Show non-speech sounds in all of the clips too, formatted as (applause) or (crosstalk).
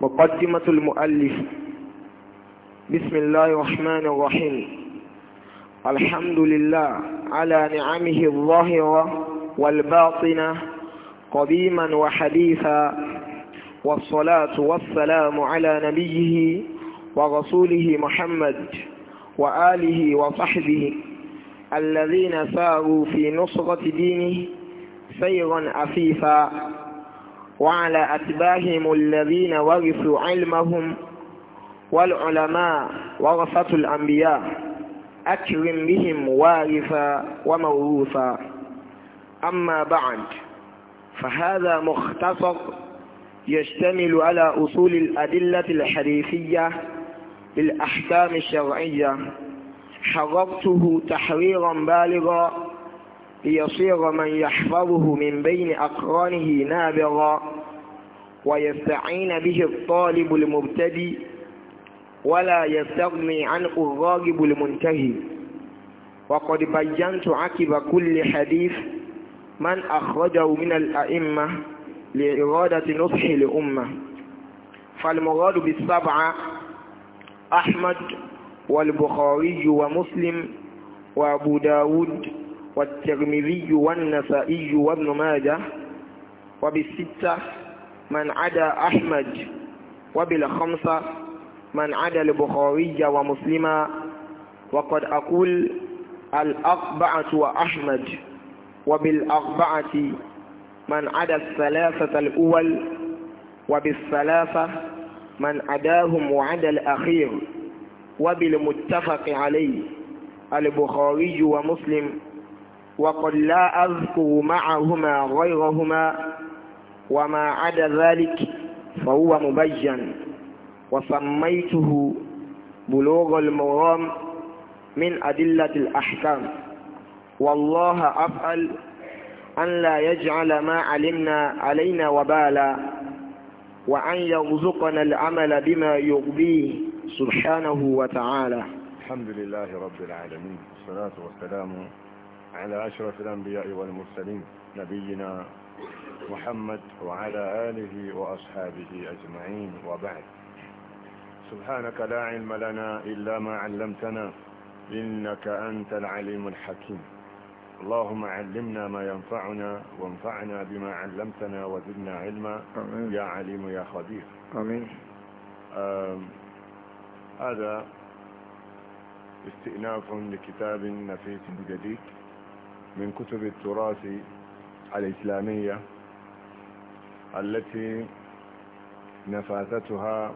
مقدمة المؤلف بسم الله الرحمن الرحيم الحمد لله على نعمه الظاهرة والباطنة قديما وحديثا والصلاة والسلام على نبيه ورسوله محمد وآله وصحبه الذين ساروا في نصرة دينه سيرا عفيفا وعلى أتباعهم الذين ورثوا علمهم والعلماء ورثة الأنبياء أكرم بهم وارثا وموروثا أما بعد فهذا مختصر يشتمل على أصول الأدلة الحديثية للأحكام الشرعية حررته تحريرا بالغا ليصيغ من يحفظه من بين أقرانه نابغا ويستعين به الطالب المبتدئ ولا يستغني عنه الراغب المنتهي وقد بينت عقب كل حديث من أخرجه من الأئمة لإرادة نصح الأمة فالمراد بالسبعة أحمد والبخاري ومسلم وأبو داود والترمذي والنسائي وابن ماجه وبالستة من عدا أحمد وبالخمسة من عدا البخاري ومسلما وقد أقول الأربعة وأحمد وبالأربعة من عدا الثلاثة الأول وبالثلاثة من عداهم وعدا الأخير وبالمتفق عليه البخاري ومسلم وقل لا أذكر معهما غيرهما وما عدا ذلك فهو مبين وسميته بلوغ المرام من أدلة الأحكام والله أفعل أن لا يجعل ما علمنا علينا وبالا وأن يرزقنا العمل بما يرضيه سبحانه وتعالى الحمد لله رب العالمين والصلاة والسلام على أشرف الأنبياء والمرسلين نبينا محمد وعلى آله وأصحابه أجمعين وبعد سبحانك لا علم لنا إلا ما علمتنا إنك أنت العليم الحكيم اللهم علمنا ما ينفعنا وانفعنا بما علمتنا وزدنا علما آمين. يا عليم يا خبير آمين هذا استئناف لكتاب نفيس جديد من كتب التراث الإسلامية التي نفاثتها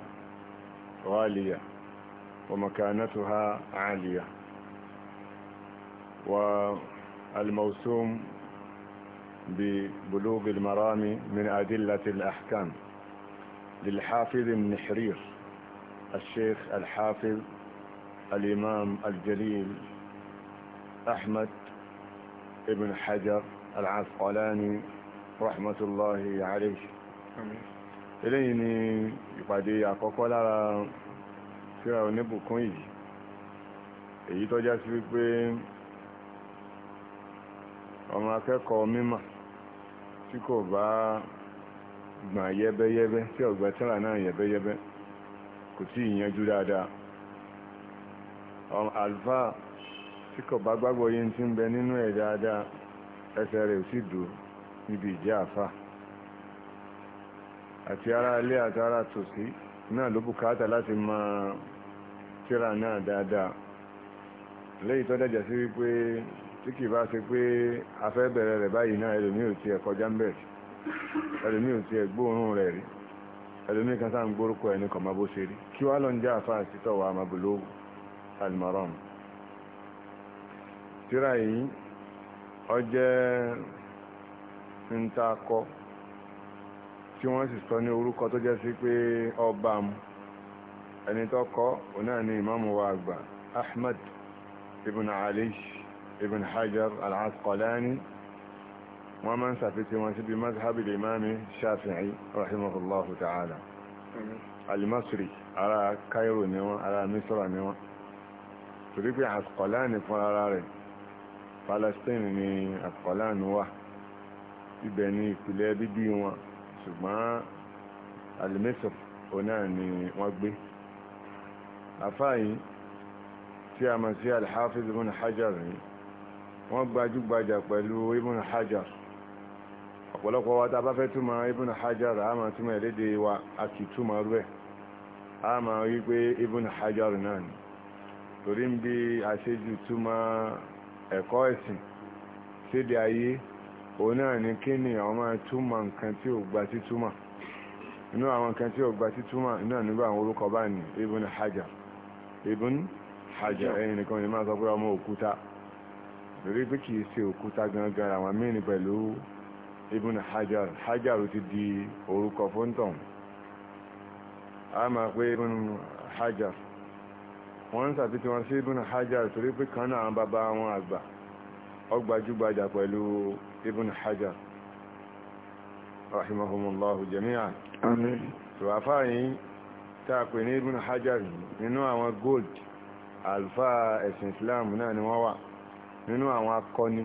غالية ومكانتها عالية والموسوم ببلوغ المرام من أدلة الأحكام للحافظ النحرير الشيخ الحافظ الإمام الجليل أحمد ابن حجر العسقلاني رحمة الله عليه eléyìí ni ìpàdé àkọ́kọ́ lára síra oníbùkún yìí èyí tó já sí wípé ọmọ akẹ́kọ̀ọ́ mímọ̀ tí kò bá gbọ̀n yẹ́bẹ́yẹ́bẹ́ tí ọ̀gbẹ́ tíra náà yẹ́bẹ́yẹ́bẹ́ tí kò bá gbàgbọ́ yé ti ń bẹ nínú ẹ̀ dáadáa ẹsẹ̀ rẹ̀ sì dùn níbi ìjẹ́ àfà àti ará ilé àti ará tòsí náà ló bùkátà láti máa tíra náà dáadáa léyìí tó dẹ̀jẹ̀ sí wípé tí kì bá ṣe pé afẹ́ bẹ̀rẹ̀ rẹ̀ báyìí náà ẹlòmí ò tiẹ̀ kọjá ń bẹ̀rẹ̀ ẹlòmí ò tiẹ̀ gbóòórùn rẹ̀ rí ẹlòmí kan sáà ń gbórúkọ tíra yìí ọ jẹ́ ntaakọ tí wọ́n sì sọ ní orúkọ tó jẹ́ sí pé ọba mu ẹni tó kọ òun náà ni ìmáàmù wa àgbà Ahmad ibn Ali ibn Hajar al-Asqalani wọ́n máa ń sàfitì wọn síbi mazhabi limami Shafi'i rahimahullahu ta'ala al-Masri ara Cairo ni wọn ara Misra ni wọn torí Asqalani fún ara rẹ̀ Palestine ni Akọlan wà ibẹ̀ ni ìpìlẹ̀ bíbí wọn ṣùgbọ́n alimẹ́sọ̀ ọ̀nà ni wọ́n gbé àfáàyí tí a mọ̀ sí alhafiz ibn hajar ni wọ́n gbajúgbajà pẹ̀lú ibn hajar ọ̀pọ̀lọpọ̀ wa ta bá fẹ́ túmọ̀ ibn hajar a máa túmọ̀ èlédè wa a kì túmọ̀ rẹ̀ a máa rí pé ibn hajar náà ni torí ń bí àṣejù túmọ̀ ẹ̀kọ́ ẹ̀sìn sídi ayé òun náà ní kí ni àwọn máa túmọ̀ nǹkan tí gba inú àwọn nǹkan tí ò gba títúmọ̀ nígbà àwọn orúkọ bá ní Ibn Hajar Ibn Hajar ẹ̀yìn nìkan ni máa sọ pé ọmọ òkúta lórí pé kìí ṣe òkúta gangan àwọn mẹ́rin wọ́n ń sàbí tí wọ́n sí ibùn hajar torí pé kan náà bàbá wọn àgbà ọgbàjúgbàjà pẹ̀lú ibùn hajar rahimahumullahu jami'a àmín yìí tààpẹ̀ ní ibùn n'inu nínú gold alfa ẹ̀sìn islam náà ni wọ́n wà nínú àwọn akọni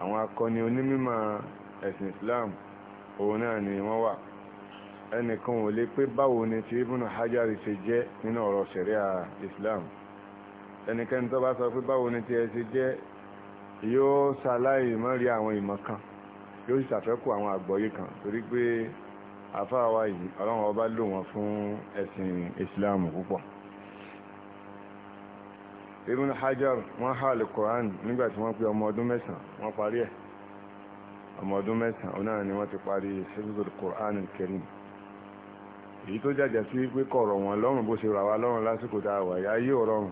àwọn akọni onímọ̀ ẹ̀sìn islam òun náà ẹnìkan ò lè pé báwo ni ti Ibn Hajar ṣe jẹ́ nínú ọ̀rọ̀ ṣẹ̀ríà Islam ẹnikẹ́ni tó bá sọ pé báwo ni ti ẹ ṣe jẹ́ yóò ṣaláì mọ́ rí àwọn ìmọ̀ kan yóò sì ṣàfẹ́kù àwọn àgbọ́yé kan torí pé àfáàwá yìí ọlọ́run ọba lò wọ́n fún ẹ̀sìn Islam púpọ̀ Ibn Hajar wọ́n há lè Quran nígbà tí wọ́n pé ọmọ ọdún mẹ́sàn wọ́n parí ẹ̀ ọmọ ọdún mẹ́sàn-án náà ni wọ́n ti parí Hifzul Quran al èyí tó jàjà sí pé kọ̀rọ̀ wọn lọ́rùn bó ṣe rà wá lọ́rùn lásìkò tá a wà yá yóò rọrùn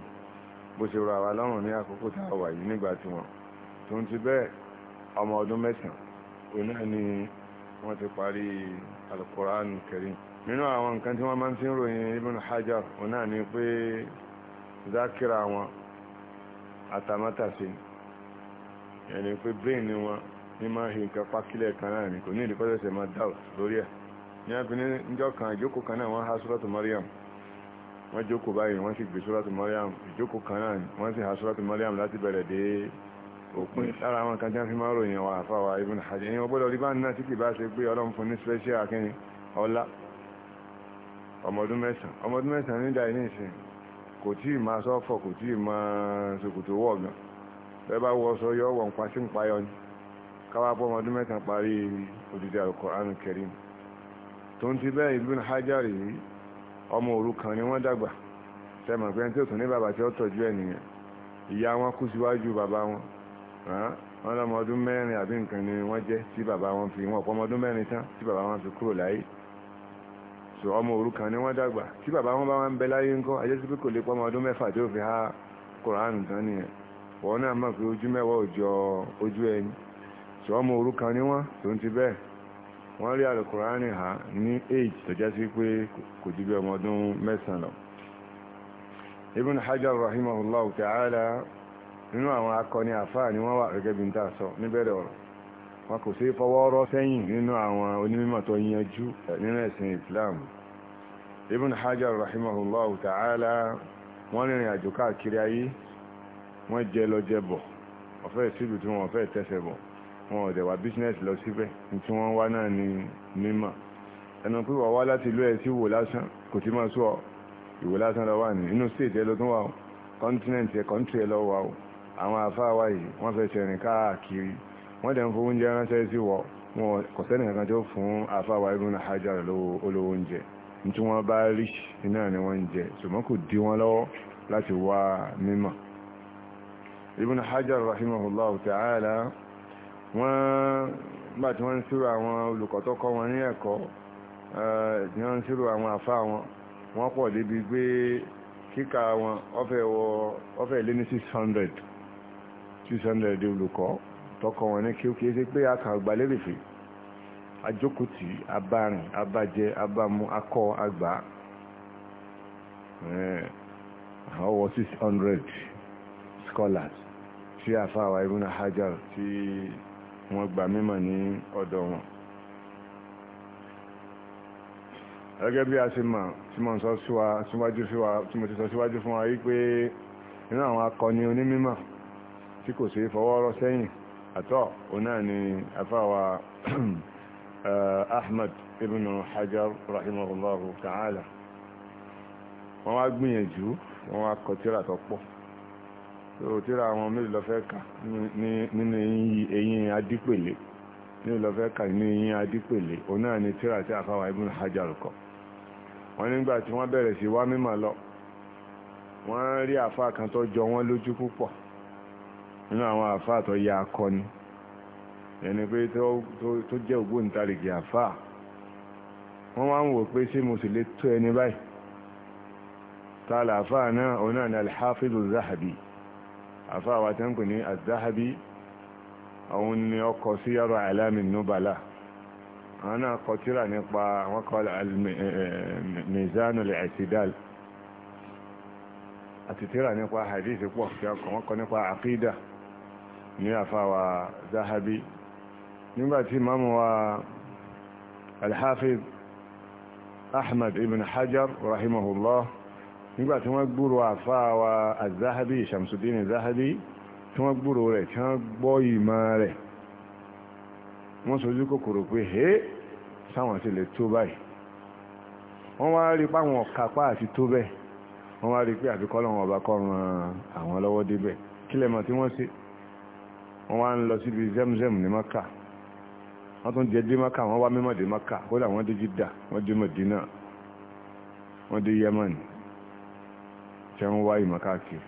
bó ṣe rà wá lọ́rùn ní àkókò tá a wà yìí nígbà tí wọn tó ń ti bẹ́ẹ̀ ọmọ ọdún mẹ́sàn-án òun náà ni wọ́n ti parí alukoran Karim nínú àwọn nǹkan tí wọ́n máa ń fi ń ròyìn Ibn Hajar òun náà ni pé zákìrà wọn àtàmátàsí ẹni pé brain ni wọn ní máa hi nǹkan pákílẹ̀ kan náà ni kò ní ìdíkọ́sẹ̀sẹ̀ máa doubt ya abinin níjọ́ kan ìjókòó kan náà wọ́n há súrọ́tù Maryam wọ́n báyìí wọ́n sì gbé súrọ́tù Maryam ìjókòó kan náà wọ́n sì há súrọ́tù Maryam láti bẹ̀rẹ̀ dé òpin lára àwọn kan tí wọ́n fi máa ròyìn wà fáwà ibùn hajj ẹ̀yìn wọ́n rí bá náà tí bá ṣe pé ọlọ́run fún ní special ọlá ọmọdún mẹ́sàn-án ọmọdún mẹ́sàn-án nígbà sọ yọ pa sí ń payọ ni káwá ọmọdún mẹ́sàn-án parí tó ń ti bẹ́ẹ̀ Ibn Hajar yìí ọmọ òrukàn ni wọ́n dàgbà tẹ́mọ̀ pé tí ó tún ní bàbá tí ó tọ́jú ẹ̀ nìyẹn ìyá wọn kú síwájú bàbá wọn wọn lọ́mọ ọdún mẹ́rin àbí nǹkan ni wọ́n jẹ́ tí bàbá wọn fi wọn ọ̀pọ̀ ọdún mẹ́rin tán so ọmọ òrukàn ni wọ́n dàgbà tí bàbá wọn bá wọn ń bẹ láyé ńkọ́ ajẹ́sí pé kò lè pọ́mọ ọdún mẹ́fà tí náà mọ̀ pé ojú mẹ́wàá òjò ojú ẹni so ọmọ òrukàn ni wọ́n tó ń ti bẹ́ẹ̀ wọ́n rí alùkùránì ha ní age tó jẹ́ sí pé kò jú bí ọmọ ọdún mẹ́sàn lọ Ibn Hajar rahimahullahu ta'ala nínú àwọn akọni àfáà ni wọ́n wà gẹ́gẹ́ bí n ta sọ níbẹ̀rẹ̀ ọ̀rọ̀ wọn kò sí fọwọ́ rọ́ sẹ́yìn nínú àwọn onímọ̀ tó yanjú nínú ẹ̀sìn Islam Ibn Hajar rahimahullahu ta'ala wọ́n rìnrìn àjò káàkiri ayé wọ́n jẹ lọ jẹ bọ̀ ọ̀fẹ́ síbi tí wọ́n fẹ́ tẹ́sẹ̀ bọ̀ wọn ò dẹ̀ business lọ síbẹ̀ tí wọ́n wá náà ni mímọ̀ ẹnu pé wà wá láti ìlú ẹ̀ sí wò lásán kò tí máa sọ ìwò lásán lọ wà ní inú state ẹ lọ tún wà o continent ẹ country ẹ lọ wà o àwọn àfáà wà yìí wọ́n fẹ́ sẹ̀rìn káàkiri wọ́n dẹ̀ ń fowó oúnjẹ ránṣẹ́ sí wọ wọn kò sẹ́ni kankan tó fún àfáà wà Ibn Hajar olówó oúnjẹ tí wọ́n bá rí iná ni wọ́n ń jẹ ṣùgbọ́n kò dí wọn lọ́wọ́ láti wá mímọ̀ Ibn Hajar rahimahullahu ta'ala wọ́n nígbà tí wọ́n ń sírò àwọn olùkọ́ tó kọ́ wọn ní ẹ̀kọ́ eh, tí wọ́n ń sírò àwọn àfá wọn wọ́n pọ̀ débi pé kíkà wọn ọ̀fẹ́ lé ní 600 600 olùkọ́ tó kọ́ wọn ní kí ó kìí ṣe pé akàgbà lérèfé ajókòtì abárin abájẹ abámu akọ àgbà àwọn eh, 600 scholars tí àfáwà Ibn Hajar tí wọ́n gba mímọ̀ ní ọ̀dọ̀ wọn gẹ́gẹ́ bí a ṣe mọ̀ tí mo sọ síwájú tí mo ti sọ síwájú fún wa wípé inú àwọn akọni onímímọ̀ tí kò sí fọwọ́rọ́ sẹ́yìn àtọ́ òun náà ni afáwa (clears throat) eh, Ahmad ibn Hajar rahimahullahu ta'ala wọ́n wá gbìyànjú wọ́n wá kọ tó pọ̀ so tíra àwọn mélòó lọ fẹ́ kà nínú eyín adípèlé mélòó lọ fẹ́ kà nínú eyín adípèlé òun náà ni tíra tí àfáwà Ibn Hajar kọ wọ́n nígbà tí wọ́n bẹ̀rẹ̀ sí wá mímọ̀ lọ wọ́n rí àfá kan tó jọ wọ́n lójú púpọ̀ nínú àwọn àfá tó ya akọni ẹni pé tó jẹ́ ògbóǹtarìgì àfá wọ́n wá ń wò pé ṣé mo sì lè tó ẹni báyìí tààlà àfá náà òun náà ni al zahabi àfáàwà tẹ́ ń pè ní az-Zahabi àwọn ni ọkọ̀ sí yàrá alamin nubala àwọn náà kọ tíra nípa wọ́n kọ́ mizanul i'tidal àti tíra nípa hadithi pọ̀ kí wọ́n kọ́ nípa aqida ní àfáàwà Zahabi nígbàtí mamu wa al Ahmad ibn Hajar rahimahullah nígbà tí wọ́n gbúrò àfáà wa azahabi Shamsuddin Zahabi tí wọ́n gbúrò rẹ̀ tí wọ́n gbọ́ ìmọ̀ rẹ̀ wọ́n sojú kòkòrò pé hé sáwọn ti lè tó báyìí wọ́n wá rí páwọn kápá àti tó bẹ́ẹ̀ wọ́n wá rí pé àfikọ́ lọ́wọ́ ọba kọ́ ran àwọn lọ́wọ́ débẹ̀ kílẹ̀ wọ́n ṣe Yemen tí wọ́n wá ìmọ̀ káàkiri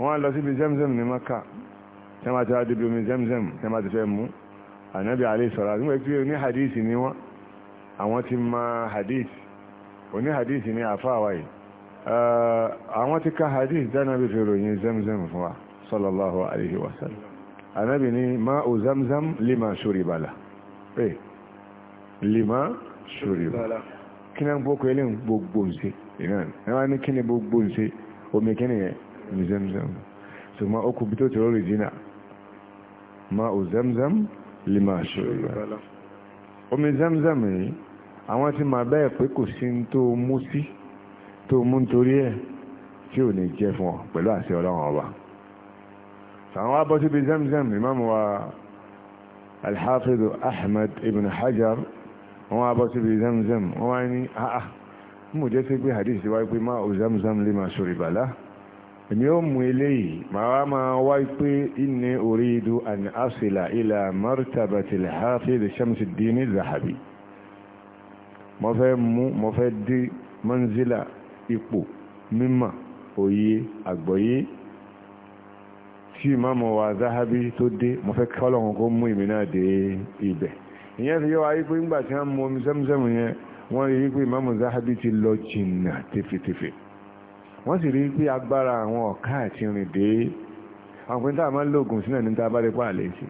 wọ́n lọ síbi zemzem ní maka tí wọ́n ti wá débi omi zemzem tí wọ́n ti fẹ́ mú ànábì alẹ́ sọ̀rọ̀ àti wọ́n pé oní hadith ni wọ́n àwọn ti ma hadith oní hadith ni àfa wa yìí àwọn ti ka hadith dánábì fi ròyìn zemzem fún wa sallallahu alaihi wa sallam ànábì ni ma'u zamzam lima shuriba la eh lima shuriba kí ni gbogbo ilé gbogbo nse ni kí ni gbogbo nse omi kí nìyẹn ní zamzam ṣùgbọ́n ó kù bí tó ti rọrì jìnà ma ò zamzam lè máa ṣòro omi zamzam yìí àwọn ti máa bẹ́ẹ̀ pé kò sí tó mú sí tó mú nítorí ẹ̀ tí ò ní jẹ́ fún ọ pẹ̀lú àṣẹ ọlọ́run ọba sàwọn wá bọ́ zamzam ìmáàmù wa alhafidu ahmed ibn hajar wọ́n wá bọ́ zamzam wọ́n wá ní àà mú jẹ́ sí pé hadith ti wáyé pé má o zamzam lè máa sọ̀rọ̀ ìbàlá èmi ó mú eléyìí màá máa wáyé pé inni uridu an asila ila martabatil hafidh Shamsuddin Zahabi mo fẹ́ mú mo fẹ́ dé manzila ipò mímọ̀ òye àgbọ́yé tí ìmáàmù wa Zahabi tó dé mo fẹ́ kọ́lọ̀ mú ìmìnà dé ibẹ̀ ìyẹn fi yọ́ wáyé pé ńgbà tí wọ́n mú omi sẹ́mùsẹ́mù yẹn wọ́n rí pé Imam Zahabi ti lọ jìnnà tẹfẹtẹfẹ wọ́n sì rí pé agbára àwọn ọ̀ká àti rìn dé àwọn pẹ̀lú tá a máa ń lògùn sínú ẹni tá a bá rí pa àlẹ́ sí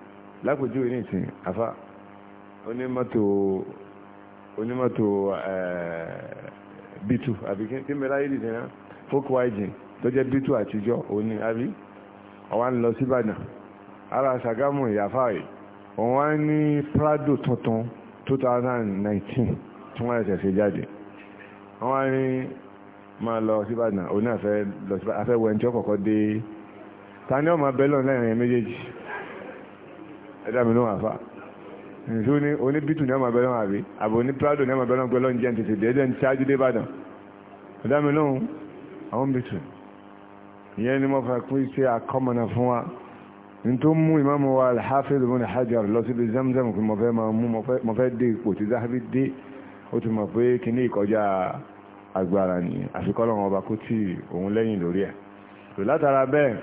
lápòjúwe ní ìsìn afá onímọ́tò onímọ́tò eh, b2 àbí kí mẹ́lá yìí dìde náà Volkswagen tó jẹ́ b2 àtijọ́ òní àbí ọ̀wá ń lọ sí Ìbàdàn ara Ṣàgámù ìyàfáà yìí òun wá ní Prado tuntun 2019 tí wọ́n ẹ̀sẹ̀ ṣe jáde wọ́n á ní máa lọ sí Ìbàdàn òun náà fẹ́ lọ sí afẹ́ wẹ́n tí ó kọ̀kọ́ dé ta ni ọmọ abẹ́lọ̀ láàrin méjèèjì ẹ̀dá mi ló wà fà nso ni oni bitu ní ọmọ abẹ náà àbí àbò ní prado ní ọmọ abẹ náà gbẹlọ ń jẹ ń tètè déédéé ń ṣáájú dé ìbàdàn ọdámi àwọn bitu ìyẹn ni mo fà kún iṣẹ akọmọnà fún wa n tó mú ìmáàmù wa alhafiz zamzam kí mo fẹ́ máa mú mo fẹ́ dé ó ti mọ̀ pé kíní ìkọjá agbára ni àfikọ́lọ́wọ́n ọba kó tí òun lẹ́yìn lórí ẹ̀ tó látara bẹ́ẹ̀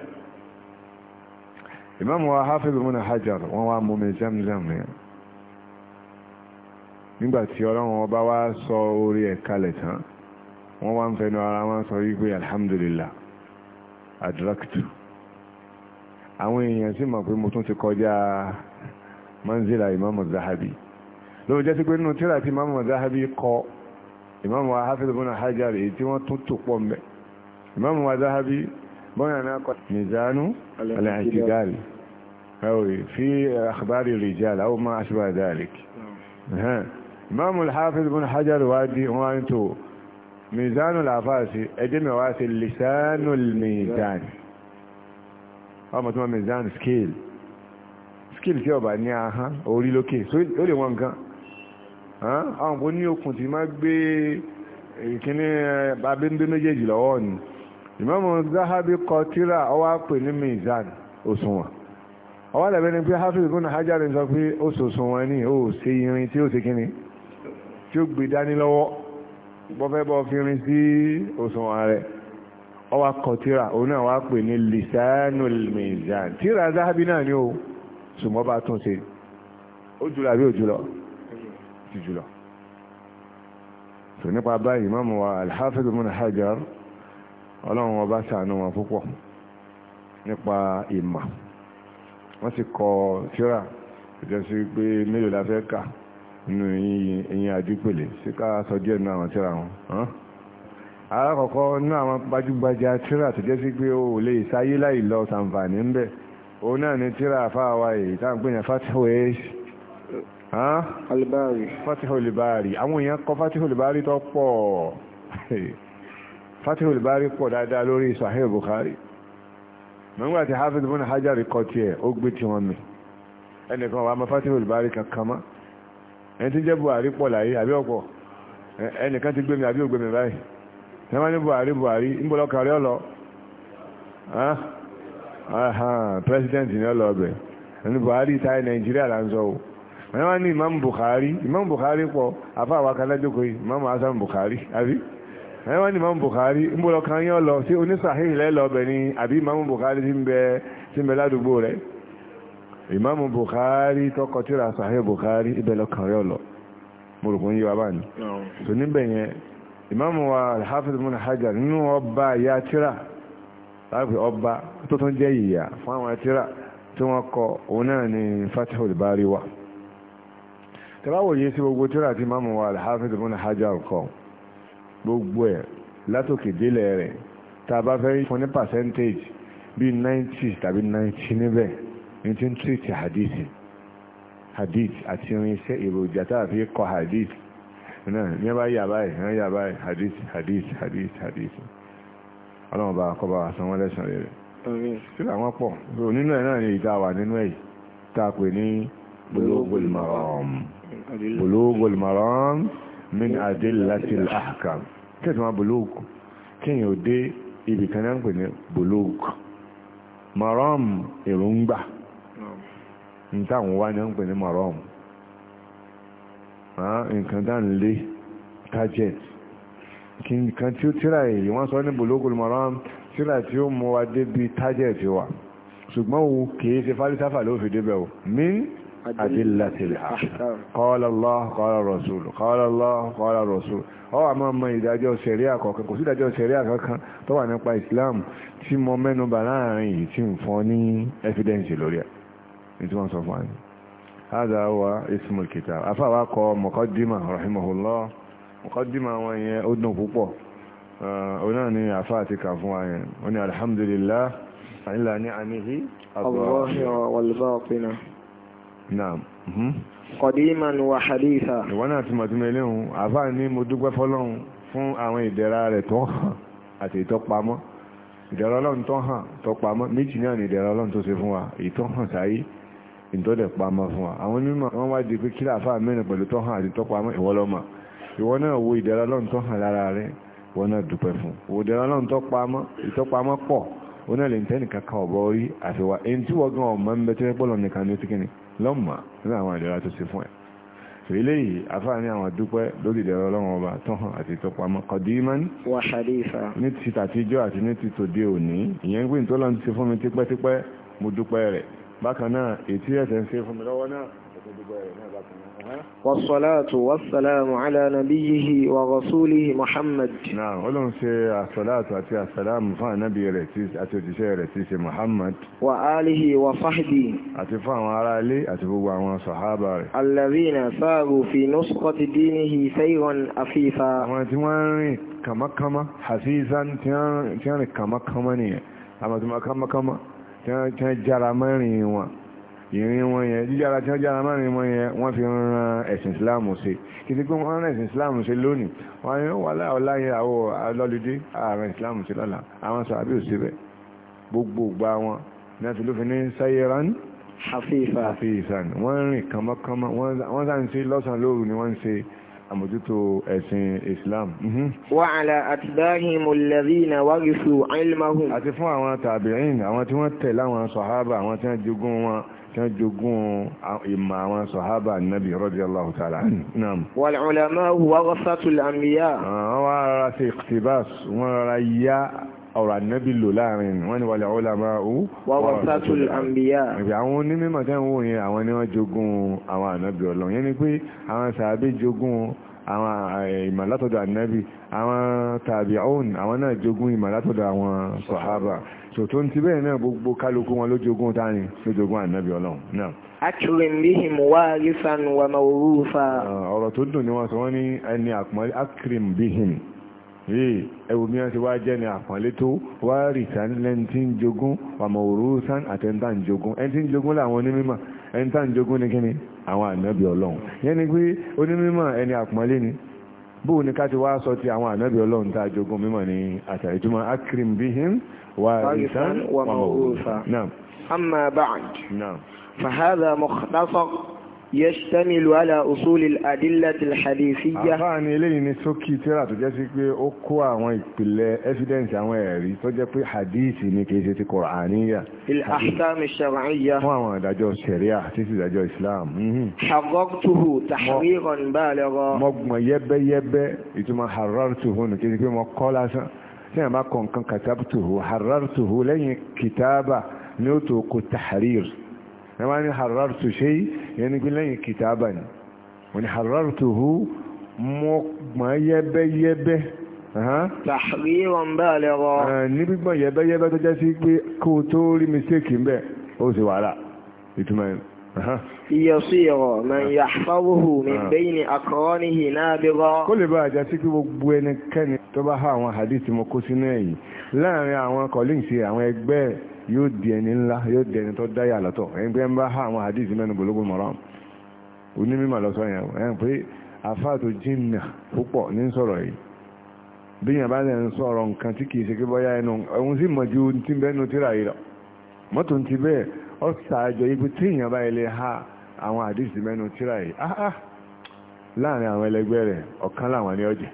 Imam wa Hafiz ibn Hajar wọ́n wá mú mi Zamzam ni nígbàtí ọlọ́wọ́n ọba wá sọ orí ẹ̀ kalẹ̀ tán wọ́n wá ń fẹnu ara wọn sọ wípé alhamdulillah adraktu àwọn èèyàn sì mọ̀ pé mo tún ti kọjá manzila Imam Zahabi lóòrùn jẹ́ sí pé nínú tíra tí Imam Zahabi kọ Imam wa Hafiz ibn Hajar èyí tí wọ́n tún tò pọ̀ mẹ́ Imam wa Zahabi bọ́yà náà kọ Mizanu al-I'tidal ẹ̀wọ̀rẹ̀ fi akhbari rijal aw ma Imam al-Hafiz ibn Hajar wá di wọ́n tó Mizanu al-Afasi ẹjẹ́ mẹ́wàá sí lisanu al-mizan ọmọ tí wọ́n Mizan scale scale tí ọba ní ahán orí lókè ó lè wọ́n gan àwọn kò ní okùn tí máa gbé ìkíní eh, eh, abéńdé méjèèjì lọ́wọ́ ni ìmọ̀mù zahabi kọ tíra ọwọ́ pè ní mizan òṣùwọ̀n ọwọ́ lẹ́bẹ̀ẹ́ ni pé hafiz ibn hajar sọ pé ó sòṣùwọ̀n ni ó ṣe irin tí ó ṣe kíni tí ó gbé dání lọ́wọ́ bọ́fẹ́ bọ́ fi rin sí òṣùwọ̀n rẹ̀ ọwọ́ kọ tíra òun náà wá pè ní lisanul mizan tíra zahabi náà ni ó ṣùgbọ́n bá tún ṣe ó jùlọ àbí òjùlọ jù فنبقى tò nípa báyìí Imam wa Al-Hafiz Ibn Hajar ọlọ́run wọn bá sàánú wọn púpọ̀ nípa ìmọ̀ wọ́n sì kọ tíra ìjọ sí pé mélòó la fẹ́ kà nínú ìyìn àdúpèlè sí ká sọ díẹ̀ nínú àwọn tíra wọn alákọ̀ọ́kọ́ nínú àwọn gbajúgbajà tíra tó jẹ́ sí pé o lè sáyé láì lọ sàǹfààní ń bẹ̀ òun náà ni tíra àfáà èyí alibari fatih olibari àwọn èèyàn kọ fatih olibari tó pọ̀ (laughs) fatih olibari pọ̀ dáadáa lórí sahih bukhari nígbà tí hafiz bin hajar kọ tiẹ̀ ó gbé tí wọ́n mi ẹnìkan wà á fatih olibari kankan ẹni tí jẹ́ buhari pọ̀ láyé àbí ọ̀pọ̀ ẹnìkan ti gbé mi àbí báyìí buhari buhari ń bọ́lọ́ wọ́n wá ní imam bukhari imam bukhari pọ̀ afáwa kalájókòó yìí imam hasan bukhari àbí wọ́n wá ní imam bukhari ń bọ̀ lọ́kàn yẹn lọ sí onísàhíì lẹ́lọ́ ọbẹ̀ ni àbí imam bukhari ti ń bẹ ti ń bẹ ládùúgbò rẹ̀ imam bukhari tọkọ tíra sàhíì bukhari ibẹ̀ lọ́kàn yẹn lọ mo rò kún yí wa báyìí so níbẹ̀ yẹn imam wa alhafiz ibn nínú ọba ìyá tíra láti ọba tó tún jẹ́ ìyá fún àwọn tíra tí wọ́n kọ òun náà ni fatihul bari tọ́láwò yìí sí gbogbo tíra tí máa mú wa alhafiz ibn hajar kọ gbogbo ẹ̀ látòkè délẹ̀ rẹ̀ tá a bá fẹ́ fún ní percentage bíi ninety tàbí ninety níbẹ̀ ní ti ń tírìtì hadith hadith àti irinṣẹ́ èròjà tá a fi kọ hadith náà ní ẹ bá yà báyìí ẹ yà báyìí hadith hadith hadith hadith ọlọ́run bá kọ́ bá wa san wọ́n lẹ́sàn rẹ̀ sí àwọn pọ̀ nínú ẹ̀ náà ni ìta nínú ẹ̀ tá a pè ní gbogbo ìmọ̀ràn bulugul maram min adillatil ahkam kẹ́tù máa bulug kíyàn ò dé ibì kan náà ń pè ní bulug maram èròǹgbà ntáwọn wá náà ń pè ní maram nǹkan dá ń lé target kan tí ó tíra èyí wọ́n sọ ní bulugul maram tíra tí ó mú wa débi target wa ṣùgbọ́n o kìí ṣe fálísáfà ló fi débẹ̀ o min أدلة الأحكام قال الله قال الرسول قال الله قال الرسول ọ àmọ́ ọmọ ìdájọ́ sẹ̀ríà kọ̀ọ̀kan kò sí ìdájọ́ sẹ̀ríà kankan tó wà nípa Islam tí mo mẹ́nubà láàrin yìí tí ń fọ́n ní evidence lórí ẹ̀ ní tí wọ́n sọ fún àyè هذا هو اسم الكتاب afáwa kọ mọ̀kọ́dìmà rahimahullah mọ̀kọ́dìmà wọn yẹn ó dùn púpọ̀ òun náà ni àfá àti kà fún wa yẹn ó ní alhamdulillah àyìnlá ní àníhí àbúrò naam mhm. qadiman wa haditha ìwọ náà ti mọ̀ tí mo lé òun àfáà ní mo dúpẹ́ fọlọ́run fún àwọn ìdẹ̀ra rẹ̀ tó hàn àti ìtọ́pamọ́ ìdẹ̀ra ọlọ́run tó hàn tọ́pamọ́ méjì náà ni ìdẹ̀ra ọlọ́run tó ṣe fún wa ìtọ́ hàn sáyé ìtọ́dẹ̀ pamọ́ fún wa àwọn onímọ̀ wọ́n wá di pé kílà àfáà mẹ́rin pẹ̀lú tó hàn àti tọ́pamọ́ ìwọlọ́mọ̀ ìwọ náà wo ìdẹ̀ra ọlọ́run tó hàn lára rẹ̀ wọ́n náà dúpẹ́ fún wo ìdẹ̀ra ọlọ́run tọ́pamọ́ ìtọ́pamọ́ pọ̀ onílẹ̀ nìkan kan ọ̀bọ orí àfiwá èyí tí wọ́n gan ọ̀mọ́ ń bẹ tẹ́lẹ̀ nìkan ní ó ti kíni lọ́mà nínú àwọn ìdẹ̀ra tó ṣe fún ẹ̀ eléyìí afáàní àwọn dúpẹ́ lórí ìdẹ̀ra ọlọ́run ọba tọ́hàn àti ìtọpamọ́ kọ̀dímán wa hadifa ní ti tàtijọ́ àti ní ti tòde òní ìyẹn pé nítorí ọlọ́run ṣe fún mi tipẹ́tipẹ́ mo dúpẹ́ rẹ̀ bákan náà ètí ẹ̀sẹ̀ ń ṣe fún mi lọ́wọ́ náà mo dúpẹ́ rẹ̀ náà bákan náà والصلاة والسلام على نبيه ورسوله محمد نعم ولهم سي الصلاة واتي السلام فان نبي رتيس أتوتي رتيس محمد وآله وصحبه أتفهم على لي أتفوا عن صحابة الذين ساروا في نسخة دينه سيرا أفيفا وانتواني كما كما حفيظا تيان كما كما نيا أما كما كما تيان جرى مريم ìrìn wọn yẹn jíjára tí wọ́n jára márùn wọn yẹn wọ́n fi ran ẹ̀sìn islam ṣe kìtì pé wọ́n ran ẹ̀sìn islam ṣe lónìí wọ́n yẹn wà láọ̀lá yẹn àwọ̀ alọ́lùdé ààrẹ islam ṣe lọ́la àwọn sọ àbí òṣè bẹ́ẹ̀ gbogbo gba wọn náà fi ló fi ní sayiran hafifa hafifan wọ́n rìn kànmọ́kànmọ́ wọ́n sá ń ṣe lọ́sàn lóru ni wọ́n ń ṣe àmójútó ẹ̀sìn islam. Mhm. wa ala atba'ihim alladhina warithu ilmahum. àti fún àwọn tàbíìn àwọn tí wọ́n tẹ̀lé àwọn sàhábà àwọn tí wọ́n jogún wọn kan jogun ìmọ̀ àwọn sọ̀hábà nàbì radiyallahu ta'ala nàm. wal ulama warathatul anbiya. wọ́n wá rárá sí iqtibas wọ́n rárá yá ọ̀rọ̀ ànábì lò láàrin wọ́n ni wal ulama warathatul anbiya. ìgbà àwọn onímọ̀ tẹ́ ń wò yẹn àwọn ni wọ́n jogun àwọn ànábì ọlọ́run yẹn ni pé àwọn sàábì jogun àwọn eh, ìmọ̀ látọ̀dọ̀ ànábì àwọn tàbíọ́n àwọn náà jogún ìmọ̀ látọ̀dọ̀ àwọn sọ̀hábà so tó ń ti bẹ́ẹ̀ náà gbogbo kálukú wọn ló jogún tání ló jogún ànábì ọlọ́run náà. akirin bihim warisan wa mawrufa. Ah, ọ̀rọ̀ tó dùn ni wọ́n sọ wọ́n ní ẹni àpọ́nlé akirin bihim yìí ẹwù mi ti wá jẹ́ ni àpọ́nlé tó warisan lẹ́ni tí ń jogún wa mawrusan àtẹ̀ntà ń jogún ẹni tí ń jogún làwọn onímọ̀ ẹni ń jogún ni kíni àwọn ànábì ọlọ́run yẹn ni pé onímọ̀ ẹni àpọ́nlé ni bóò ní ká ti wá sọ ti àwọn ànábì ọlọ́run tá a jogún mímọ̀ ní àtàríjúmọ́ akrim bihim wa isan wa mawusa. amma يشتمل على أصول الأدلة الحديثية àfáàní eléyìí ni ṣókí tírà tó jẹ́ sí pé ó kó àwọn ìpìlẹ̀ evidence àwọn ẹ̀rí tó jẹ́ pé hadith ni kìí ṣe ti kọ̀ràníyà في الأحكام الشرعية fún àwọn ìdájọ́ sẹ̀ríà tí sí ìdájọ́ Islam حررته تحريرا بالغا mo gbọ̀n yẹ́bẹ́yẹ́bẹ́ ìtumọ̀ حررته nù kìí ṣe pé mo kọ́ lásán tí wọ́n bá kọ̀ nǹkan كتبته حررته lẹ́yìn kìtàbà ní ó tó kó tahrir ẹ wá ní harartu ṣe yẹn ní pé lẹ́yìn kìtàbà ni wọ́n ní harartuhu mọ́ gbọ́n yẹ́bẹ́yẹ́bẹ́ tàhírọ̀ ń bẹ́ẹ̀ lẹ́rọ. ní gbígbọ́n yẹ́bẹ́yẹ́bẹ́ tó jẹ́ sí pé kó tó rí mistake ń bẹ̀ ó sì wàhálà ìtumọ̀ ẹ̀ yọ̀síyọ̀ man ah. yàfáwòhù min bẹ́yìnì akọ́ọ́nìhì náà bí rọ́. kó lè bá àjá sí kí gbogbo ẹnikẹ́ni tó bá há àwọn hadith mọ́ kó sínú ẹ̀yìn láàrin àwọn kọ̀líǹsì àwọn ẹgbẹ́ yóò di ẹni ńlá yóò di ẹni tó dáyà lọ́tọ̀ ẹni pé ha àwọn hadith mẹ́nu Bulugul Maram onímọ̀ lọ́sọ̀ yẹn ẹni pé àfáà jìnnà púpọ̀ ní sọ̀rọ̀ yìí bí yẹn bá lè ń sọ̀rọ̀ nǹkan tí kìí ṣe kí bọ́yá ẹnu ẹ̀hún sì mọ̀ ju ti bẹ́nu tíra ti bẹ́ẹ̀ sàájọ ibi tí bá ha àwọn tíra yìí ah, ah, láàrin àwọn ẹlẹgbẹ́ rẹ̀ ọ̀kan láwọn ọ̀jẹ̀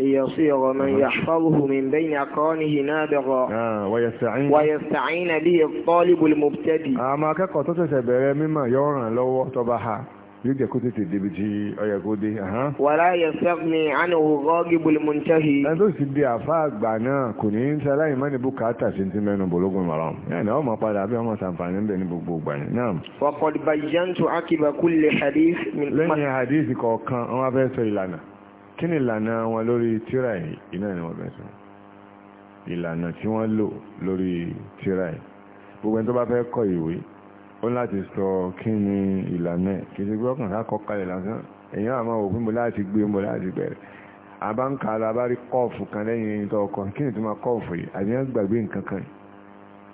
ليصير من يحفظه من بين أقرانه نابغا آه ويستعين ويستعين به الطالب المبتدئ أما كقطة سبيرة مما يورا لو طبحا yóò jẹ́ kó tètè débi tí ọyẹ kó dé. wàrà yasagni anahu rọgibul muntahi. ẹni tó sì di àfa àgbà náà kò ní í sáláì má ní bùkátà sí ti mẹ́nu bòlógún mọ̀rọ̀. ẹni ọmọ padà bí ọmọ sàǹfààní bẹ̀ ní gbogbo ìgbà yẹn náà. waqad bayyantu akiba kulli hadith. lẹ́yìn hadith kọ̀ọ̀kan wọ́n á fẹ́ sọ ìlànà kí ni ìlànà wọn lórí tíra yìí iná ni wọ́n bẹ̀rẹ̀ sọ ìlànà tí wọ́n lò lórí tíra yìí gbogbo ẹni tó bá fẹ́ kọ ìwé ó láti sọ kí ni ìlànà kì í ṣe gbọ́ kàn lákọ́ kalẹ̀ lásán èyàn àmọ́ òfin mo láti gbé mo láti bẹ̀rẹ̀ àbáǹkà alábárí kọ́ọ̀fù kan lẹ́yìn ẹni tó kọ kí ni tó máa kọ́ọ̀fù yìí àbíyàn gbàgbé nǹkan kan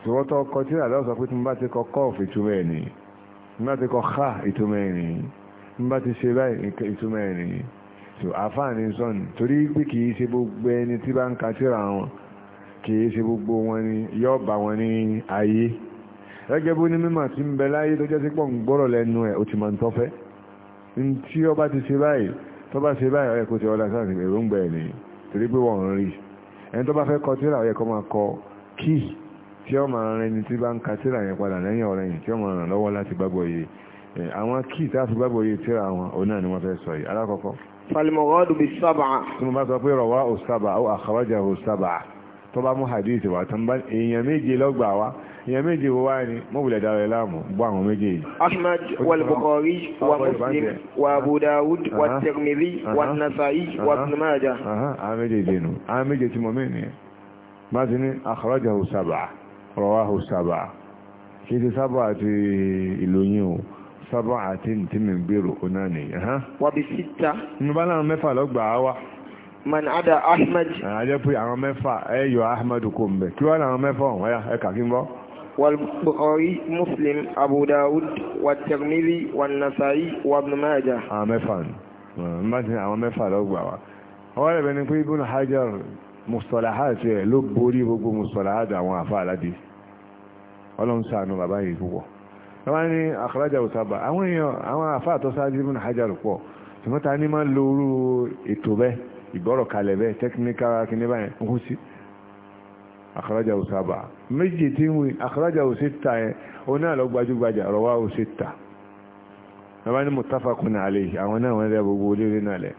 ṣùgbọ́n tó kọ tíra lọ́sọ̀ pé tí mo bá ti kọ kọ́ọ̀fù ìtumọ̀ ẹ̀ nìyí so àfáàní sọ́nù torí pé kìí ṣe gbogbo ẹni tí bá ń ka síra wọn kìí ṣe gbogbo wọn ni yóò bá wọn ní ayé gẹ́gẹ́ bó ní mímọ̀ tí ń bẹ láyé tó jẹ́ sí pọ̀ ń gbọ́rọ̀ lẹ́nu ẹ̀ ó ti mọ̀ ń tọ́fẹ́ ń tí ó bá ti ṣe báyìí tó bá ṣe báyìí ó yẹ kó ti ọlá sáà èrò ń gbẹ ẹ̀ nìyí torí pé wọ́n rí ẹni tó bá fẹ́ kọ tíra ó kó máa kọ kí tí ó máa rẹni tí bá ń ka tíra yẹn padà lẹ́yìn ọ̀rẹ́ yìí tí ó máa ràn lọ́wọ́ láti gbàgbọ́ yìí àwọn kí tá a fi gbàgbọ́ yìí tíra wọn òun náà ni wọ́n fẹ́ sọ yìí alákọ̀ọ́kọ́ falimọ̀gọ́dù bí sábà. tí mo bá sọ pé rọ̀wá ò sábà ó àkàwájà ò sábà tó bá mú hadith wa tó ń bá èèyàn méje lọ́gbà wa èèyàn méje wo wá ni mo wulẹ̀ dára ẹ láàmú gbọ́ àwọn méje yìí. ahmad wal bukhari wa muslim wa abu dawud wa tirmidhi wa nasa'i wa ibn majah. àwọn méje dè nù àwọn méje tí mo mí nìyẹn bá ti ní àkàwájà ò sábà rọ̀wá ò sábà kì í ti sábà àti ìlú yín o sábà àti tí mi ń gbèrò ó náà nìyẹn. wàbí síta. nínú bá láwọn mẹ́fà lọ́gbà á wá. man ada ahmed. àjẹ́ pé àwọn mẹ́fà ẹ yọ ahmed kò ń bẹ̀ kí wọ́n láwọn mẹ́fà ọ̀hún ẹ̀yà ẹ̀ka kí n bọ́. والبخاري مسلم أبو داود والترمذي والنسائي وابن ماجه àwọn mẹ́fà ni má ti àwọn mẹ́fà ló gbà wá ọwọ́ rẹ̀ bẹni pé Ibn Hajar mustalahat ẹ̀ ló borí gbogbo mustalahat àwọn àfáà aládìí ọlọ́run ṣàánú bàbá yìí púpọ̀ wọ́n ní àkọ́lájà òtàbà àwọn èèyàn àwọn àfáà tó ṣáájú ibùn hajar pọ̀ tìmọ́ta ní máa ń lo orú ètò bẹ́ẹ̀ ìgbọ́rọ̀ kalẹ̀ bẹ́ẹ̀ tẹ́kíníkà kìíní báyẹn ń kú sí àkọ́lájà òtàbà méjì tí ń wí àkọ́lájà òsítà yẹn òun náà lọ gbajúgbajà ọ̀rọ̀ wá òsítà wọ́n ní muttafaqun alayhi àwọn náà wọ́n rẹ̀ gbogbo olóore náà lẹ̀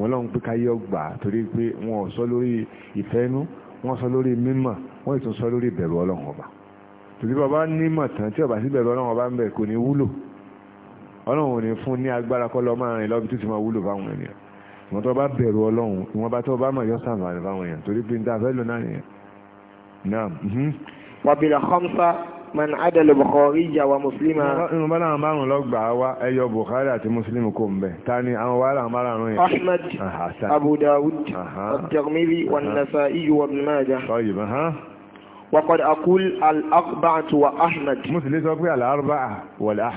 wọ́n sọ lórí mímọ̀ wọ́n ìtún sọ lórí ìbẹ̀rù ọlọ́run ọba tòbí bàbá ní mọ̀tán tí ọ̀bà síbẹ̀ lọ́nà ọba ń bẹ̀ kò ní wúlò ọlọ́run ò ní fún ní agbára kọ́ lọ máa rìn lọ́bi tó ti máa wúlò fáwọn ènìyàn ìwọ̀n tó bá bẹ̀rù ọlọ́run ìwọ̀n bá tó bá mọ̀ yọ sàǹfààní fáwọn èèyàn torí pé níta fẹ́ lò náà nìyẹn. Mhm. wàbìlà khamsa man adàlù bukhari ìjà wa muslima. inú bá náà márùn lọ́gbà wa ẹyọ bukhari àti muslim kò ń bẹ̀ ta ni àwọn wàhálà márùn yẹn. ahmed abu dawud at-tirmidhi wan-nasa'i wa ibn majah. وقد أقول الأربعة وأحمد مثل سوى الأربعة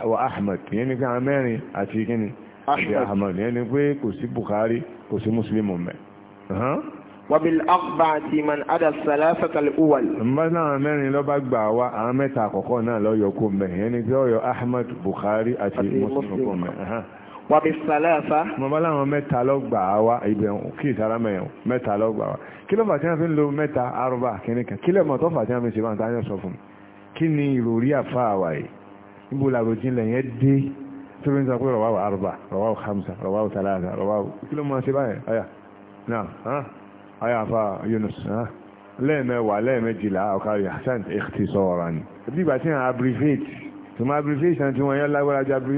وأحمد يعني كعماني أتيكني أحمد يعني كوسي بخاري كوسي مسلم أها وبالأربعة من أدى الثلاثة الأول مثلا عماني لو بقبع وعمت أقوقنا لو يكون به يعني كو أحمد بخاري أتي مسلم أها وبالثلاثة ما بلا متى لو بقبع وإبن كي ترى متى لو بقبع kí ló fà tí wọ́n fi ń lo mẹ́ta arúgbà kìnnìkan kí lẹ́mọ̀ tó fà tí wọ́n fi ṣe bá ń tayọ sọ fún mi kí ni ìròrí àfa àwàyè níbo làròjìnlẹ̀ yẹn dé tó fi ń sọ pé rọwáwò arúgbà rọwáwò hamsa rọwáwò talata rọwáwò kí ló máa ṣe báyẹn ọyà náà ọyà àfa Yunus lẹ́ẹ̀mẹ́wàá lẹ́ẹ̀mẹ́jìlá ọ̀kàrí hasan ikhtisaran ni bí ìgbà tí wọ́n abbreviate tó máa abbreviation tí wọ́n yọ lágbára ju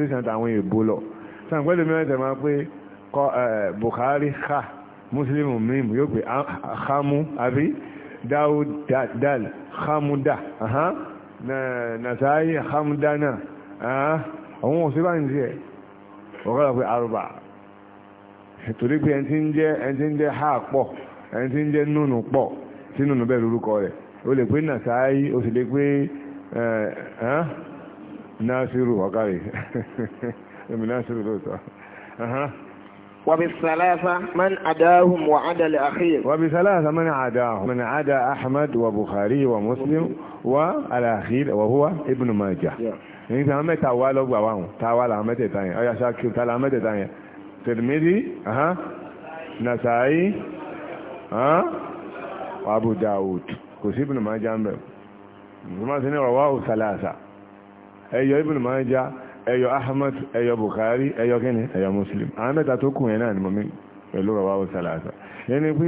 muslimu mímu yóò pé ah, hamu àbí dáúd dal hamuda nasaai hamdana àwọn òsì bá ń jẹ́ ọ̀gọ́dọ̀ pé arúbà torí pé ẹni tí ń jẹ́ ẹni tí ń jẹ́ ha pọ̀ ẹni tí ń jẹ́ nùnù pọ̀ tí nùnù bẹ́ẹ̀ lórúkọ rẹ̀ o lè pé nasaai o sì lè pé nasiru ọ̀gá rẹ̀ (laughs) nasiru lóòótọ́ وبالثلاثة من عداهم وعدا الأخير وبثلاثة من عداهم من عدا أحمد وبخاري ومسلم والأخير وهو ابن ماجه يعني إذا ما تاوالو بواهم تاوالا عمتة تانية أو يشاكر تاوالا عمتة تانية ترمذي أها نسائي ها أه. وابو داود كسي ابن ماجه عمبه سنة رواه ثلاثة أي أيوة، ابن ماجه ẹyọ ahmed ẹyọ bukhari ẹyọ kíni ẹyọ muslim àwọn mẹ́ta tó kù yẹn náà ni mo mi pẹ̀lú rọwà òsàlàsà yẹni pé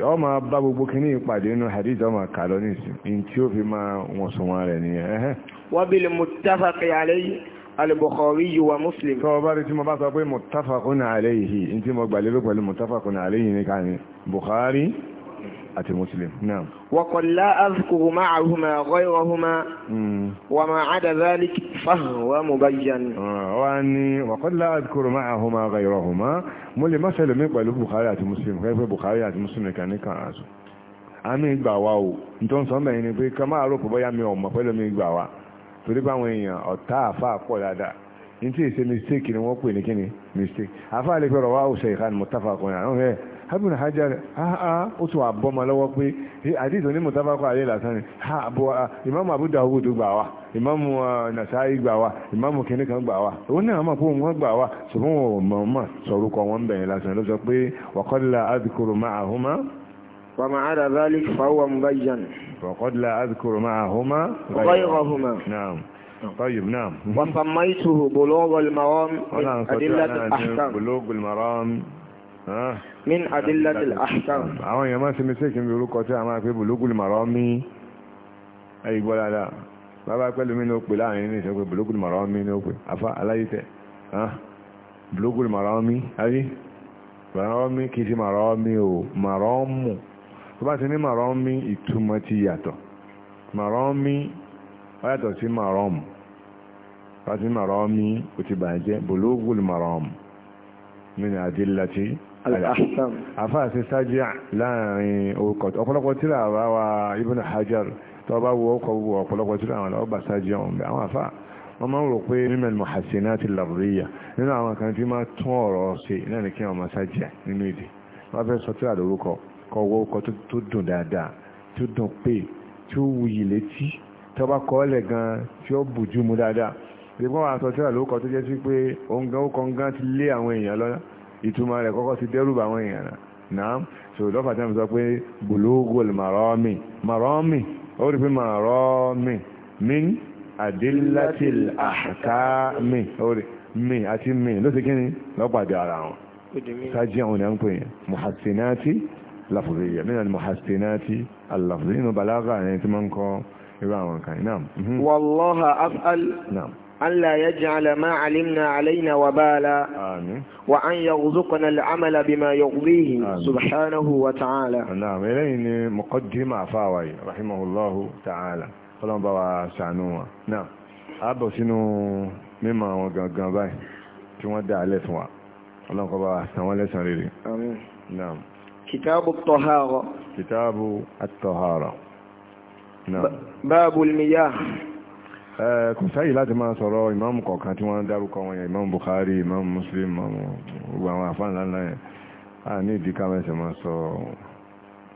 ọ eh, máa bá gbogbo kíní ìpàdé inú hadith ọmọ kàlọ ní ìsìn tí ó fi máa wọn sùn wọn rẹ̀ nìyẹn. wọ́n bí lè muttafaq alayhi al-Bukhari wa Muslim. tọ́ bá rí tí mo bá sọ pé muttafaqun alayhi ní tí mo gbà pẹ̀lú muttafaqun alayhi ní ká ní bukhari àti muslim náà. وقد لا أذكر معهما غيرهما وما عدا ذلك فهو مبين. wọ́n ní وقد لا أذكر معهما غيرهما mo lè má sẹ́lẹ̀ mi pẹ̀lú bukhari àti muslim kẹ́kẹ́ bukhari àti muslim nìkan nìkan àṣọ. àmì ìgbà wa o nítorí sọ mẹ́rin ni pé ká máa rò pé bóyá mi ò mọ̀ pẹ́lú mi ìgbà wa torí báwọn èèyàn ọ̀tá àfa Ibn Hajar ha ah, ah, ó tún àbọ́mọ lọ́wọ́ pé hadith onímọ̀tàbákọ̀ ayé lásán ni ha àbọ̀ ah, Imam Abu Dawud gbà wá Imam Nasa'i gbà wá Imam kìnní kan gbà wá òun náà mọ̀ pé òun kan gbà wá ṣùgbọ́n wọn ò mọ̀ mọ̀ sọ̀rùkọ wọn bẹ̀yẹn lásán ló sọ pé wa qad la adhkuru ma'ahuma. wa ma'a dhalika fa huwa mubayyan. wa qad la adhkuru ma'ahuma. ghayrahuma. naam. طيب نعم وسميته بلوغ المرام من أدلة الأحكام بلوغ المرام min adillatil ahkam. àwọn èèyàn máa ń ṣe mistake níbi orúkọ tí a máa pè bulugul marami ẹ̀yìn gbọ́ dáadáa bàbá pẹ́lú mi ní ó pè láàrin ní ìṣẹ́pẹ́ bulugul marami ní ó pè afá aláyé tẹ̀ bulugul marami ayé marami kì í ṣe marami o maramu tó bá ti ní marami ìtumọ̀ ti yàtọ̀ marami ọ̀yàtọ̀ sí maramu bá ti ní marami ó ti bàjẹ́ bulugul maramu min adillati al-ahkam àfáà sí sájà láàrin orúkọ ọ̀pọ̀lọpọ̀ tí ra àbá wa ibn hajar tó bá wo ọkọ̀ wo ọ̀pọ̀lọpọ̀ tí ra àwọn ọba sájà ọ̀hún bẹ àwọn àfáà wọ́n máa ń rò pé mímẹ́ muhasinati al-lafziyya nínú àwọn kan tí máa tún ọ̀rọ̀ ṣe náà ní kí wọ́n máa sájà nínú èdè wọ́n fẹ́ sọ tí ra lórúkọ kọ wọ ọkọ̀ tó dùn dáadáa tó dùn pé tó wuyì létí tó bá kọ́ ọ́lẹ̀ gan tí ó bùjú mu dáadáa ìgbọ́n àtọ̀ tí ra lórúkọ tó jẹ́ sí pé òun gan ó kọ́ ń gan ti lé àwọn èèyàn lọ́nà ìtumọ̀ rẹ̀ kọ́kọ́ ti dẹ́rùbà àwọn èèyàn náà so lọ́fà tí wọ́n sọ pé bulugul marami marami ó rí pé marami min adillatil ahkami ó rí mi àti mi ló ti kíni lọ́pàdé ara wọn sájí àwọn ènìyàn pè yẹn muhassinati lafuziyya min al-muhassinati al-lafuziyya nínú balaga ẹni tí wọ́n ń kọ́ irú àwọn kan náà. Mhm. wallaha af'al. náà. ألا يجعل ما علمنا علينا وبالا آمين وأن يغذقنا العمل بما يغذيه سبحانه وتعالى نعم إليه مقدمة فاوي رحمه الله تعالى قلنا بوا سعنوا نعم أبو سنو مما وقنقن باي كما دع لسوا قلنا بوا سنوا لسن ريري آمين نعم كتاب الطهارة كتاب الطهارة نعم باب المياه kò sáyì láti máa sọ̀rọ̀ ìmáàmù kọ̀ọ̀kan tí wọ́n ń dárúkọ wọn Bukhari ìmáàmù Muslim ìmáàmù gbogbo àwọn àfáà ńláńlá yẹn a ní ìdí kámẹ́sẹ̀ máa sọ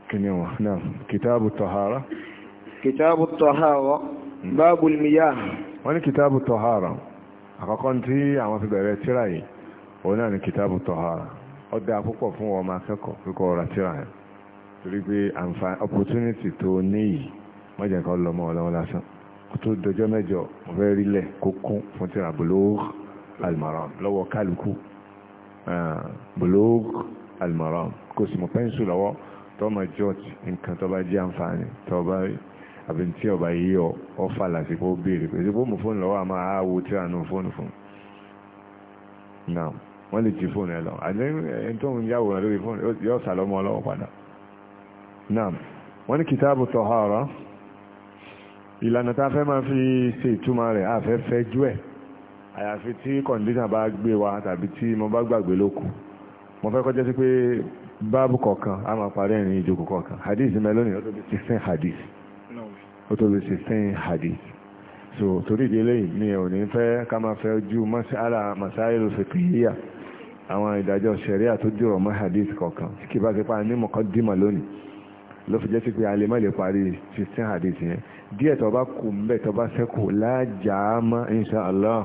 kíní wọn náà kìtàbù tọ̀hárá kìtàbù tọ̀hárá báàbù miyah wọ́n ní kìtàbù tọ̀hárá àkọ́kọ́ tí àwọn fi bẹ̀rẹ̀ tíra yìí òun náà kìtàbù tọ̀hárá wọn kó tó dọjọ́ mẹ́jọ mo fẹ́ rí lẹ̀ kó kún fún tíra Bulugh al-Maram lọ́wọ́ kálukú Bulugh al-Maram kò sì mọ̀ pẹ́ńsù lọ́wọ́ tó máa jọ́ọ̀tì nǹkan tó bá jẹ́ àǹfààní tó bá rí àbí tí ọba yìí ọ ọfà lásìkò béèrè pé ṣé fóònù fóònù lọ́wọ́ àmọ́ àáwò tí a nù fóònù fún náà wọ́n lè ti fóònù ẹ lọ àti ẹni tó ń yàwòrán lórí fóònù yóò sàlọ́mọ́ ọlọ́wọ́ padà wọ́n ní kìtàbù tọ̀hárà ìlànà tá a fẹ́ máa fi ṣe ìtumọ̀ rẹ̀ àfẹ́fẹ́ jú ẹ̀ àyàfi tí kọ̀ǹdíṣàn bá gbé wa tàbí tí mo bá gbàgbé lóko mo fẹ́ kọjá sí pé báàbù kọ̀ọ̀kan a máa parí ẹ̀rìn ìjókòó kọ̀ọ̀kan hadith mẹ́lónì ó tó bí sixteen hadith ó tó bí sixteen hadith so torí ìdílé yìí mi ò ní fẹ́ ká máa fẹ́ ju masala masáìlú fìkìyà àwọn ìdájọ́ sẹ̀ríà tó dìrọ̀ mọ́ hadith kọ̀ọ̀kan kí bá ti pa ní mọ̀kọ́ dìmọ̀ lónìí ló fi jẹ́ sí pé a lè má lè parí fifteen hadith yẹn díẹ̀ tó bá kù mbẹ́ tó bá sẹ́kù lájà má insha Allah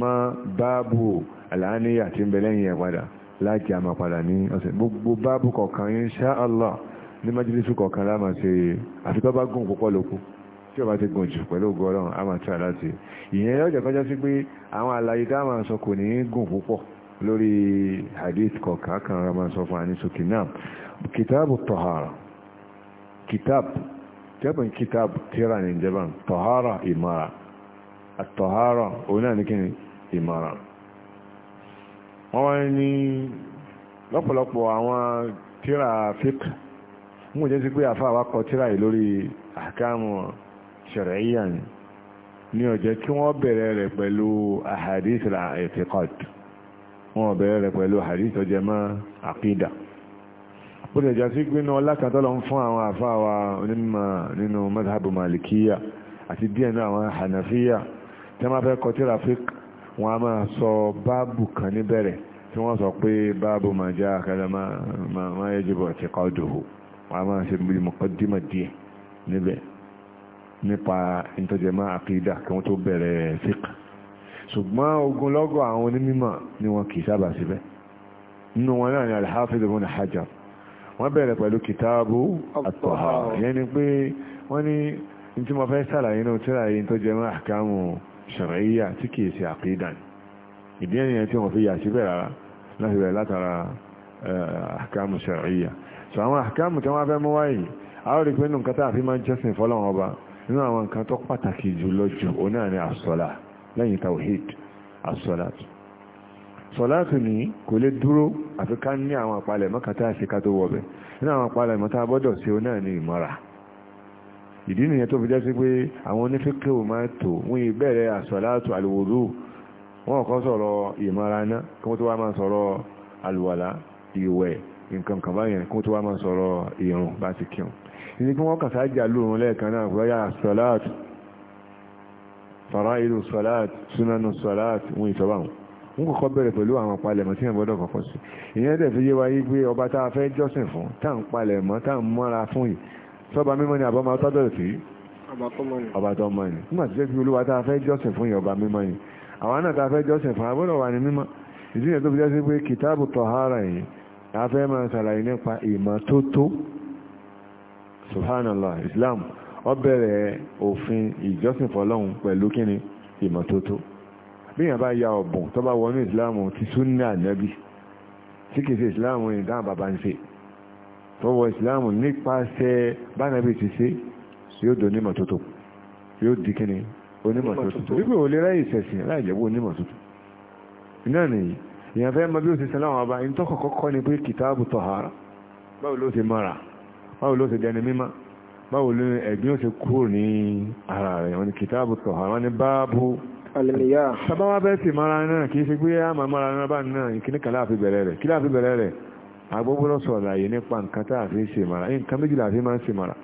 má báàbù àlàáníyà tí ń bẹ lẹ́yìn ẹ̀ padà lájà má padà ní ọ̀sẹ̀ gbogbo báàbù kọ̀ọ̀kan insha Allah ní májílísù kọ̀ọ̀kan láàmà ṣe àfi tó bá gùn púpọ̀ lókù tí ó bá ti gùn jù pẹ̀lú ògo Ọlọ́run á máa tún àláti ìyẹn yóò jẹ́ kọjá pé àwọn àlàyé tá sọ kò ní gùn púpọ̀ lórí hadith kọ̀ọ̀kan kan ra fún àníṣókè náà kìtàbù tọ̀hárà kitab jẹ́bùn kitab tíra ní jẹ́bùn tọ̀hárà ìmọ̀ra àtọ̀hárà òun náà ní kí ni ìmọ̀ra wọ́n wá ní lọ́pọ̀lọpọ̀ àwọn tíra fík mú jẹ́ sí pé àfáà wá kọ tíra yìí lórí àkáàmù ṣẹ̀rẹ̀yà ni ní ọjọ́ kí wọ́n bẹ̀rẹ̀ rẹ̀ pẹ̀lú ahadith al-i'tiqad wọ́n bẹ̀rẹ̀ rẹ̀ pẹ̀lú ahadith ọjọ́ mọ́ àkídà ó lè jásí pé náà lákàtọ́lọ ń fún àwọn àfáwà onímọ̀ nínú madhabu malikiya àti díẹ̀ náà àwọn hanafiya tí wọ́n fẹ́ kọ tíra fík wọ́n a máa sọ báàbù kan níbẹ̀rẹ̀ tí wọ́n sọ pé báàbù máa já akẹ́lẹ́ máa yẹ jùbọ̀ ti kọ́ dòwò wọ́n a máa ṣe bí mọ̀kọ́dímọ̀ díẹ̀ níbẹ̀ nípa ṣùgbọ́n ogunlọ́gọ̀ àwọn onímọ̀ ni wọn kì sábà síbẹ̀ nínú wọn náà ni al ibn Hajar wọ́n bẹ̀rẹ̀ pẹ̀lú kìtàbù àtọ̀hà yẹn ni pé wọ́n ní ní tí mo fẹ́ sàlàyé náà tíra yìí tó jẹ́ máa kàmù ṣàrẹ́yà tí kìí ṣe àkídà ìdí ẹ̀yẹn tí wọ́n fi yà síbẹ̀ rárá láti bẹ̀rẹ̀ látara àkàmù ṣàrẹ́yà sọ àwọn àkàmù tí wọ́n fẹ́ mú wáyé àwọn rí pé nù nǹkan tá a sọ̀láàtù ní kò lè dúró àfi ká ní àwọn àpalẹ̀mọ́ kan tá a ṣe ká tó wọ̀bẹ̀ nínú àwọn àpalẹ̀mọ́ tá a gbọ́dọ̀ ṣe ó náà ní ìmọ́ra ìdí nìyẹn tó fi jẹ́ sí pé àwọn onífíkẹ́ ò máa tò wọ́n yìí bẹ̀rẹ̀ àsọ̀láàtù àlùwòdù wọ́n kọ́ sọ̀rọ̀ ìmọ́ra náà kí wọ́n tó wá máa sọ̀rọ̀ àlùwàlá ìwẹ̀ nǹkan faraidu sọ̀láàtù súnánù sọ̀láàtù wọ́n ìsọ̀bà ń kọ́kọ́ bẹ̀rẹ̀ pẹ̀lú àwọn palẹ̀mọ́ tí ìyàgbọ́dọ̀ kọ̀kọ́ sí ìyẹn dẹ̀ fi yé wa yí pé ọba tá a fẹ́ jọ́sìn fún tá ń palẹ̀mọ́ tá ń mọ́ra fún yìí sọ́ba mímọ́ ni àbọ̀mọ́ tọ́jọ́ sí ọba tó mọ́ ni nígbà tí jẹ́ pé olúwa tá a fẹ́ jọ́sìn fún yìí ọba mímọ́ yìí àwọn náà tá a fẹ́ jọ́sìn fún àbọ̀dọ̀ islam ó bẹ̀rẹ̀ òfin ìjọ́sìn fọlọ́hun pẹ̀lú kíni ìmọ́tótó bíyàn bá ya ọ̀bùn tó bá wọnú ìsìláàmù ti súnà nẹ́bí tí kìí ṣe ìsìláàmù ní dáhùn bàbá ń ṣe tó wọ ìsìláàmù nípasẹ̀ bánàbí ti ṣe yóò dò ní mọ̀tótó yóò di kíni onímọ̀tótó wípé ò lè ráyè ìṣẹ̀sìn láì jẹ́wọ́ onímọ̀tótó iná nìyí èèyàn fẹ́ mọ bí ó ti sin láwọn ọba ní tọ́kọ̀ kọ́kọ́ ni pé kìtáàbù tọ̀hárà báwo ló ti mara báwo ló ti sabawa sábà wá bẹ́ẹ̀ mara náà kì í ṣe àmà mara náà bá náà ìkíní kan láàfin bẹ̀rẹ̀ rẹ̀ kí láàfin bẹ̀rẹ̀ rẹ̀ sọ̀rọ̀ nípa nǹkan tá a fi ṣe mara nǹkan méjì láàfin mara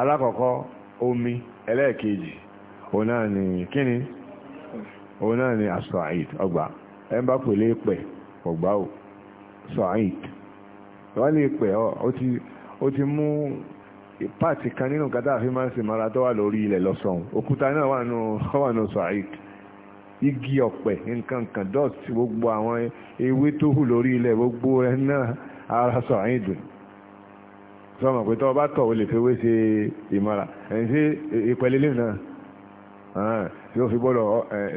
nǹkan omi ẹlẹ́ẹ̀kejì òun náà ni kíni òun náà ni aṣọ ọgbà ẹ ń bá pèlè pẹ̀ ọgbà ò wọ́n lè pẹ̀ ọ́ ti mú ìpáàtì kan nínú nǹkan tá mara tó wà lórí ilẹ̀ lọ́sàn-án òkúta náà wà nù wà nù sàáìd igi ọ̀pẹ nǹkan kan dust gbogbo àwọn ewé tó hù lórí ilẹ̀ gbogbo ẹ náà ara sàáìd sọmọ pé tọ́ bá kọ̀ ó lè fewé ṣe ìmọ̀ra ẹ̀yìn sí ìpẹ́lẹ́ lè náà tí ó fi gbọ́dọ̀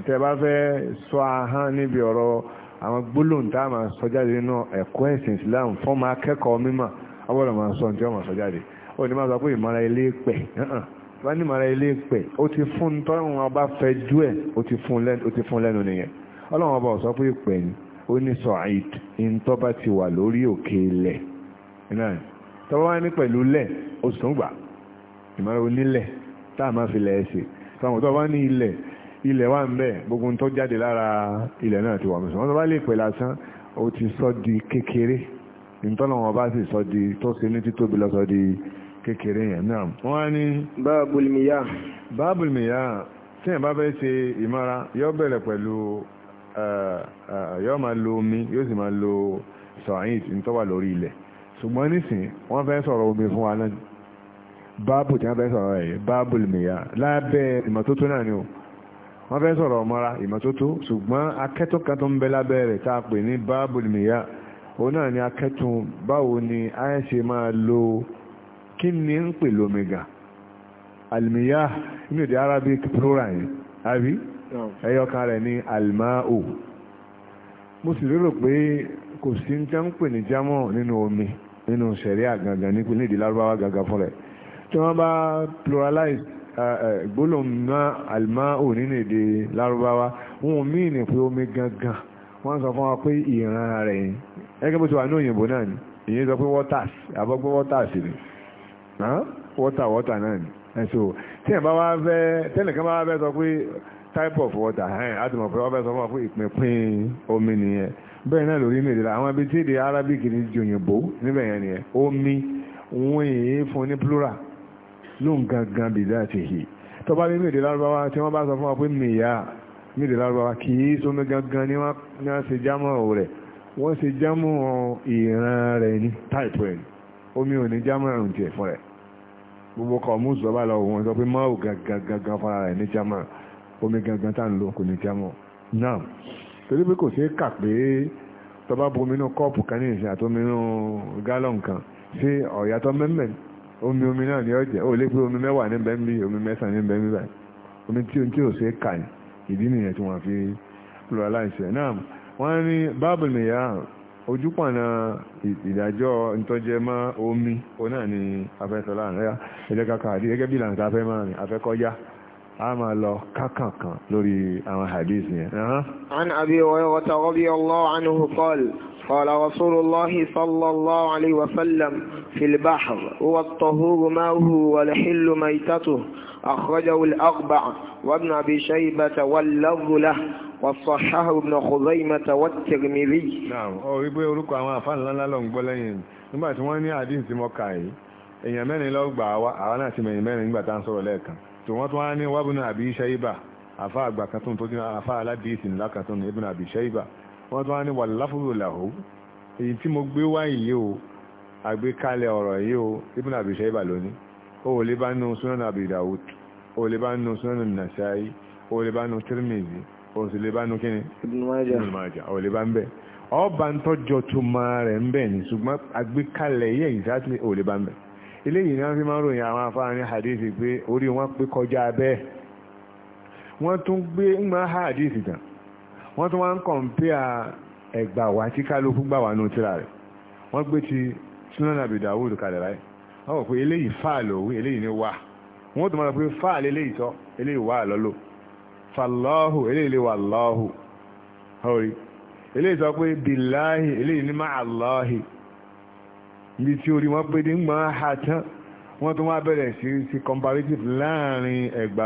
tẹ́ bá fẹ́ sọ ahán níbi ọ̀rọ̀ àwọn gbólóhùn tá a máa sọ jáde nínú ẹ̀kọ́ ẹ̀sìn Islam fọ́n máa kẹ́kọ̀ọ́ mímọ̀ ọgbọ́dọ̀ máa sọ ní tí wọ́n máa sọ jáde ó ní máa sọ pé ìmọ̀ra ilé pẹ̀ wọ́n ní ìmọ̀ra ilé pẹ̀ ó ti fún tọ́rùn ọba fẹ́ jú ẹ̀ ó ti fún lẹ́nu nìyẹn ọlọ́run ọba ò sọ pé pẹ̀ ni ó ní sọ àìd ìntọ́ba ti wà lórí òkè ilẹ̀ tọ́wọ́ wá ní pẹ̀lú lẹ̀ ó sùn gbà ìmọ̀ra onílẹ̀ tá a máa fi lẹ̀ ṣe tọ́wọ́ tọ́wọ́ ní ilẹ̀ ilẹ̀ wà ń bẹ gbogbo tó jáde lára ilẹ̀ náà ti wà mẹ́sàn-án wọ́n tó bá lè pẹ̀ lásán ó ti sọ di kékeré ìtọ́nà wọn bá sì sọ di tó ṣe ní títóbi lọ́sọ di kékeré yẹn náà wọ́n ní báàbùlmìyà báàbùlmìyà tí ẹ̀ bá fẹ́ ṣe ìmọ́ra yóò bẹ̀rẹ̀ pẹ̀lú yóò máa lo omi yóò sì máa lo sọ̀hìn tí tó wà lórí ilẹ̀ ṣùgbọ́n nísìn wọ́n fẹ́ sọ̀rọ̀ omi fún wa náà báàbù tí wọ́n fẹ́ sọ̀rọ̀ ẹ̀ báàbùlmìyà lábẹ́ ìmọ́tótó náà ni o wọ́n fẹ́ sọ̀rọ̀ ọmọra ìmọ́tótó ṣùgbọ́n akẹ́tọ̀ kan tó ń bẹ lábẹ́ rẹ̀ tá a pè ní báàbùlmìyà òun náà ni akẹ́tùn báwo ni a ṣe máa lo kí ni ń pè lómega almiyah inú èdè arabic plural yẹn àbí ẹyọkan rẹ̀ ní almao mo sì lérò pé kò sí ń tẹ́ ń pè ní jámọ́ nínú omi nínú sẹ̀ríà gangan ní ìpínlẹ̀ èdè lárúbáwá gangan fún rẹ̀ tí wọ́n bá pluralize gbólóhùnmá almao nínú èdè lárúbáwá wọn ò mí ní pé omi gangan wọ́n sọ fún wa pé ìran rẹ̀ yẹn ẹgbẹ́ bó ti wà ní òyìnbó náà ni ìyẹn sọ pé waters àbọ̀gbọ́ waters ni Water, water, náà ni ẹ̀sọ́ tí ẹ̀ bá wá fẹ́ tẹ́nìkan bá wá fẹ́ sọ pé type of water ẹ̀ á ti mọ̀ pé wọ́n fẹ́ sọ fún wa pé ìpínpín omi nìyẹn bẹ́ẹ̀ náà lórí mèdè la àwọn ibi tí èdè Arabic ni jòyìnbó níbẹ̀ yẹn nìyẹn omi wọ́n yìí fún ní plural ló ń gangan bìí láti hì tó bá ní mèdè lárúbáwá tí wọ́n bá sọ fún wa pé mìíyà mèdè lárúbáwá kì í sómi gangan ni wọ́n ṣe jámọ̀ rẹ̀ wọ́n ṣe jámọ̀ ìran rẹ̀ ní type rẹ̀ omi ò ní jámọ̀ àrùn tiẹ̀ fún rẹ̀ gbogbo kọ̀ mú zọba lọ wọn sọ pé máwù gangan fara rẹ̀ ní jama omi gangan tá ń lo kò ní jama náà torí pé kò ṣeé kà pé tọba bu omi inú kọ́ọ̀pù kan ní ìsìn àtomi inú gálọ̀n kan ṣé ọ̀yàtọ̀ mẹ́mẹ́ omi omi náà ni ó jẹ́ ó lé pé omi mẹ́wàá ní bẹ́ẹ̀ ń omi mẹ́sàn-án ní bẹ́ẹ̀ ń báyìí omi tí ohun tí ò ṣeé kà ìdí nìyẹn tí wọ́n fi pluralize náà wọ́n ní báàbù nìyà ojúpọ̀nà ìdájọ́ ìtọ́jẹ mọ́ omi òun náà ni afẹ́sọ láàrin ẹ̀yà ẹ̀jẹ̀ gẹ́gẹ́ bí làǹkà afẹ́ máa rìn afẹ́kọ́já a máa lọ kákànkàn lórí àwọn hadith yẹn. an abi hurairah radiyallahu قال رسول الله صلى الله عليه وسلم في البحر هو الطهور ماؤه والحل ميتته أخرجه الأربع وابن أبي شيبة واللفظ له وصححه ابن خزيمة والترمذي نعم أو يبقى يقولك أما أفعل لنا لهم بلين nígbà tí wọ́n ní àdín tí mọ́ kàáyé èèyàn mẹ́rin lọ́gbà àwọn àti mẹ́rin mẹ́rin nígbà tá ń sọ̀rọ̀ lẹ́ẹ̀kan tó wọ́n tún wá ní wábùnà àbí Shayba àfá àgbà kan tó ń tó dín àfá aládìísìn lákàtún ní ibùnà àbí Shayba wọ́n tún wá ní wàlúláfúrò làhó èyí tí mo gbé wá yìí o àgbékalẹ̀ ọ̀rọ̀ yìí o ibùn o lè bá súnánù o lè bá súnánù o lè bá o sì lè bá o lè bá ń bẹ ọba ń ní àgbékalẹ̀ yẹ o lè bá ń bẹ eléyìí ni wọ́n fi máa ń ròyìn àwọn kọjá wọ́n tún gbé ń hadithi wọ́n tún wá ń kọ̀m̀píà ẹ̀gbà wá tí kálukú gbà nù tíra rẹ̀ wọ́n gbé ti Sunan Dawud kalẹ̀ wọ́n pé eléyìí fáà lòwú eléyìí ni wà wọ́n tún máa pé fáà léléyìí tọ́ eléyìí wà lọ́lọ́ fàlọ́hù eléyìí lè wà lọ́hù ọ̀rí eléyìí sọ pé bìláhì eléyìí ibi tí orí wọn ha tán wọ́n tún wá bẹ̀rẹ̀ sí sí comparative láàrin ẹ̀gbà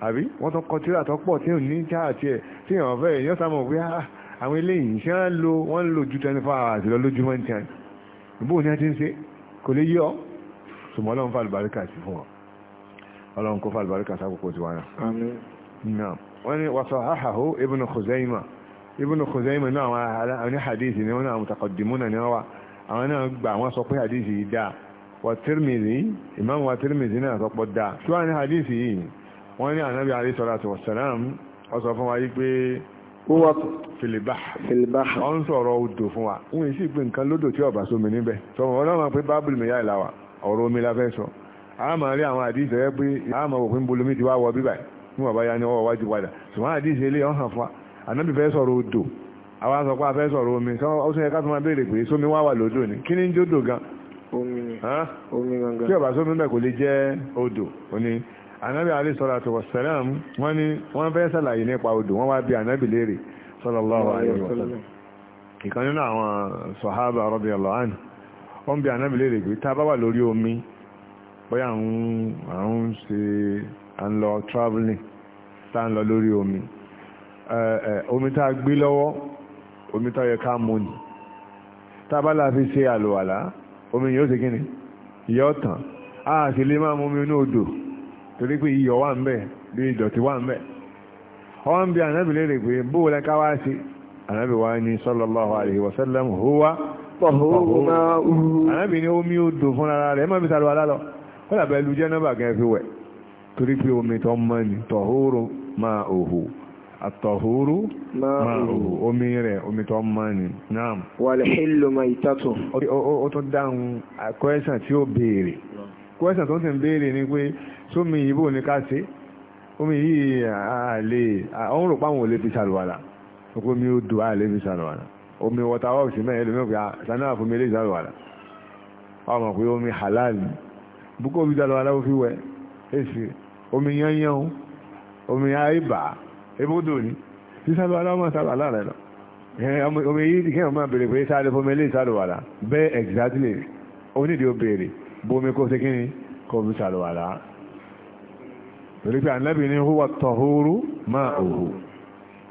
àbí wọ́n tó kọ tíra tó pọ̀ tí ò ní já àti ẹ̀ tí ìyàn ọ̀fẹ́ èèyàn sámọ̀ pé ah, àwọn eléyìí ṣé wọ́n lo wọ́n lo ju twenty four hours lọ lójúmọ́ ní tiẹ̀ ìbò ní a ti ń ṣe kò lè yọ ṣùgbọ́n ọlọ́run fà lùbáríkà sí fún ọ ọlọ́run kó fà lùbáríkà sákòókò tiwa náà wọ́n ní wàsọ̀ àhàhó Ibn Khuzaimah Ibn Khuzaimah náà àwọn ní hadith ni wọ́n náà mutaqaddimuna ní wọ́n wà àwọn náà gbà wọ́n sọ pé hadith yìí dáa wà Tirmidhi Imam wà Tirmidhi náà sọ pé dáa ṣùgbọ́n hadith yìí wọ́n ní ànábì alayhi salatu wassalam ó sọ fún wa yí pé wọ́n filibah ọ́n sọ̀rọ̀ odò fún wa wọ́n sì pé nǹkan lódò tí ọ̀bà sómi níbẹ̀ sọmọ ọlọ́mọ pé bábùlù mi yá ìlàwà ọ̀rọ̀ omi la fẹ́ sọ a máa rí àwọn àdìsí ẹ pé a máa wò pé bolomi ti wá wọ bíbà ní wọ́n bá yá ní ọwọ́ wájú padà ṣùgbọ́n àdìsí ilé ọ̀hàn fún wa omi gangan tí ọ̀bà sómi bẹ́ẹ̀ kò lè jẹ́ odò òní Anabi Ali sọ̀rọ̀ àtọ̀wọ̀ sẹ́lẹ̀m wọ́n ní fẹ́ sàlàyé nípa odò wọ́n wá bí ànábì léèrè sallallahu alaihi ìkan nínú àwọn sọ̀hábà radiyallahu anhu wọ́n bí ànábì léèrè pé tá bá omi bóyá àwọn ṣe à traveling tá ń lọ omi omi tá a gbé lọ́wọ́ omi tó yẹ ká ni bá omi yóò ṣe kí ni yóò tàn á omi odò torí pé iyọ̀ wà ń bẹ̀ bí ìdọ̀tí wà ń bẹ̀ ọwọ́ bí ànábì lérè pé bó ká wá sí ànábì wá ní sallallahu alaihi wasallam ní omi odò fún ara rẹ̀ mọ́bí sàrọ̀ alálọ́ kọ́lá bẹ́ẹ̀ lu gẹ́ fi wẹ̀ torí pé omi mọ́ ni máa òhù máa òhù omi rẹ̀ omi mọ́ ni sómi ìbò ní ká ṣe omi yìí àlè ọ̀hún rò páwọn olè fi ṣàlùwàlà òkú omi odò àlè fi ṣàlùwàlà omi water works mẹ́rin lómi òkè sanáà fún mi lè ṣàlùwàlà ọmọ pé omi halal bukó fi ṣàlùwàlà ó fi wẹ̀ èsì omi yányán omi àìbà ebódò ni fi ṣàlùwàlà ọmọ ṣàlùwàlà rẹ lọ omi yìí kí ọmọ bèrè pé sáré fún lè ṣàlùwàlà bẹ́ẹ̀ exactly onídìí ó bèrè bomi kó ṣe kí ni kó fi ṣàlùwàlà torí pé ànábì ní húwà tọ̀húrú máa òhù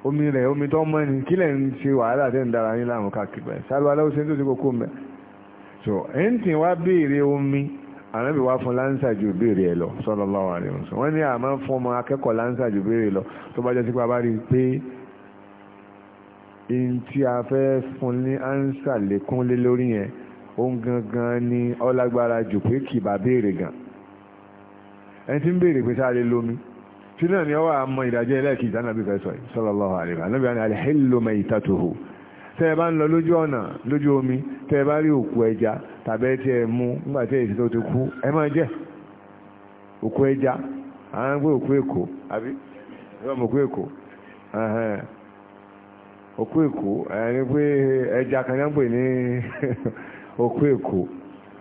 omi rẹ̀ omi tó mọ́ ni kí lẹ̀ ń ṣe wàhálà tẹ́ ń dára yín láàmú káàkiri sálúwà lọ́wọ́ tó ti kókó mẹ́ so ẹ̀ ń tì wá béèrè omi ànábì wá fún láńsà ju béèrè ẹ lọ sallallahu alaihi wasallam wọ́n ní àmọ́ fún ọmọ akẹ́kọ̀ọ́ láńsà ju béèrè lọ tó bá jẹ́ sí pé a bá ẹni tí ń béèrè pé sáà lómi tí náà ni ọwọ́ àmọ́ ìdájọ́ ẹlẹ́ẹ̀kì ìdánábì fẹ́ sọ sallallahu alaihi wa sallam al-hillu tẹ́ ẹ bá ń lọ lójú ọ̀nà lójú omi tẹ́ ẹ bá rí òkú ẹja tàbí tí ẹ mú nígbà tí èsì tó ti kú ẹ máa òkú ẹja òkú èkó àbí òkú èkó òkú èkó ẹni pé ẹja kan yẹn (laughs)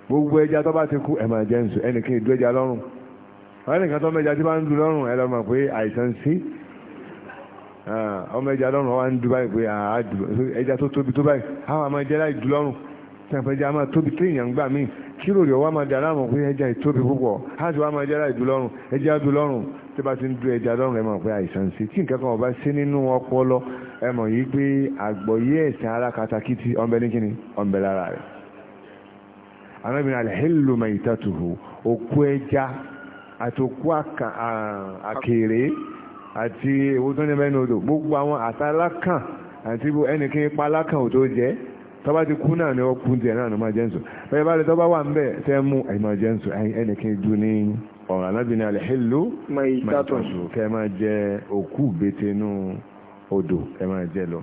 gbogbo ẹja tó ti kú ẹ máa ẹnì kí wọ́n nìkan tó mẹ́ja tí bá ń du lọ́rùn ẹ lọ́mọ pé àìsàn sí ọmọ ẹja lọ́rùn wa ń du báyìí pé ah, ẹja tó tóbi tó báyìí àwọn àmọ́ ẹja láì du lọ́rùn tẹ̀pẹ́ ẹja máa tóbi tí èèyàn ń gbà míì kí lóòrè ọwọ́ máa dà láàmú pé ẹja ìtóbi púpọ̀ á ti wá máa ẹja láì du lọ́rùn ẹja du lọ́rùn tí bá ti ń du ẹja lọ́rùn ẹ mọ̀ pé àìsàn sí tí nǹkan kan ọba sí nínú ọpọlọ ẹ mọ̀ yìí pé àgbọ̀yé ẹ̀sìn ara katakítí ọ̀nbẹ ní kíni ọ̀nbẹ lára rẹ̀ anábìnrin alẹ́ hẹ́lò mẹ́yìtàtùhù òkú ẹja àtòkú àkèrè àti ewu tó ní mẹ́nu odò gbogbo àwọn àtàlákàn àti ẹnìkan ipa alákàn ò tó jẹ́ tọ́ba ti kú náà ni ó kú tiẹ̀ náà ni máa jẹ́nsù bẹ́ẹ̀ bá lè tọ́ba wà ń bẹ̀ tẹ́ mú ẹ̀yìn máa jẹ́nsù ẹnìkan ju ní ọ̀rọ̀ alábìnrin alẹ́ hello máa tọ̀sù kẹ́ máa jẹ òkú betenú odò kẹ́ máa jẹ lọ.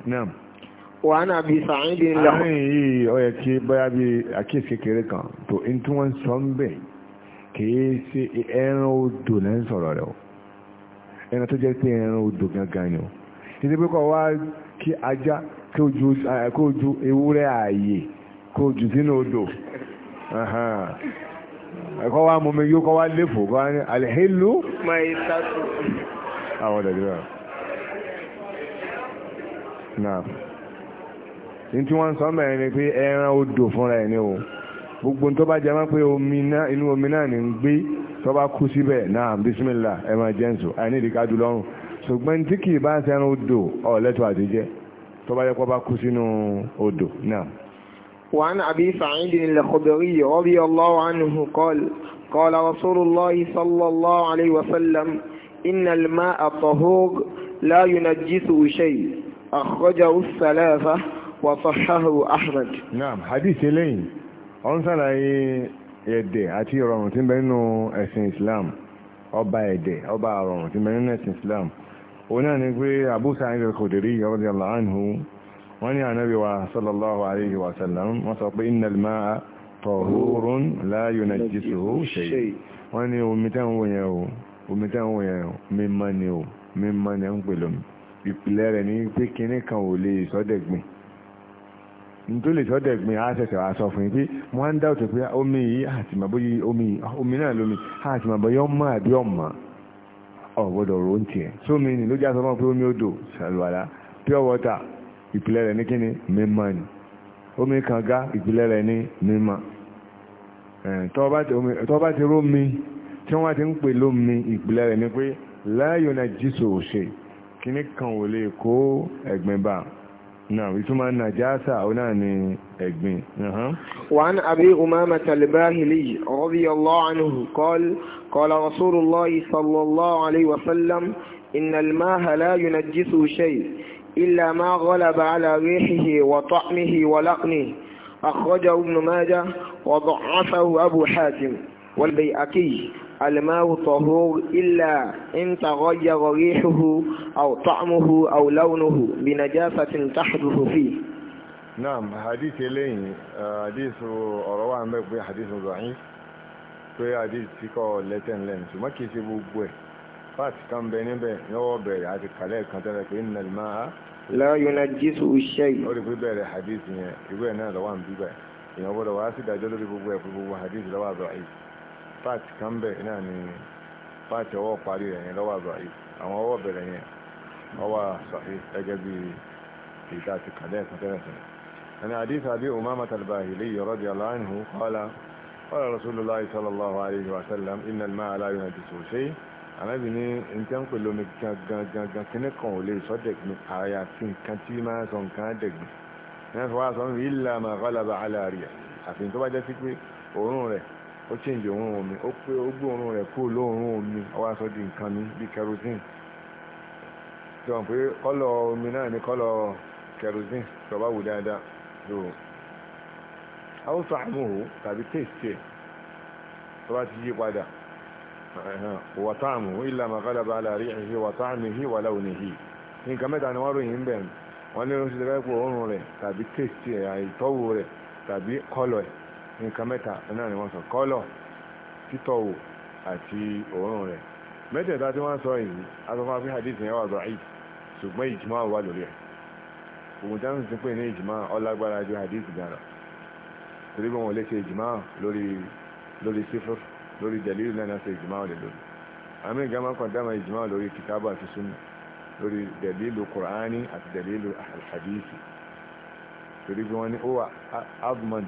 wàá nà bí sàáyìn dín lọ. àárín yìí ó yẹ kí bóyá bí àkíyèsí kékeré kan tó ń tún wọn sọ ń bẹ̀ kìí si ẹran odò náà ń sọ̀rọ̀ rẹ̀ o ẹran tó jẹ́ pe ẹran odò gangan ni o títí pé kọ́ wá kí ajá kó ju ewúrẹ́ ààyè kó jù sínú odò ẹ̀kọ́ wá mú mi yóò kọ́ wá léfò kọ́ wá ní alhélú àwọn ọ̀dọ̀dọ̀ náà ní tí wọ́n ń sọ mẹ́rin ni pé ẹran odò fúnra ẹ̀ o. gbogbo tó bá jẹmọ́ pé inú omi náà ní ń gbé tó bá kú síbẹ̀ náà bísímìlà ẹ máa jẹ́ nsò àìní ìdíkájú lọ́rùn ṣùgbọ́n tí kì í bá sẹ́nu odò ọ̀lẹ́tọ̀ àtijẹ́ tó bá yẹ bá kú sínú odò náà. وعن أبي سعيد الخدري رضي الله عنه قال قال رسول الله صلى الله عليه وسلم إن الماء طهور لا ينجسه شيء أخرجه الثلاثة وصححه أحمد نعم حديث لين ọ̀n sàlàyé ẹ̀dẹ̀ àti ìrọ̀rùn tí ń bẹ nínú ẹ̀sìn Islam ọba ẹ̀dẹ̀ ọba ìrọ̀rùn tí ń bẹ nínú ẹ̀sìn Islam òun náà ni pé Abu Sa'id al-Khudri radiyallahu anhu wọ́n ní ànábì wa sallallahu alayhi wa sallam wọ́n sọ pé innal ma'a tahurun la yunajjisuhu shay' wọ́n ní omi táwọn yẹn o omi táwọn yẹn mímọ́ ni o mímọ́ ni ń pè lómi ìpìlẹ̀ rẹ̀ ní pé kinní kan ò lè sọ́dẹ̀gbìn nítorí lè sọ́dẹ̀ gbin àṣẹṣẹ̀ wa sọ fún yín pé mo á ń dá òtò pé omi yìí àti màbọ̀ yìí omi omi náà lómi àti màbọ̀ yọ mọ́ àbí ọ̀mọ́ ọ̀gbọ́dọ̀ ro ń tiẹ̀ sómi ni ló jásọ mọ́ pé omi odò ṣàlùwàlá pure water ìpìlẹ̀ rẹ̀ ní kíni mímọ́ ni omi kànga ìpìlẹ̀ rẹ̀ ní mímọ́ tọ́ bá ti rómi tí wọ́n ti ń pè lómi ìpìlẹ̀ rẹ̀ ní pé láyò náà jísò òṣè kíní kan ò lè kó ẹ̀gbìn bá نعم يسمى النجاسة أو نعني أجمين أه. وعن أبي أمامة الباهلي رضي الله عنه قال قال رسول الله صلى الله عليه وسلم إن الماء لا ينجسه شيء إلا ما غلب على ريحه وطعمه ولقنه أخرجه ابن ماجه وضعفه أبو حاتم والبيئكي الماء طهور إلا إن تغير ريحه أو طعمه أو لونه بنجاسة تحدث فيه نعم حديث لين حديث أروى عن بك حديث ضعيف pé hadith tí kò lẹ́tẹ̀ lẹ́nu ṣùgbọ́n kìí ṣe gbogbo ẹ̀ fat kan bẹ níbẹ̀ yọ́wọ́ bẹ̀rẹ̀ àti kàlẹ́ kan tẹ́lẹ̀ pé innal ma'a la yunajjisu shay. ó rí pé bẹ̀rẹ̀ hadith yẹn ìwé náà lọ́wọ́ à bíbẹ̀ èèyàn gbọ́dọ̀ wá sí ìdájọ́ lórí gbogbo ẹ̀ fún gbogbo hadith lọ́wọ́ àbọ̀ àyè páàtì kan bẹ̀ náà ni páàtì ọwọ́ parí rẹ̀ yẹn lọ́wọ́ àbáyé àwọn ọwọ́ bẹ̀rẹ̀ yẹn ọwọ́ sọ̀hí gẹ́gẹ́ bí ìta àti kàlẹ́ ẹ̀kan tẹ́lẹ̀ tẹ́lẹ̀ ẹni àdìsá bí umama talbahili radiyallahu anhu qala qala rasulullahi sallallahu alayhi wa sallam inna al-ma'a la yunajjisu shay ànábì ní nǹkan pẹ̀lú omi gangan kíní kan ò lè sọ dẹ̀gbìn àyàfi nǹkan tí máa sọ nǹkan dẹ̀gbìn ní wọ́n fi wá sọ illa ma ghalaba ala riyah àfi tó bá jẹ́ sí pé òórùn rẹ̀ ó change òórùn omi ó pé ó gbé òórùn rẹ̀ kúrò omi ọwọ́ aṣọ di nǹkan mi bíi kerosene tí omi náà kọlọ kọ́lọ̀ kerosene tó bá wù dáadáa so tàbí taste ẹ̀ tó bá ti yí padà wàtá àmúhù ilà màkàlàbà àlàrí ẹ̀hìn wàtá àmìhì wà nǹkan mẹ́ta ni wọ́n ròyìn bẹ̀rù wọ́n ní oṣù òórùn rẹ̀ nǹkan mẹ́ta náà ni wọ́n sọ kọ́lọ̀ títọ́ wò àti òórùn rẹ̀ mẹ́tẹ̀ẹ̀ta tí wọ́n sọ yìí asọ́fà fi hadith yẹn wà dọ̀ọ́ì ṣùgbọ́n ìjìmọ́ wà lórí ẹ̀ òun dáná ti pè ní ìjìmọ́ ọlágbára ju hadith gan lọ torí bí wọn lè ṣe ìjìmọ́ lórí lórí sífúr lórí jẹ̀lílù náà ṣe ìjìmọ́ lè lórí àmì ìgbàmọ́ kan dáná ìjìmọ́ lórí kìtàbù àti súnmù lórí jẹ̀lílù kùránì àti jẹ̀lílù hadith torí bí wọn ní ó wà admond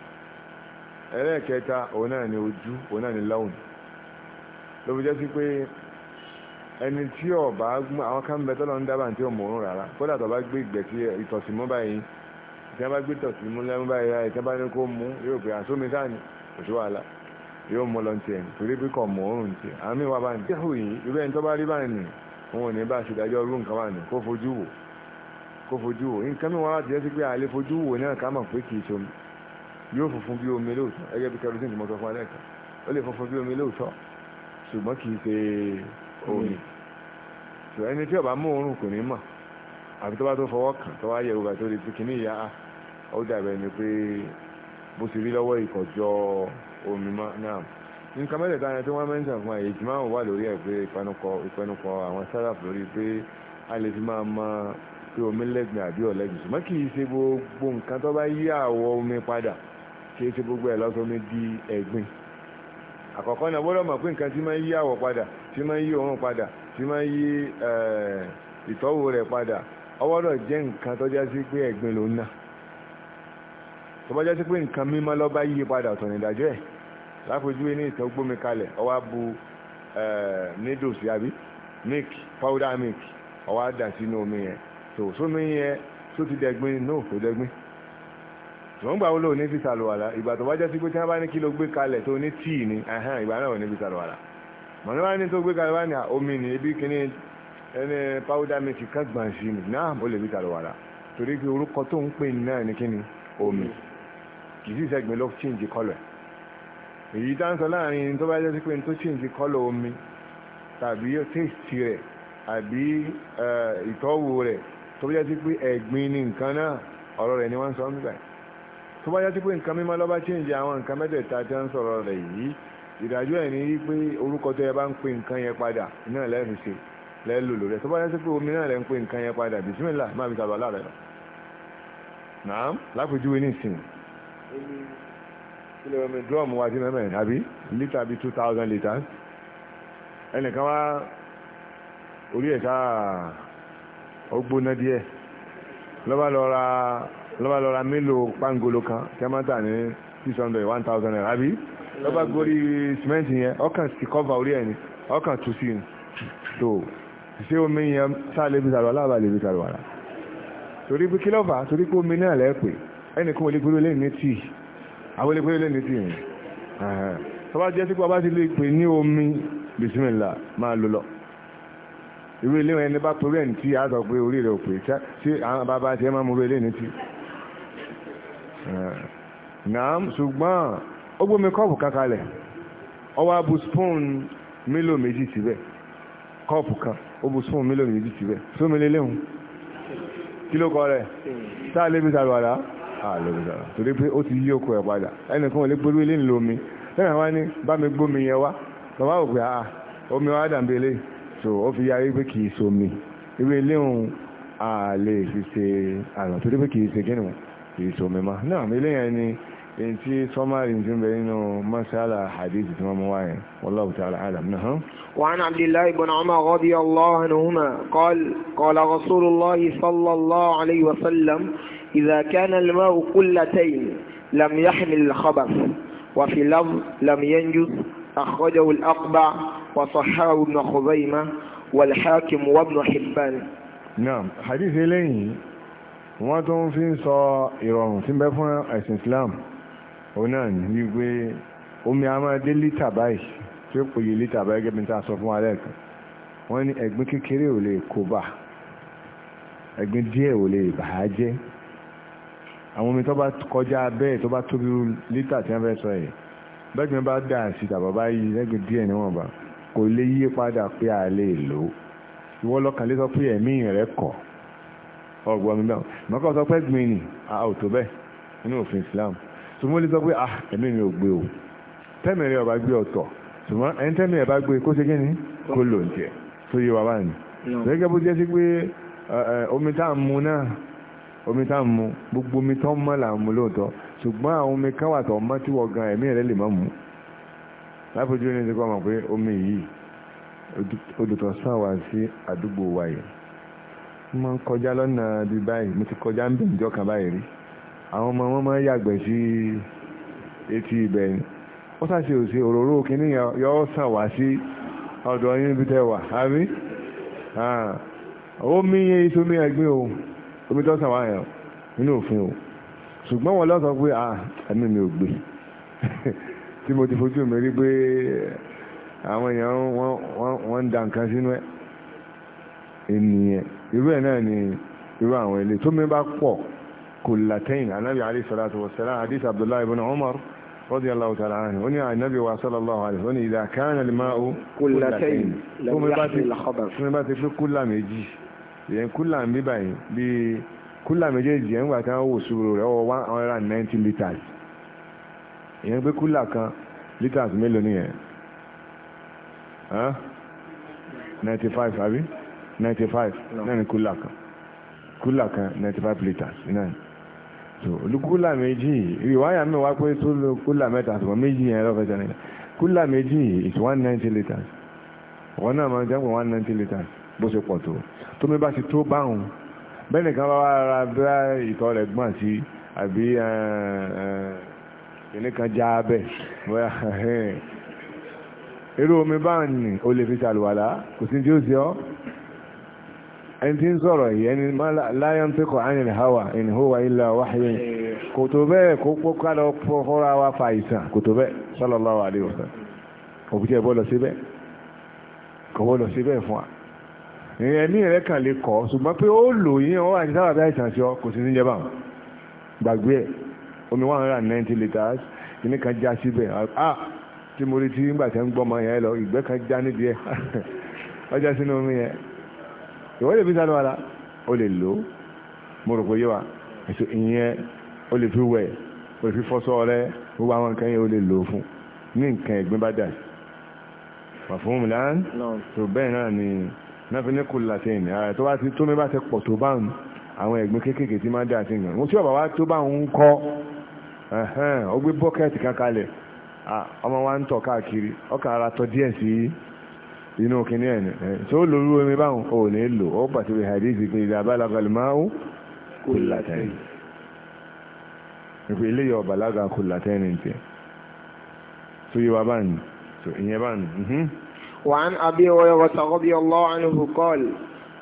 ẹlẹ́ẹ̀kẹta òun náà ni ojú òun náà ni lọ́wùn ló fi jẹ́ sí pé ẹni tí ọba àwọn kan bẹ ń dábàá tí ò mọ̀ọ́rùn rárá kódà tó bá gbé ìgbẹ́ sí ìtọ̀sí mú báyìí tí bá gbé ìtọ̀sí mú lẹ́mú báyìí àyè bá ní kó mú yóò pé àsómi sáà ni wàhálà yóò lọ tiẹ̀ torí pé kò mọ̀ọ́rùn tiẹ̀ àmì wà báyìí. yìí tó bá rí yóò funfun bí omi lóòótọ́ ẹgẹ́ bí kerosene tí mo sọ fún alẹ́ kan ó lè funfun bí omi lóòótọ́ ṣùgbọ́n kì í ṣe omi ṣùgbọ́n ẹni tí ó bá mú òórùn kò ní mọ̀ àfi tó bá tó fọwọ́ kàn tó wá yẹ ògbà tó lè fi kíní ìyá ó dàbẹ̀ ni pé bó ti rí lọ́wọ́ ìkọ̀jọ́ omi náà nǹkan mẹ́lẹ̀ dára tí wọ́n mẹ́ńtà fún àyè tí máa wà lórí ẹ̀ pé ìpẹnukọ àwọn sáraf lórí pé a lè fi máa mọ pé omi lẹ́gbẹ̀ẹ́ àbí ọ̀lẹ́gbẹ̀ẹ́ ṣùgbọ́n kì í ṣe gbogbo nǹkan tó bá yí àwọ̀ omi padà kì í ṣe gbogbo ẹ̀ lọ́sọ mi di ẹ̀gbin àkọ́kọ́ náà gbọ́dọ̀ mọ̀ pé nǹkan tí máa ń yí àwọ̀ padà tí máa ń yí òórùn padà tí máa ń yí ìtọ́wò rẹ̀ padà ọwọ́dọ̀ jẹ́ nǹkan tó sí pé ẹ̀gbin ló ń ná tó bá pé nǹkan bá yí padà ọ̀tọ̀ bu needles milk powder milk ọwọ́ sínú omi yẹn sómi yẹn tó ti dẹ̀gbin náà kò dẹ̀gbin ṣùgbọ́n gbà wo lò ní fisa lò wàlà ìgbà tó bá jẹ́ sí pé tí wọ́n bá ní kí ló gbé kalẹ̀ tó ní tíì ni ìgbà náà ò ní fisa lò wàlà mọ̀nà wá ní tó gbé kalẹ̀ wá ní omi ní ibi kíní ẹni pàwọ́dà mi ti kán gbọ̀n sí mi náà ó lè fisa lò wàlà torí pé orúkọ tó ń pè ní náà ní kíni omi kì í sì sẹ́gbẹ̀ẹ́ ló change colour èyí tá ń sọ láàrin tó bá jẹ́ sí pé tó change colour omi tàbí taste rẹ̀ àbí eh, ìtọ́wò rẹ̀ tó bá jẹ́ sí pé ẹ̀gbin ní nǹkan náà ọ̀rọ̀ rẹ̀ ni wọ́n ń sọ nígbà yìí tó bá yá sí pé nǹkan mímọ́ lọ́ba chíǹjì àwọn nǹkan mẹ́tẹ̀ẹ̀ta tí wọ́n ń sọ̀rọ̀ rẹ̀ yìí ìdájọ́ ẹ̀ ní wípé orúkọ tó yẹ bá ń pe nǹkan yẹn padà náà lẹ́nu ṣe lẹ́lò lórí ẹ̀ tó bá yá sí pé omi náà lẹ́ ń pe nǹkan yẹn padà bìsímìlà máa fi tàbí aláàrẹ̀ lọ. nàám lápèjúwe ní ìsìn kílẹ̀ omi drum wa ti mẹ́mẹ́ àbí lítà bíi two thousand litres ẹnìkan wá orí ẹ̀ sáà ó gbóná díẹ̀ lọ́ba lọ ra lọ́ba lọ́ra mélòó pangolo kan kẹ́mọ́tà ní six hundred one thousand naira àbí lọ́ba gorí sìmẹ́ǹtì yẹn ọkàn sì kọ́va orí ẹ̀ ni ọkàn tù sí ni tó ṣé omi yẹn sá lè fi sàlùwà láàbà lè fi sàlùwà rà torí pé kí ló fà á torí pé omi náà lẹ́ẹ̀pẹ́ ẹnì kan ò lè gbé lórí ní tíì àwọn olè gbé lórí ní tíì ni tọ́ba jẹ́ sípò abá ti lè pè ní omi bisimilá máa lò lọ irú ilé wọn ẹni bá torí ẹ̀ ní tíì á sọ pé orí rẹ̀ ò pè ṣé àwọn bàbá tiẹ̀ máa mú orí ilé ní tíì. Eh, náà ṣùgbọ́n ó gbómi kọ́ọ̀pù kankalẹ̀ ó wá bu spoon mílò méjì síbẹ̀ kọ́ọ̀pù kan ó bu spoon mílò méjì síbẹ̀ sómi lélẹ́hùn kí ló kọ rẹ̀ sáà lébi sàlùwàlà àlòrìsàrà torí pé ó ti yí okò ẹ̀ padà ẹnìkan ò lè pẹ̀lú ilé ńlò omi lẹ́nà wá ní bá mi gbómi yẹn wá bàbá òpè àà omi wá dàbílé so ó fi yarí pé kìí somi irú ilé òun àlè fi ṣe àrùn torí pé kìí ṣe gínìwọ̀n kì í somi má náà eléyàn ni èyí tí sọmárì ti ń bẹ nínú masala hadith tí wọ́n mú wáyé wallahu ta'ala alam náà. وعن عبد الله بن عمر رضي الله عنهما قال قال رسول الله صلى الله عليه وسلم إذا كان الماء قلتين لم يحمل الخبث وفي لفظ لم ينجس أخرجه الأقبع وصححه ابن خزيمة والحاكم وابن حبان نعم حديث إليه wọ́n tó ń fi ń sọ ìrọ̀rùn tí ń bẹ fún ẹ̀sìn Islam òun náà ní wípé omi a máa dé lítà báyìí tí ó pòye lítà báyìí gẹ́gẹ́ bí tá a sọ fún alẹ́ kan wọ́n ní ẹ̀gbin kékeré ò lè kó bà ẹ̀gbin díẹ̀ ò lè bà á jẹ́ àwọn omi tó bá kọjá bẹ́ẹ̀ tó bá tóbi lítà tí wọ́n fẹ́ sọ yìí bẹ́ẹ̀ bá dà sí tàbá báyìí ẹ̀gbin díẹ̀ níwọ̀n bá kò lè yí padà pé a lè lò ó lọ́kàn lé sọ pé ẹ̀mí rẹ̀ kọ̀ ọgbọ́n mi bẹ́ẹ̀ mọ́kọ́ sọ pé gbìn ní àwòtó bẹ́ẹ̀ nínú òfin Islam sùmọ́ lè sọ pé ah ẹ̀mí mi ò gbé o tẹ́mi rẹ̀ ọba gbé ọ̀tọ̀ sùmọ́ ẹni tẹ́mi rẹ̀ bá gbé kó ṣe kíni kó lò ń tiẹ̀ tó yé wa báyìí gẹ́gẹ́ bó jẹ́ sí pé omi tá à ń mu náà omi tá à ń mu gbogbo omi tó ń mọ́ là ń mu lóòótọ́ ṣùgbọ́n àwọn omi kan wà tó ń mọ́ tí wọ́n gan ẹ̀mí rẹ̀ lè má mu láfojú ní ti kọ́ mọ̀ pé omi yìí odò tó sáwà sí àdúgbò wa mo ń kọjá lọ́nà bí báyìí mo ti kọjá ń bẹ̀ níjọ́ kan báyìí rí àwọn ọmọ wọn máa ń yàgbẹ́ sí etí ibẹ̀ ni wọ́n ṣàṣe òsè òróró kínní yọ sàn wá sí ọ̀dọ̀ yín bí tẹ́ wà àbí ó mí yẹn iṣu mí ẹgbẹ́ o omi tó sàn wá yẹn nínú òfin o ṣùgbọ́n wọn lọ́sọ̀ pé ẹ̀mí mi ò gbé (laughs) tí mo ti fojú mi rí pé àwọn èèyàn wọ́n ń da nǹkan sínú ẹ̀ ènìyàn irú ẹ̀ náà ni irú àwọn ilé tó mi bá pọ̀ kò látẹ́yìn anábì alayhi salatu wa salam hadith abdullahi ibn umar radiyallahu ta'ala anhu ó ní anábì wa sallallahu alayhi wa ní idha kana al-ma'u kò látẹ́yìn tó mi bá ti pé kúlà méjì ìyẹn kúlà ń bíbà yìí bíi kúlà méjèèjì ẹ̀ ń gbà tí wọ́n wò sùúrù àbí ninety five náà ni kúlà kan kúlà kan ninety five litres náà so olùkúlà méjì ìwáyà mi wá pé tó lo kúlà mẹ́ta ṣùgbọ́n méjì yẹn lọ́fẹ̀ẹ́ sẹ́ni kúlà méjì is one ninety litres wọn náà máa ń jẹ́pọ̀ one ninety litres bó ṣe pọ̀ tó tómi bá ti tó báwọn bẹ́ẹ̀ nìkan bá wà ra bẹ́ẹ̀ ìtọ́ rẹ̀ gbọ̀n sí àbí ẹnìkan já abẹ́ irú omi báwọn ni o lè fi ṣàlùwàlá kò sí tí ó ṣe ọ́ ẹni tí ń sọ̀rọ̀ yìí ẹni láyán tí kò ánì hawa in huwa illa wahyu kò tó bẹ́ẹ̀ kó pọ́kálọ̀ fọ́ra wa fa ìsàn kò tó bẹ́ẹ̀ sallallahu alaihi wasallam òbújẹ́ ìbọ́lọ̀ síbẹ̀ kò bọ́lọ̀ síbẹ̀ fún wa ẹ̀mí rẹ̀ kàn lè kọ́ ṣùgbọ́n pé ó lò yí wọ́n wà ní sábà bí 190 litres kìíní kan já síbẹ̀ ah tí mo rí tí nígbà tí ń gbọ́mọ yẹn lọ ìgbẹ́ kan (laughs) sínú omi yẹn ìwọ́n lè fi sálọ ara o lè lò mo rò pé yé wa èso ìyẹn o lè fi wẹ̀ o lè fi fọṣọ rẹ gbogbo àwọn nǹkan yẹn o lè lò fún ní nǹkan ẹ̀gbin bá dà wà fún mi láń tó bẹ́ẹ̀ náà ni náà fi ní kò làtẹ́yìn ara tó bá ti tó mi bá ti pọ̀ tó bá ń àwọn ẹ̀gbin kéékèèké tí máa ń dà sí nǹkan mo tí ọ̀bà wa tó bá ń kọ́ ó gbé kankalẹ̀ ọmọ wa ń tọ̀ káàkiri ọkà ara tọ̀ díẹ̀ sí i inú kìíní ẹ̀ ní tó lórí omi báwọn ò ní lò ó pàtó bí hadithi pé ìdá abálagàlì máa kò látẹ́yìn ìpè ilé yọ bàlágà kò látẹ́yìn tiẹ̀ tó yẹ wa báyìí tó ìyẹn báyìí. وعن أبي هريرة رضي الله عنه قال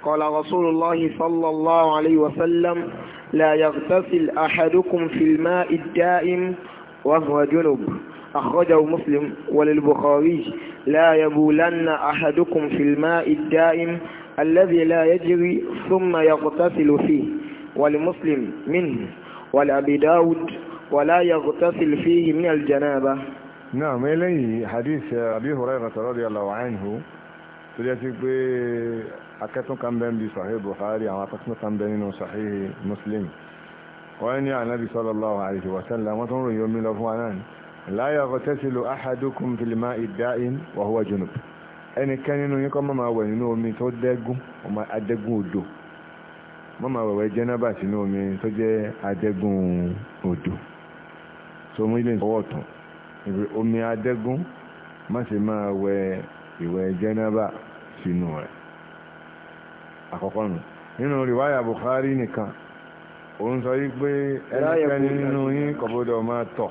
قال رسول الله صلى الله عليه وسلم لا يغتسل أحدكم في الماء الدائم وهو جنب أخرجه مسلم وللبخاري لا يبولن أحدكم في الماء الدائم الذي لا يجري ثم يغتسل فيه ولمسلم منه ولأبي داود ولا يغتسل فيه من الجنابة نعم إليه حديث أبي هريرة رضي الله عنه تجاتي akẹ́tún kan bẹ́ẹ̀ bí sahih buhari àwọn akẹ́tún kan bẹ́ẹ̀ nínú sahih muslim الله عليه ànábì sallallahu alaihi wa la yaghtasilu ahadukum fil ma'i da'in wa huwa junub ẹnìkan nínú yín kó má máa wẹ̀ nínú omi tó dẹ́gún ọmọ adẹ́gún odò má máa wẹ̀wẹ̀ jẹ́nàbà sínú omi tó jẹ́ adẹ́gún odò tó mú ilé ìfọwọ́ tán omi adẹ́gún má sì máa wẹ ìwẹ̀ jẹ́nàbà sínú rẹ̀ àkọ́kọ́ nù nínú rìwáyà Bukhari nìkan òun sọ yí pé nínú yín kò máa tọ̀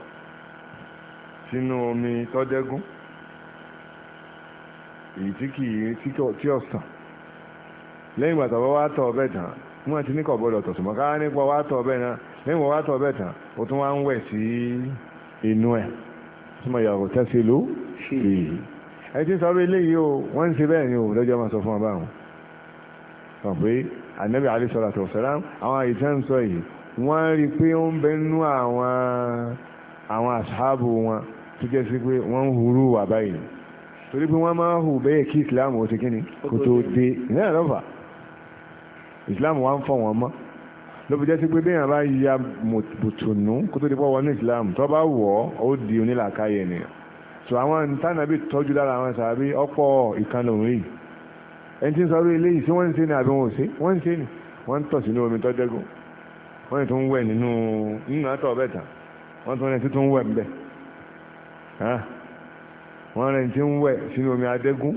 sínú omi tọ́dẹ́gún èyí tí kì í tí ọ̀sán lẹ́yìn ìgbà tó bá wá tọ̀ ọbẹ̀ tán wọ́n ti ní kọ̀ gbọ́dọ̀ tọ̀ ṣùgbọ́n káwá nípa wá tọ̀ ọbẹ̀ náà lẹ́yìn wọ́n wá tọ̀ ọbẹ̀ tán ó tún wá ń wẹ̀ sí inú ẹ̀ tí mo yàgò tẹ́sí ló ṣe ẹ ti sọ pé eléyìí o wọ́n ń ṣe bẹ́ẹ̀ ni o lọ́jọ́ máa sọ fún ọ báwọn sọ pé ànábì alẹ́ sọ̀rọ̀ àtọ̀ sọ̀rọ̀ àwọn ìtẹ́ ń sọ yìí wọ́n rí i pé ó ń bẹ́ẹ̀ nú àwọn àwọn àṣàbù wọn tó jẹ́ sí pé wọ́n ń hurú wà báyìí torí pé wọ́n máa ń hù bẹ́ẹ̀ kí islam ó ti kí ni kó tó dé ìnáyà lọ́fà islam wá ń fọ̀ wọ́n mọ́ ló fi jẹ́ sí pé bẹ́ẹ̀ bá ya bùtùnú kó tó di pọ̀ wọnú islam tó bá wọ̀ ó di onílàákàyè nìyẹn so àwọn ìtànàbí tọ́jú lára àwọn sàbí ọ̀pọ̀ ìkànnì òun yìí ẹni tí ń sọ ilé yìí sí wọ́n ń ṣe ni àbí wọn ò ṣe wọ́n ń ṣe ni wọ́n ń tọ̀ sínú omi tọ́jẹ́gùn wọ́n tún wẹ̀ nínú nínú àtọ̀ bẹ́ẹ̀ tán wọ́n tún ń rẹ̀ títún wẹ̀ bẹ́ẹ̀ wọ́n rẹ̀ ti ń wẹ̀ sínú omi adẹ́gún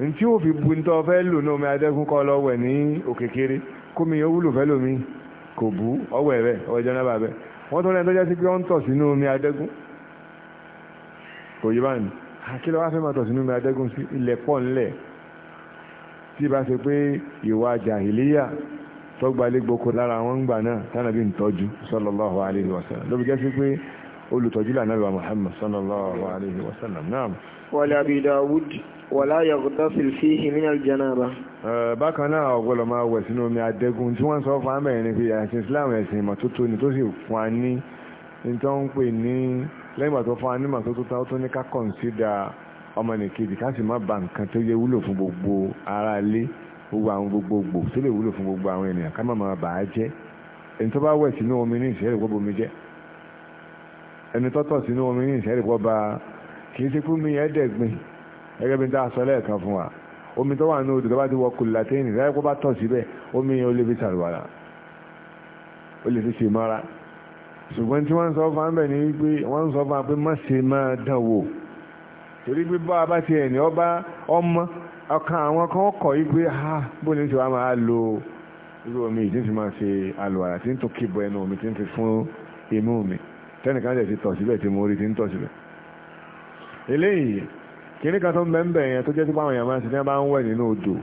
ní tí ó fi bu ní tọ́ fẹ́ lò ní omi adẹ́gún kọ́ lọ wẹ̀ ní òkè kéré kómi yóò wúlò fẹ́ lómi kò bú ọwẹ́ rẹ̀ ọjọ́ náà bàbẹ́ wọ́n tó rẹ̀ tó jásí pé ó ń tọ̀ sínú omi adẹ́gún kò yí báyìí akílọ̀ wá fẹ́ máa tọ̀ sínú omi adẹ́gún sí ilẹ̀ pọ̀ ńlẹ̀ tí bá ṣe pé ìwà jàhìlíyà tọ́gbalẹ̀ gboko lára wọn gbà náà tánàbí ń tọ́jú sallallahu alaihi wasallam lóbi jásí pé olùtọ́jú lànà lọ́wọ́ Muhammad sallallahu alayhi wa sallam naam. wàlẹ́ Abi Dawud wàlá yaghtasil fihi min al-janaba. bákan náà ọ̀gbọ́dọ̀ máa wẹ̀ sínú omi adẹ́gùn tí wọ́n sọ fún amẹ́ ní pé àti Islam ẹ̀sìn ìmọ̀tótó ni tó sì fún a ní ní tó ń pè ní lẹ́yìn tó fún a ní ìmọ̀tótó tó ní ká kọ̀ǹsídà ọmọnìkejì ká sì má ba nǹkan tó yẹ wúlò fún gbogbo ara ilé ẹni tọ́tọ̀ sínú omi ní ìṣẹ́rìpọ̀ bá kì í ṣe fún mi ẹ̀ẹ́dẹ̀gbin gẹ́gẹ́ bí n ta sọ lẹ́ẹ̀kan fún wa omi tó wà ní odò tó bá ti wọ kùlù látẹ́yìn ìdáyẹ kó bá tọ̀ síbẹ̀ omi yẹn ó lè fi ṣàlùwàlà ó lè fi ṣe mọ́ra ṣùgbọ́n tí wọ́n ń sọ fún abẹ́ ni wípé wọ́n ń sọ fún abẹ́ má ṣe máa dán wò torí pé bá a bá ti ẹ̀ní ọba ọmọ ọkàn àwọn kan kọ̀ yí pé ha bó ni tí wàá máa lo irú omi yìí tí ń fi máa ṣe àlùwàlà tí ń tó kébọ ẹnu omi tí ń fi fún imú mi tẹ́nìkan jẹ́ ti tọ̀ síbẹ̀ tí mo rí ti ń tọ̀ síbẹ̀ eléyìí kìnní kan tó ń bẹ́ẹ̀ yẹn tó jẹ́ tí báwọn èèyàn máa ń ṣe tí wọ́n bá ń wẹ̀ nínú odò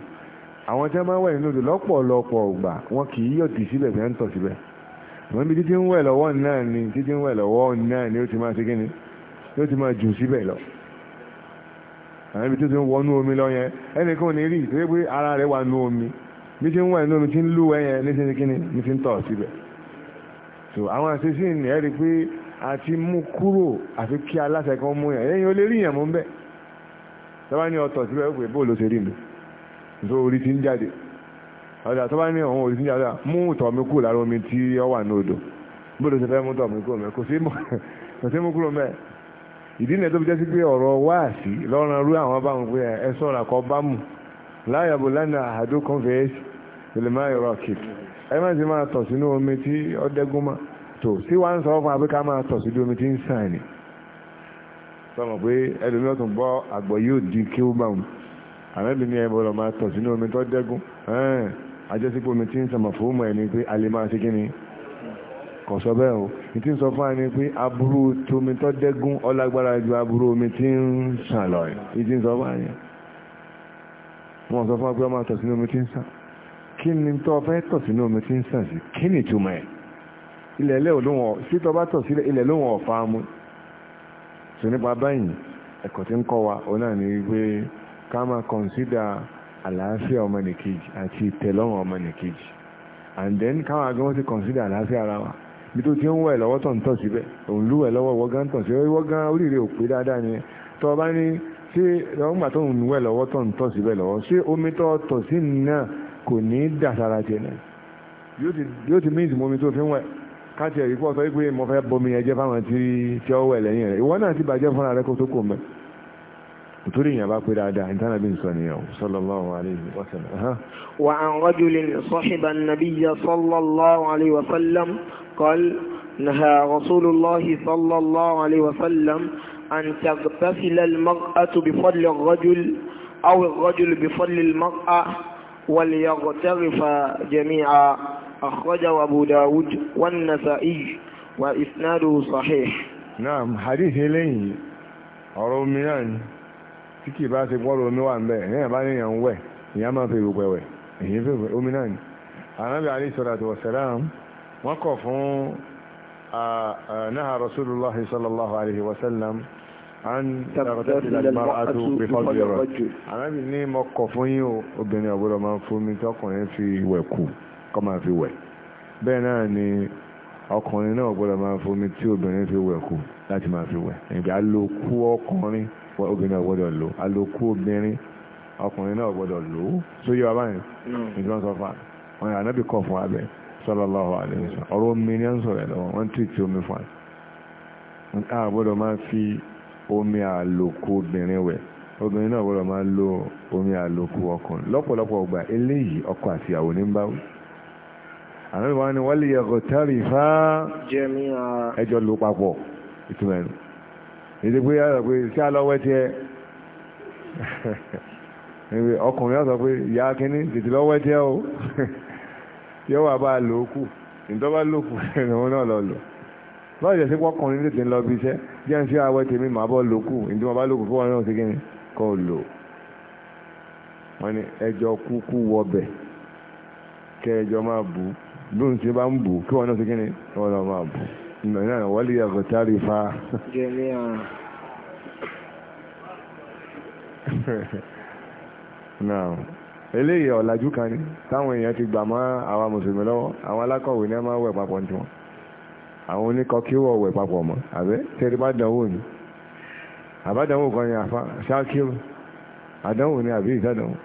àwọn tí wọ́n bá ń wẹ̀ nínú odò lọ́pọ̀lọpọ̀ ọgbà wọn kì í yọ̀dì síbẹ̀ tí wọ́n ń tọ̀ síbẹ̀ wọ́n bí títí ń wẹ̀ lọ́wọ́ náà ni títí ń wẹ̀ lọ́wọ́ náà ni ó ti máa ṣe kí ni ó ti máa jù síbẹ̀ lọ àwọn ibi tó ti ń wọnú omi lọ yẹn ẹnì ò ní rí ìtòyé pé ara rẹ̀ wà nú omi bí ti ń wẹ̀ nú omi ti ń lú ẹyẹ ní ti kí ni ní ti ń tọ̀ síbẹ̀ so àwọn àṣeṣe ìnìyẹn rí pé àti mú kúrò àfi kí aláṣẹ kan mú yàn ẹ̀yìn olè rí yàn mú bẹ́ẹ̀ ní ọ̀tọ̀ síbẹ̀ ó pè ló ṣe rí mi orí ti ń jáde ọ̀dà tọba ní ọ̀hún orí ti ń jáde mú mi lára omi tí ó wà ní odò ló ṣe mú mi kúrò kò sí mú kúrò ìdí nìyẹn tó fi sí pé rú àwọn pé ẹ bá àdó omi tí ọ tò sí wá ń sọ fún abíká máa tọ̀ sí domi tí ń sàn ni sọmọ pé ẹlòmí ọ̀tún bọ́ àgbọ̀ yóò di kí ó bá wọn àrẹ́bí ní ẹbọ lọ máa tọ̀ sínú omi tó dẹ́gùn àjẹsípò omi tí ń sàmọ̀ fún mọ̀ ẹni pé a máa ṣe kí ni kò sọ bẹ́ẹ̀ o ìtí ń sọ fún ẹni pé aburú tómi tó dẹ́gùn ọlágbára ju aburú omi tí ń sàn lọ ìtí ń sọ fún ẹni wọ́n sọ fún ọ pé ọmọ tọ̀ sínú omi tí ń sàn kí ni tó fẹ́ tọ̀ sínú omi tí ń sàn sí kí ni ìtumọ̀ ẹ̀ ilẹ̀ ilẹ̀ olóhùn sítọ́ bá tọ̀ sílẹ̀ ilẹ̀ olóhùn ọ̀fà mu sọ nípa báyìí ẹ̀kọ́ tí ń kọ́ wa òun náà ní wípé ká máa kọ̀nsídà àlàáfíà ọmọnìkejì àti ìtẹ̀lọ́rùn ọmọnìkejì and then káwọn agbẹ́ wọn ti kọ̀nsídà àlàáfíà ara wa bí tó ti ń wẹ̀ lọ́wọ́ tọ̀ ń tọ̀ síbẹ̀ òun lúwẹ̀ lọ́wọ́ wọ́n gan tọ̀ síbẹ̀ wọ́n gan oríire òpè dáadáa ni tọ́ ọ bá ní ṣé ọgbà tó ń wẹ̀ lọ́wọ́ tọ̀ ń tọ̀ síbẹ̀ lọ́wọ́ ṣé omi tọ́ tọ̀ sí náà kò ní í dà sára tiẹ̀ náà yóò ti mí ìdìmọ́ omi tó fi ń wẹ̀ káàtì ẹ̀rí pọ̀ sọ pé mo fẹ́ bomi ẹ̀jẹ̀ fáwọn tí tí ó wẹ̀ lẹ́yìn rẹ̀ ìwọ náà ti bàjẹ́ fúnra rẹ kó tó kò mẹ́ nítorí ìyàn bá pé dáadáa nítorí bí n sọ nìyẹn o sallallahu alayhi wa sallam. wa an rajulin sahiba an-nabiyya sallallahu alayhi wa sallam qala naha rasulullahi sallallahu alayhi wa sallam an taghtasila maratu bi fadli rajul aw rajul bi fadli mara wal yaghtarifa jami'a. أخرجه أبو داود والنسائي وإسناده صحيح نعم حديث لي ọ̀rọ̀ omi náà ni tí kì bá ṣe pọ́lọ̀ omi wà ń bẹ̀ ní ẹ̀bá ní ìyàn wẹ̀ ìyá máa fi rò pẹ̀wẹ̀ èyí fi omi náà ni anábì alayhi salatu wa salam wọ́n kọ̀ fún náà rasulullah sallallahu alayhi wa sallam an tàbátàbí al-mar'atu bi fadli rajul anábì ní mọ́kọ̀ fún yín obìnrin ọ̀gbọ́dọ̀ máa ń fún mi tọkùnrin fi wẹ̀ kù kọ́ máa fi wẹ̀ bẹ́ẹ̀ náà ni ọkùnrin náà gbọ́dọ̀ máa fomi tí obìnrin fi wẹ̀ kù láti máa fi wẹ̀ nígbà alókù ọkùnrin obìnrin náà gbọ́dọ̀ lò alókù obìnrin ọkùnrin náà gbọ́dọ̀ lò ó tó yẹ wa báyìí nígbà wọn sọ wa wọn yà ànábì kọ̀ fún wa bẹ́ẹ̀ sallallahu alaihi wasallam ọ̀rọ̀ omi ni à ń sọ̀rọ̀ ẹ̀ lọ́wọ́ wọ́n tì tí omi fún wa a gbọ́dọ̀ máa fi omi àlòkù obìnrin wẹ̀ obìnrin náà gbọ́dọ̀ máa lo omi àlòkù ọkùnrin lọ́pọ̀lọpọ̀ ọgbà eléyìí ọkọ àtìyàwó ní ń báwí àwọn ìwà ni wọ́n lè yẹ̀kọ̀ tẹ́rì fá ẹjọ́ ló papọ̀ ìtumọ̀ ẹ̀nu èdè pé yàtọ̀ pé sí alọ́wẹ́ tiẹ̀ ọkùnrin yàtọ̀ pé ìyá kínní tètè lọ́wẹ́ tiẹ̀ o (laughs) yóò wà bá a lò ó kù ìtọ́ba lò kù (laughs) ẹ̀rọ náà lọ lò lọ́ọ̀ jẹ́ sí pọ́kùnrin tètè ń lọ bí iṣẹ́ jẹ́ ń sí awẹ́ tèmi màá bọ́ lò kù ìdí wọn bá lò kù fún wọn náà kínní kọ́ lò wọ́n ní ẹjọ́ kúkú wọbẹ̀ kẹ́ ẹjọ́ máa bù ú bí òun ti bá ń bù kí wọn náà ti kíni wọn náà máa bù ìmọ̀ náà wọ́n lè yàgò tárí fa. (laughs) now eléyìí ọ̀làjú kan ni táwọn èèyàn ti gbà mọ́ àwa mùsùlùmí lọ́wọ́ àwọn alákọ̀wé ní a máa wẹ̀ papọ̀ ní tiwọn àwọn oníkọ kí wọ́n wẹ̀ papọ̀ mọ́ àbẹ́ tẹ́lẹ̀ bá dánwò ni àbádánwò kan ni àfa ṣáàkì àdánwò ni àbí ìdádánwò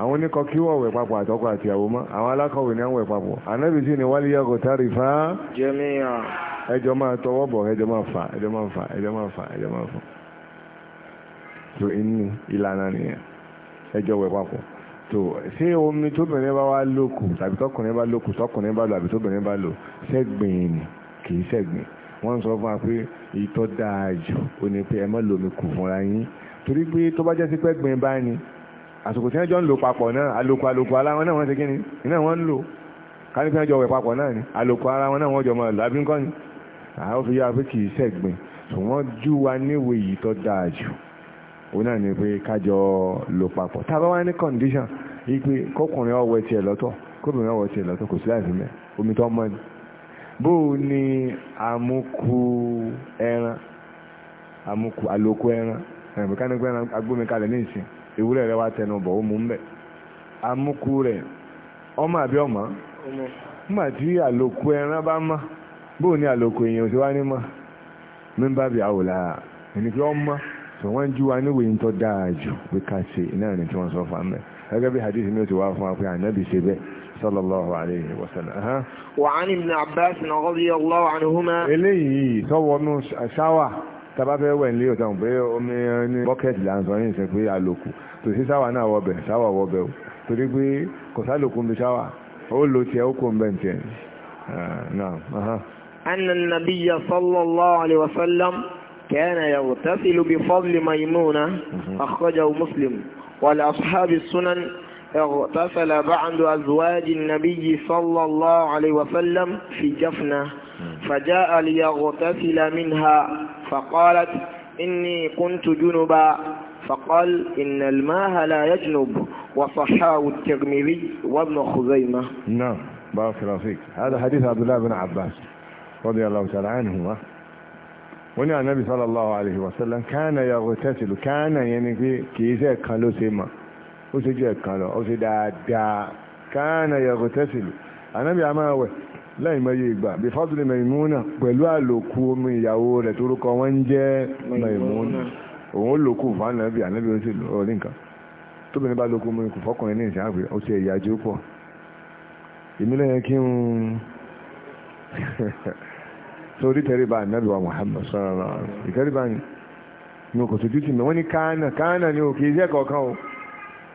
àwọn oníkọ kí wọ́n wẹ̀ papọ̀ àtọkọ àti ìyàwó mọ́ àwọn alákọ̀wé ni wọ́n wẹ̀ papọ̀ ànábì sí ni wálé yàgò tárì fá. jẹ́míà. ẹjọ́ máa tọwọ́ bọ̀ ẹjọ́ máa fà ẹjọ́ máa fà ẹjọ́ máa fà ẹjọ́ máa fà. tó inú ìlànà nìyẹn ẹjọ́ wẹ̀ papọ̀ tó ṣé omi tóbìnrin bá wá lókù tàbí tọkùnrin bá lókù tọkùnrin bá lò àbí tóbìnrin bá lò ṣẹ́gbìn ni kì í ṣẹ́gbìn wọ́n sọ fún wa pé ìtọ́ dáa jù ó ní pé ẹ má lomi kù fúnra yín torí pé tó bá jẹ́ sí pẹ́gbìn bá ní àsìkò tí wọ́n jọ ń lò papọ̀ náà àlòkù àlòkù ara wọn náà wọ́n ti kí ni iná wọn ń lò kánípé wọ́n jọ wẹ̀ papọ̀ náà ni àlòkù ara wọn náà wọ́n jọ máa lò àbí nǹkan ni àwọn fi yára pé kì í ṣẹ̀gbìn ṣùgbọ́n jú wa níwèé yìí tó dáa jù òun náà ni pé kájọ lò papọ̀ tá a bá wá ní condition yìí pé kọkùnrin ọwọ́ tiẹ̀ lọ́tọ̀ kóbìnrin ọwọ́ tiẹ̀ lọ́tọ̀ kò sí láìsí mẹ́ omi tó mọ́ ni bó o ní amúkú ẹran amúkú àlòkù ẹran ẹ̀rìn kánípé ẹran agbómi iwu rẹ wá tẹnu bọ̀ ó mú ń bẹ̀ amúkú rẹ̀ ọmọ àbí ọmọ nígbà tí àlòkù ẹran bá mọ́ bóò ní àlòkù èèyàn ni wá ní mọ́ mímbà bí àwòlá ẹni pé ọmọ tí wọ́n jú wa níwèé ń tọ́ dáa jù pé ká ṣe iná ẹni tí wọ́n sọ fún amẹ́ gẹ́gẹ́ bí hadith mi ti wá fún wa pé ànábì ṣe bẹ́ẹ̀ صلى الله عليه tábà fẹ́ wẹ̀ nílé ọ̀tàn pé omi ní bọ́kẹ́tì là ń sọ yìí ṣe pé àlòkù tò sí sáwà náà wọbẹ̀ sáwà wọbẹ̀ o torí pé kò sálòkù mi sáwà ó lo tiẹ̀ ó kó ń bẹ̀ ń tiẹ̀ náà. أن النبي صلى الله عليه وسلم كان يغتسل بفضل ميمونة أخرجه مسلم ولأصحاب السنن اغتسل بعض أزواج النبي صلى الله عليه وسلم في جفنه فجاء ليغتسل منها فقالت إني كنت جنبا فقال إن الماء لا يجنب وصحاه التغمري وابن خزيمة نعم بارك الله فيك هذا حديث عبد الله بن عباس رضي الله تعالى عنهما ونعم النبي صلى الله عليه وسلم كان يغتسل كان يعني في كيسة كان له سيما وسجد كان وسجد كان يغتسل النبي عماه láìmọye ìgbà bí fásilẹ̀ Maimuna pẹ̀lú àlòkù omi ìyàwó rẹ̀ torúkọ wọn ń jẹ́ Maimuna òun lòkù fún ànábì ànábì ó sì lọ́ọ́ ní nǹkan tóbi ní bá lóko mú ikú fọkùnrin ní ìsìn àgbẹ̀ ọtí ẹ̀yà pọ̀ èmi lẹ́yìn kí n sórí (laughs) tẹríba ànábìwá Muhammad sọ́ra ìtẹríba ní okòtò títì mi wọ́n ní kánà kánà ní òkè iṣẹ́ kọ̀ọ̀kan o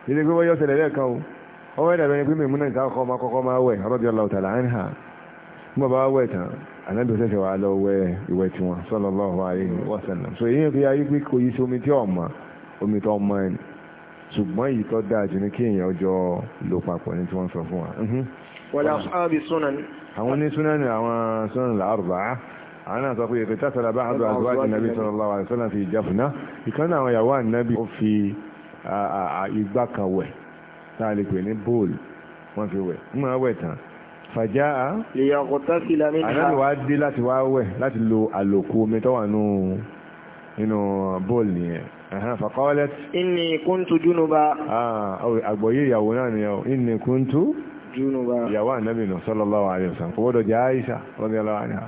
ilé gbé wọ́yọ́ sẹlẹ̀ lẹ́ẹ̀kan o ọwọ́ ẹ̀dàbẹ̀ni pé mèmú náà ìta ọkọ̀ ta'ala anha mo bá wẹ̀ tán ànábì ṣẹ̀ṣẹ̀ wà lọ wẹ̀ ìwẹ̀ tiwọn sallallahu alaihi wasallam so èyí fi ayé pé kò yí sí omi tí ọmọ omi tó ọmọ ẹni ṣùgbọ́n èyí tó dáa jù ní kí èèyàn jọ lò papọ̀ ní tí wọ́n sọ fún wa. Mhm. wala ashabi sunan. àwọn ní sunan ni àwọn sunan al-arba'a àwọn náà sọ pé èkó tásàlà bá àdó azwaj ànábì sallallahu alaihi wasallam fi jafna ìkan náà àwọn ìyàwó ànábì ó fi igbá kan wẹ̀ tá a lè pè ní bóòlù wọ́n fi wẹ̀ ń máa wẹ̀ tán fàjá ànáwà dé láti wá wẹ̀ láti lo àlòkù omi tó wà nínú bóòlù nìyẹn fàkọ́ọ́lẹ́t inni kuntu júnúbà àgbọ̀yé ìyàwó náà ni yàwó inni kuntu júnúbà ìyàwó ànábìnà sallallahu alaihi wasallam kọbọ́dọ̀ jẹ́ àìsà radiyallahu anha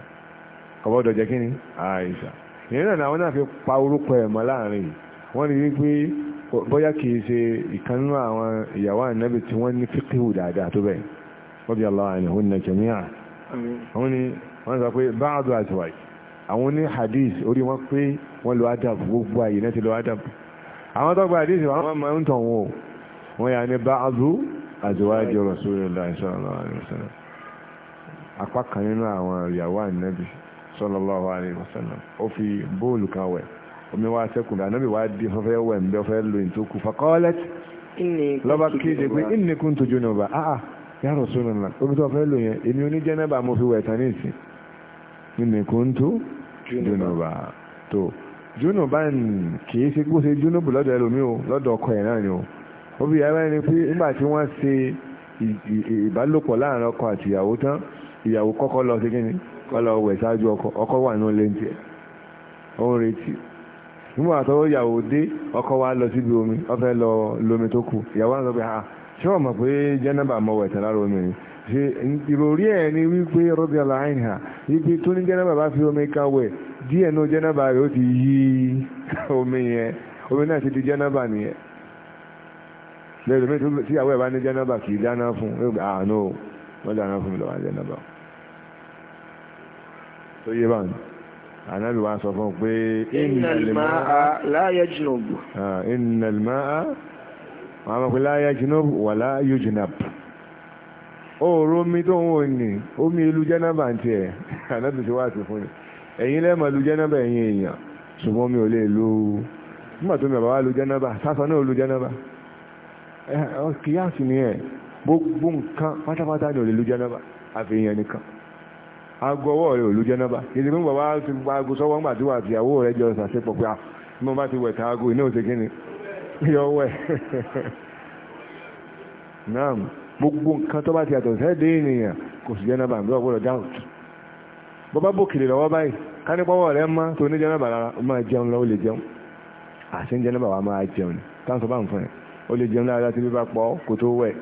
kọbọ́dọ̀ jẹ́ kíni àìsà ìrìnà àwọn náà fi pa orúkọ ẹ̀ mọ́ láàrin wọ́n rí wípé bóyá kìí ṣe ìkanú àwọn ìyàwó ànábì tí wọ́n ní fíkìhù dáadáa tó bẹ́ẹ̀ radiyallahu anhunna jami'a àwọn ni wọ́n sọ pé báàdù àtiwáyì àwọn ní hadith orí wọn pé wọ́n lo adab gbogbo ayé náà ti lo adab àwọn tó gba hadith wọn máa ń tàn wọn wọ́n yà ní báàdù àtiwáyì rasulullah sallallahu alaihi wasallam apá kan nínú àwọn ìyàwó ànábì sallallahu alaihi wasallam ó fi bóòlù ya Rasulullah omi to fẹ́ lo yẹn èmi oní jẹ́nẹ́bà mo fi wẹ̀ tán ní ìsìn nínú kuntu junuba tó jùnùbà kì í ṣe bó ṣe ya lọ́dọ̀ ẹlòmí o lọdọ ọkọ ẹ̀ náà ni o Obi ya yàrá ẹni pé nígbà tí wọ́n ṣe ìbálòpọ̀ láàrin ọkọ àti ìyàwó tán ìyàwó kọ́kọ́ lọ sí kíni lọ ọkọ ọkọ wà ó ń retí nígbà tó yàwó dé ọkọ wa lọ síbi lọ lomi tó kù tí wọ́n mọ̀ pé jẹ́nàbà mọ̀ wẹ̀tẹ̀ lára omi ni ṣe ìròrí ẹ̀ ni wípé rọ́bì aláìhà wípé tó ní jẹ́nàbà bá fi omi kan wẹ̀ díẹ̀ náà jẹ́nàbà rẹ̀ ó ti yí omi yẹn omi náà ti di jẹ́nàbà nìyẹn lẹ́yìn tó tí àwọn ẹ̀ bá ní jẹ́nàbà kì í dáná fún un àánú wọ́n dáná fún mi lọ́wọ́ jẹ́nàbà tó yé báyìí ànábì wa sọ fún un pé innal ma'a la yajnubu ah, wọn a máa pè láyà jùnàbù wà láyò jùnàbù òòrùn omi tó ń wò ní omi ìlú jẹ́nàbà ń tiẹ̀ (laughs) ànábì ti wá sí fún mi ẹ̀yin lẹ́ẹ̀mọ̀ lu jẹ́nàbà ẹ̀yin èèyàn ṣùgbọ́n mi ò lè lu nígbà tó mi bàbá wa lu jẹ́nàbà sásọ náà lu jẹ́nàbà kíyàsí ni ẹ̀ gbogbo nǹkan pátápátá ni ò lè lu jẹ́nàbà àfihàn nìkan aago ọwọ́ rẹ̀ ò lu jẹ́nàbà ìdí pé bàbá ti gba aago sọ́wọ́ ńgbà tí wà àtìyàwó rẹ̀ jọ ṣàṣepọ̀ pé ah, mo bá ti wẹ̀ ta aago ìnáwó ṣe kí ni yọwọ́ ẹ̀ náà gbogbo nǹkan tó bá ti yàtọ̀ sẹ́ẹ̀dẹ̀ ènìyàn kò sì jẹ́nà bàbá ọgbọ́dọ̀ dáhùn bọ́bá bòkìlì lọ́wọ́ báyìí ká ní pọ́wọ́ rẹ mọ́ tó ní jẹ́nà bàbá ó máa jẹun lọ ó lè jẹun àṣẹ ń jẹ́nà bàbá máa jẹun ni táwọn sọ bá ń fún ẹ ó lè jẹun lára tí bí bá kó tó wẹ̀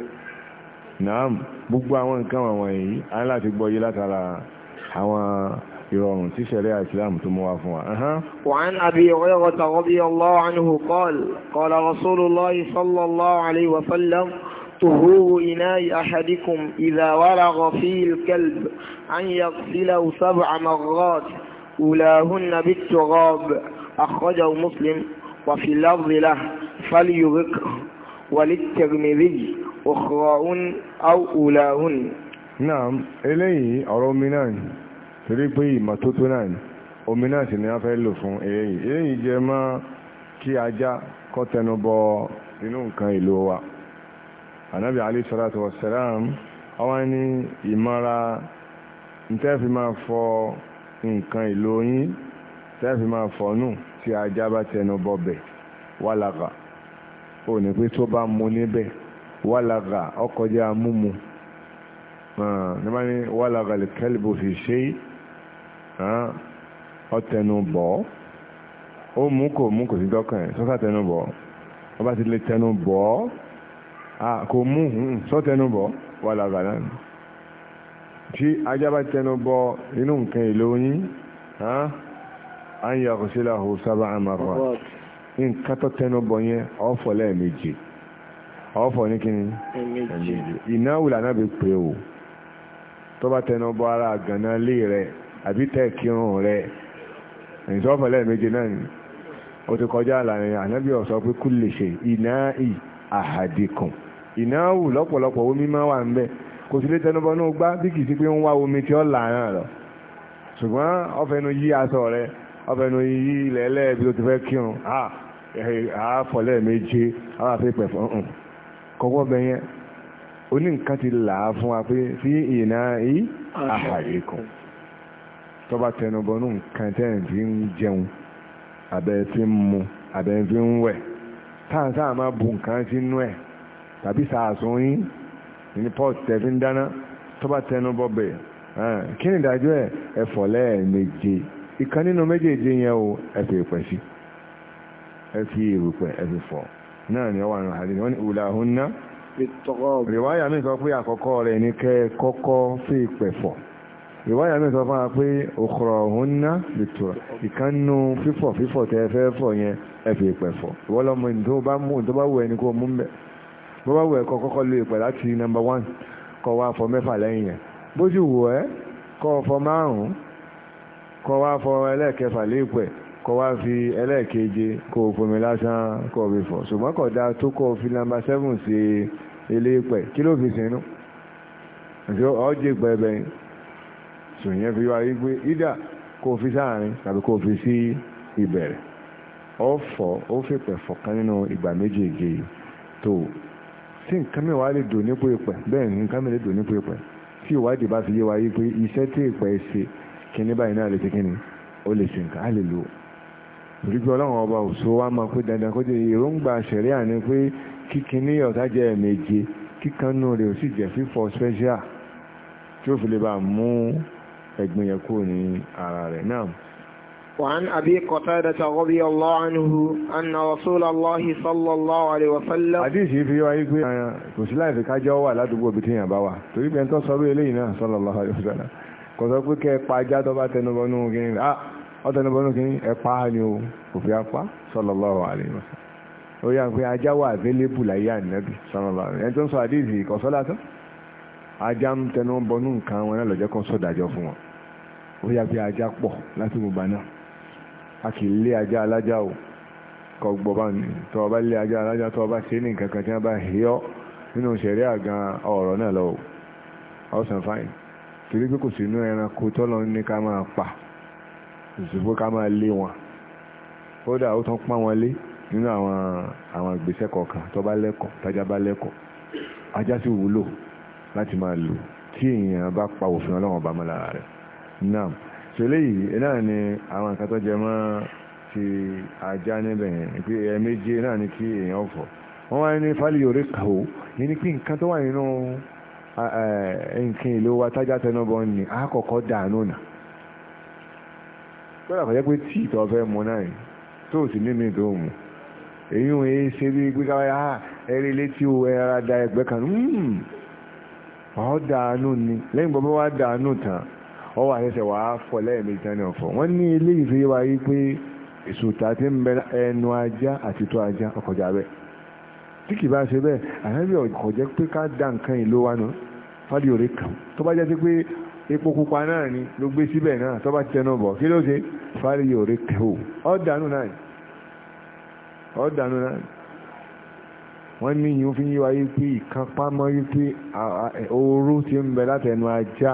náà gbogbo àwọn nǹkan wọ̀nyí á láti gbọ́ yé látara àwọn ìrọ̀rùn tí ṣẹ̀rẹ́ ìsìláàmù tó mú wá fún wa. وعن أبي هريرة رضي الله عنه قال قال رسول الله صلى الله عليه وسلم طهور إناء أحدكم إذا ولغ فيه الكلب أن يغسله سبع مرات أولاهن بالتراب أخرجه مسلم وفي اللفظ له فليغرقه وللترمذي أخراهن أو أولاهن. نعم إليه أرى منان torí pé ìmọ́tótó náà ni omi náà sì ni wọ́n fẹ́ lò fún eléyìí eléyìí jẹ mọ́ kí ajá kó tẹnu bọ inú nǹkan ìlú wa anabi alayhi salatu wa salam àwọn ní ìmọ̀ra ntẹ́fi máa fọ nǹkan ìlú yín tẹ́fi máa fọ nù tí ajá bá tẹnu bọ bẹ̀ wàlàkà ò ní pé tó bá mu níbẹ̀ wàlàkà ọkọjá múmu nígbà ní wàlàkà lè kẹ́lìbò fi ṣe ọtẹnubọ̀ ó mú kò mú kò sí dọ́kàn ẹ̀ sọ́sà tẹnubọ̀ ó bá ti lè tẹnubọ̀ kò mú sọ́tẹnubọ̀ wà lára náà tí ajá bá tẹnubọ̀ inú nǹkan èlò yín àyà kò sí làhù sábà àmàrà nǹkan tó tẹnubọ̀ yẹn ọ̀fọ̀ lẹ́ẹ̀mejì ọ̀fọ̀ ní kíni ẹ̀mejì ìnáwó làná bí pé o tó bá tẹnubọ̀ ara àgànná lé rẹ̀ àbí tẹ̀ kírun rẹ̀ ìṣọ́fẹ̀lẹ́ méje náà ni ó ti kọjá àlàyé ànábì ọ̀sọ́ pé kú lè ṣe iná ì àhàdìkùn iná wù lọ́pọ̀lọpọ̀ omi máa wà ń bẹ kò sí lè tẹnubọ́ náà gbá bí kì í sí pé ń wá omi tí ó là náà ṣùgbọ́n ọfẹnu yí aṣọ rẹ ọfẹnu yí ilẹ̀ ẹlẹ́ẹ̀bí tó ti fẹ́ kírun àáfọ̀lẹ́ méje àwọn àfẹ́pẹ̀ fún kọ́kọ́ bẹ yẹn oní nǹkan ti là á fún wa pé sí iná ì àhàdìkùn tó bá tẹnubọnú nǹkan tẹ́ ẹ̀ fi jẹun àbẹ̀ fi mu àbẹ̀ fi ń wẹ̀ táǹsà máa bu nǹkan sínú ẹ̀ tàbí sàásùn yín ní pọ́ọ̀tù tẹ́ fi ń dáná tó tẹnubọ bẹ̀ kí ni ìdájọ́ ẹ̀ ẹ̀fọ́ lẹ́ẹ̀méje ìkan nínú méjèèjì yẹn o ẹ fi ìpẹ́ sí ẹ fi ìrùpẹ̀ ẹ fi fọ̀ náà ni ọwọ́ àrùn àdìní wọ́n ní ìwùlàhùn ná rìwáyà mi sọ pé àkọ́kọ́ rẹ̀ ní kẹ́ kọ́kọ́ fi ìpẹ̀ fọ̀ ìwáyà mi sọ fún wa pé òkúrọ̀ òun ná lìtura ìkànnù fífọ̀ fífọ̀ tẹ ẹ fẹ́ fọ̀ yẹn ẹ fi ìpẹ̀ fọ̀ ìwọ́n lọ́mọ ní tó bá mú tó bá wù ẹni kó mú mbẹ́ bó bá wù ẹ kọ́ kọ́kọ́ lo ìpẹ̀ láti nọ́mbà wán kọ́ wa fọ̀ mẹ́fà lẹ́yìn yẹn bó sì wù ẹ kọ́ fọ̀ márùn-ún kọ́ wa fọ̀ ẹlẹ́ẹ̀kẹfà léèpẹ̀ kọ́ wa fi ẹlẹ́ẹ̀keje kó o fomi lásán kó o fi fọ̀ ṣùgbọ́n tụnyere yẹn fi wá yí pé ìdá kó fi tàbí kó sí ìbẹ̀rẹ̀ ọ̀fọ̀ ó fèpẹ̀ fọ̀kan nínú ìgbà méjèèjì tó tí nǹkan mẹ́wàá lè dò nípò ìpẹ́ bẹ́ẹ̀ ni nǹkan mẹ́lẹ̀ dò nípò ìpẹ́ tí ìwádìí bá fi yé wa yí pé iṣẹ́ tí ìpẹ́ ṣe kíní báyìí náà lè ṣe kíní ó lè ṣe nǹkan á lè wa máa pé ni pé kíkiní ọ̀tá jẹ́ ẹ̀mẹ́je kíkanú rẹ̀ sì jẹ́ fífọ́ ẹ̀gbin yẹn kúrò ní ara rẹ̀ náà. وعن أبي قتادة رضي الله عنه أن رسول الله صلى الله عليه وسلم حديث في وعيك مسلا في كاجوا لا تبو بتين باوا تري بين تو سبي لينا صلى الله عليه وسلم kò sọ pé kẹ ẹ pa ajá tó bá tẹnubọnú kìíní ah ọ tẹnubọnú kìíní ẹ pa á ni o kò fi apá sallallahu alaihi wasallam ó yà pé ajá wà available láyé ànábì sallallahu alaihi wasallam ẹni tó ń sọ àdéhìí kọsọ látọ ajá ń tẹnubọnú nǹkan wọn náà lọjọ kan sọdájọ fún wọn ó yà pé ajá pọ̀ láti gbogbo náà a kì í lé ajá alájá o kọ gbọ́ bá ní tọ́ ọba lé ajá alájá tọ́ ọba ṣe ní nǹkan kan tí wọ́n bá hí ọ́ nínú ìṣẹ̀rí àgan ọ̀rọ̀ náà lọ o ọ̀sán fáìn torí pé kò sí inú ẹranko tọ́lọ ní ká máa pa ìṣòfò ká máa lé wọn kódà ó tán pọ́n wọn lé nínú àwọn àwọn ìgbésẹ̀ kọ̀ọ̀kan tó bá lẹ́kọ̀ọ́ tájá bá lẹ́kọ̀ọ́ ajá sì wúlò láti máa lò tí èèyàn bá pa òfin ọlọ́wọ̀n bá mọ́ rẹ̀ naam ṣẹlẹ̀ yìí náà ni àwọn nǹkan tó jẹ mọ́ ti ajá níbẹ̀ yẹn pé ẹ̀ẹ̀méje náà ni kí èèyàn fọ̀ wọ́n wáyé ní fálì yorì kàó yìí ni nǹkan tó wà nínú nǹkan èlò wa tájá tẹnubọ ni dànù nà pé tí náà tó sì ní mi tó èyí ṣe bí ah, ẹrí létí wọ́n wà ṣẹ̀ṣẹ̀ wàá fọ lẹ́ẹ̀mejì tán ní ọ̀fọ̀ wọ́n ní eléyìí fi wá yí pé ìṣòtà tí ń bẹ ẹnu ajá àti tó ajá ọkọjà bẹ́ẹ̀ tí kì bá ṣe bẹ́ẹ̀ àyàbí ọ̀jẹ́ pé ká dá nǹkan ìlú wa nù fádìí òrè kan tó bá jẹ́ sí pé epo pupa náà ni ló gbé síbẹ̀ náà tó bá ti tẹnu bọ̀ kí ló ṣe fádìí òrè kan o ọ̀dànù náà ọ̀dànù náà wọ́n ní yìí ó fi yí wáyé pé ìkápámọ́ yí pé oró ti ń bẹ látẹnu ajá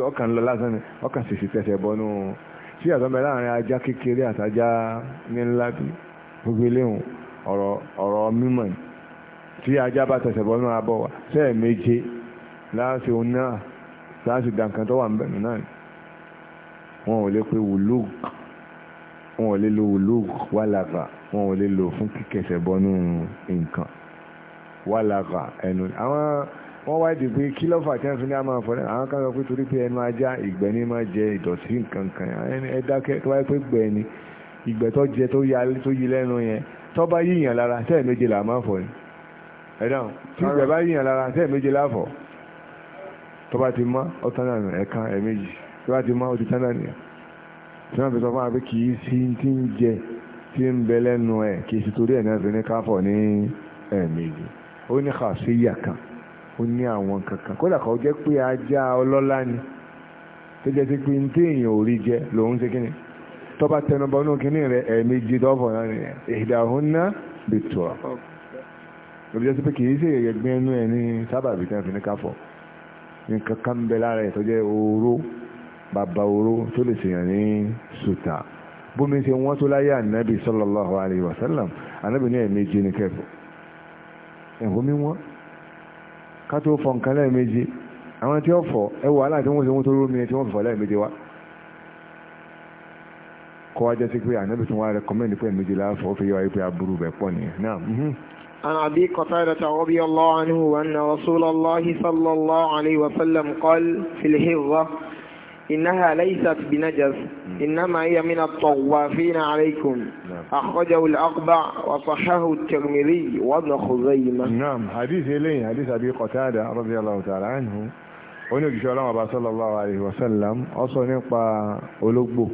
ọkàn lọ lásán ni ọkàn sì sì tẹ̀sẹ̀ bọ́nú sí àtọ́mẹ́ láàrin ajá kékeré àtajá ní ńlá bí gbogbo eléhùn ọ̀rọ̀ mímọ̀ tí ajá bá tẹ̀sẹ̀ bọ́nú abọ́ wa sẹ́ẹ̀ méje láàṣẹ òun náà láàṣẹ dànkan tó wà ń bẹ̀rù náà wọn ò lè pe wùlúù wọn ò lè lo wùlúù wàlàgà wọn ò lè lò fún kíkẹsẹ̀ bọ́nú nǹkan wàlàgà ẹnu àwọn wọ́n wá ìdè pé kí lọ́fà tí wọ́n fi ní àmà àfọ́lẹ́ àwọn kan sọ pé torí pé ẹnu ajá ìgbẹ́ ní máa jẹ ìdọ̀tí nǹkan kan ẹ dákẹ́ tó wáyé pé gbẹ́ ni ìgbẹ́ tó jẹ tó ya tó yí lẹ́nu yẹn tó bá yíyàn lára tẹ́ẹ̀ méje là máa fọ̀ ni ẹ dáhùn tí ìgbẹ́ bá yíyàn lára tẹ́ẹ̀ méje láfọ̀ tó bá ti mọ́ ọ̀tán náà ẹ̀ka ẹ̀mejì tó bá ti mọ́ ó ti tán náà nìyẹn tí wọ́n fi sọ fún ó ní àwọn kankan kódà kó jẹ́ pé ajá ọlọ́lá ni tó jẹ́ sí pé ní tí èèyàn ò rí jẹ lòun ṣe kíni tọ́ba tẹnubọ́ náà kíní rẹ̀ ẹ̀ẹ̀mejì dọ́fọ̀ náà nìyẹn ìdáhùn náà lè tù ọ́ lórí jẹ́ sí pé kìí ṣe ẹ̀gbẹ́ inú ẹ̀ ní sábàbí tí fi ní káfọ̀ nǹkan kan ń bẹ lára ẹ̀ tó jẹ́ oró bàbá oró tó lè ṣèyàn ní sùtà bómi ṣe wọ́n tó láyé ànábì sallallahu alaihi wasallam ànábì ní ẹ̀ẹ̀mejì ní kẹfọ̀ ẹ̀hómi wọ́n ká tó fọ nǹkan lẹ́ẹ̀mejì àwọn tí ó fọ ẹwọ aláàtí wọ́n ṣe wọ́n tó rómi tí wọ́n fọ lẹ́ẹ̀mejì wá kọ́ wá sí pé ànábì tí wọ́n rẹ̀kọ́mẹ́ndì pé ẹ̀mejì láàfọ́ ó fi yọ ayé pé aburú bẹ̀ pọ̀ nìyẹn عن أبي قتادة رضي الله عنه أن رسول الله صلى الله عليه وسلم قال في الهرة إنها ليست بنجس إنما هي من الطوافين عليكم أخرجه الأقبع وصححه الترمذي وابن خزيمة نعم حديث إليه حديث أبي قتادة رضي الله تعالى عنه oníjìṣẹ́ شو الله sallallahu الله عليه وسلم sọ nípa ológbò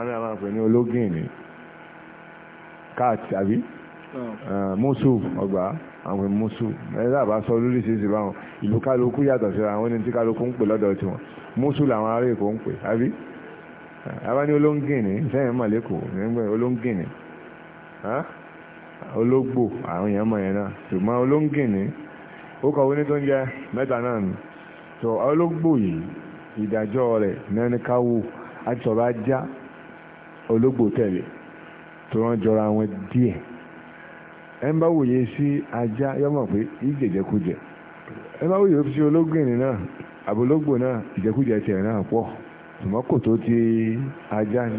anára pè ní ológìnì káàtì àbí mùsù ọgbà àwọn musu, ẹ̀rọ àbá sọ lóríṣiríṣi báwọn ìlú kálukú yàtọ̀ síra àwọn ẹni tí kálukú ń pè lọ́dọ̀ tiwọn mùsù làwọn ará èkó ń pè àbí àbá ní olóńgìnì sẹ́yìn mọ̀ lẹ́kọ̀ọ́ nígbà olóńgìnì ológbò àwọn èèyàn mọ̀ yẹn náà ṣùgbọ́n olóńgìnì ó kọ̀ wí ní tó ń jẹ́ mẹ́ta náà nù tó ológbò yìí ìdájọ́ rẹ̀ nẹ́ni káwó àti sọ̀rọ̀ ajá ológbò tẹ̀lé tó rán jọra wọn díẹ̀ ẹ ń bá wòye sí ajá yọmọ pé ìjẹjẹkújẹ ẹ bá wòye sí ológbìnrin náà àbólógbò náà náà ti ajá ni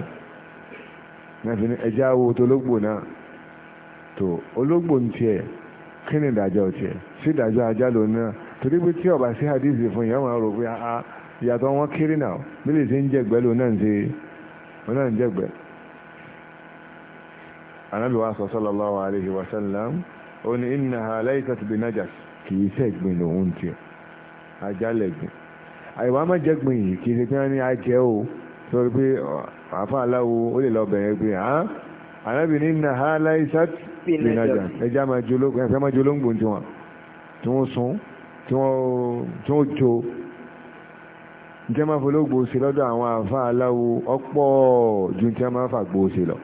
náà fi ẹja wo tológbò náà tó ológbò ń tiẹ̀ kí ni ìdájọ́ tiẹ̀ sí ìdájọ́ ajá náà torí pé tí fún yẹn wọn rò pé ah, ah, ìyàtọ̀ wọn kiri náà bí lè ṣe ń jẹgbẹ́ náà ń ṣe wọn anábì wa sọ sallallahu alayhi wa sallam ó ní innaha laysat bi najas kì í sẹ́gbìn lòun tiẹ̀ ajálẹ̀gbìn àìwá má jẹ́gbìn yìí kì í ṣe pé wọ́n ní ajẹ́ o sọ pé àfa aláwo ó lè lọ bẹ̀rẹ̀ pé hàn anábì ní innaha laysat bi najas ẹja máa jolóńgbò tiwọn tí wọ́n sún tí wọ́n jo ǹjẹ́ máa fọlọ́gbò ṣe lọ́dọ̀ àwọn àfa aláwo ọ̀pọ̀ ju ǹjẹ́ máa fàgbò ṣe lọ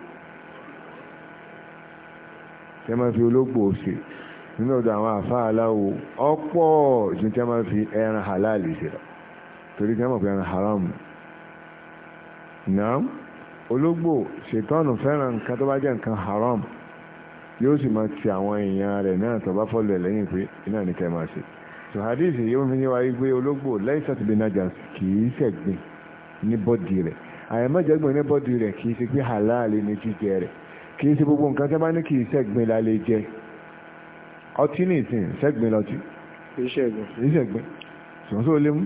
tí wọ́n máa fi ológbò ṣe nínú ọ̀dọ̀ àwọn àfa aláwo ọ̀pọ̀ ju tí wọ́n máa fi ẹran halal ṣe lọ torí tí wọ́n mọ̀ pé ẹran haram náà ológbò ṣètọ́nù fẹ́ràn nǹkan tó bá jẹ́ nǹkan haram yóò sì máa ti àwọn èèyàn rẹ̀ náà tó bá fọ́lù ẹ̀ lẹ́yìn pé iná ní kẹ́ẹ̀ máa ṣe so hadith yóò fi yé wa pé ológbò lẹ́yìn sátidé nájà kì ṣẹ̀gbìn ní bọ́dì rẹ̀ àyàmọ́jẹ̀gbìn ní bọ́dì rẹ̀ kì ṣe pé halal ní jíjẹ rẹ̀ kìí ṣe gbogbo nǹkan tẹ́ bá ní kìí ṣẹ̀gbìn la lè jẹ ọtí ní ìsìn ṣẹ̀gbìn lọ́tí kìí ṣẹ̀gbìn ṣùgbọ́n ó lé mú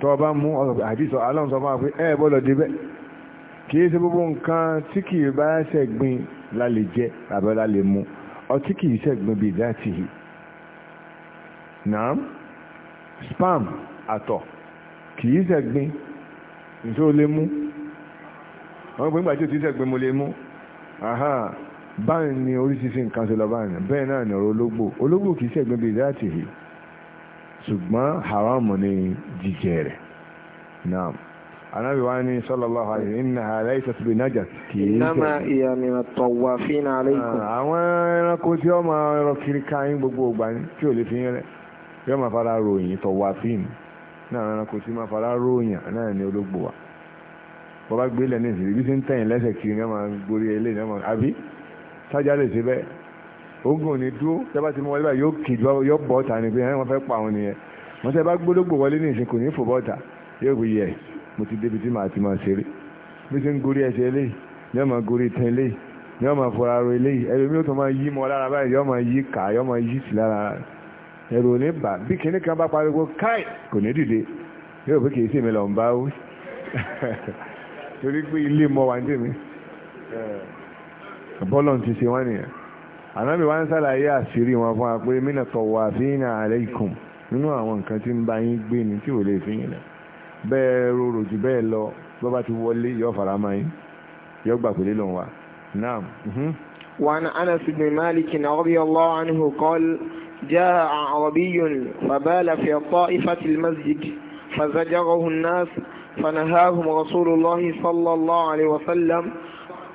tọ́ ọ bá mú ọ̀sọ̀ àdìsọ aláǹsọ fún wa pé ẹ bọ́lọ̀ débẹ̀ kìí ṣe gbogbo nǹkan tí kìí bá ṣẹ̀gbìn la lè jẹ àbẹ́ la lè mú ọtí kìí ṣẹ̀gbìn bíi dáàtì yìí naam spam àtọ̀ kìí ṣẹ̀gbìn nítorí ó lé mú wọ́n gbé nígbà tí ó ti ṣẹ̀gbìn mo lè mú báyìí ni oríṣiríṣi nǹkan ṣe lọ báyìí bẹ́ẹ̀ náà ni ọ̀rọ̀ ológbò ológbò kìí ṣẹ̀gbọ́n bíi láti rí ṣùgbọ́n ni jíjẹ rẹ̀ náà anábì wá ní sallallahu alaihi innaha laysat bi najas kìí ṣe innama hiya min at-tawwafina alaykum ah, àwọn ẹranko tí máa kiri káyín gbogbo ògbà tí ò lè fi yẹn rẹ̀ yóò máa fara ròyìn tawwafin náà ẹranko tí máa fara náà ni ológbò wa bọ́ bá gbélé ní ìsìn ibi tí ń tẹ̀yìn lẹ́sẹ̀ kiri ní ọmọ gborí ilé ní ọmọ àbí sájà lè ṣe bẹ́ẹ̀ ogun ni dúró tẹ́bá ti mú wọlé báyìí yóò kì yóò bọ́ ọ̀tà ni pé ẹ̀ wọ́n fẹ́ pa òun nìyẹn wọ́n tẹ́ bá gbólógbò wọlé ní ìsìn kò ní fò bọ́ọ̀tà yóò gbé yẹ mo ti débi tí màá ti máa ṣeré bí ṣe ń gorí ẹsẹ̀ ilé ní ọmọ gorí tán ilé ní ọmọ fọra ro ilé ẹlòmí ó tún máa yí mọ lára báyìí yọ máa yí kà yọ máa yí sí lára ẹrù ò bà bí kinní kan bá pariwo káì kò ní dìde yóò pé kì í sèmi lọ ń bá (laughs) torí pé ilé mọ wà ní mi eh. bọ́lọ̀ ti ṣe wọ́n nìyẹn ànábì wá ń sàlàyé àṣírí wọn fún wa pé mínà tọ̀wọ̀ àfihàn alaykum nínú àwọn nǹkan tí ń bá yín gbé ni tí ò lè fi yín lẹ̀ bẹ́ẹ̀ rorò jù bẹ́ẹ̀ lọ bọ́ bá ti wọlé yọ fara máa yín yọ gbà pé lílọ wa naam. وعن أنس بن مالك رضي الله عنه قال جاء عربي فبال في طائفة المسجد فزجره الناس فنهاهم رسول الله صلى الله عليه وسلم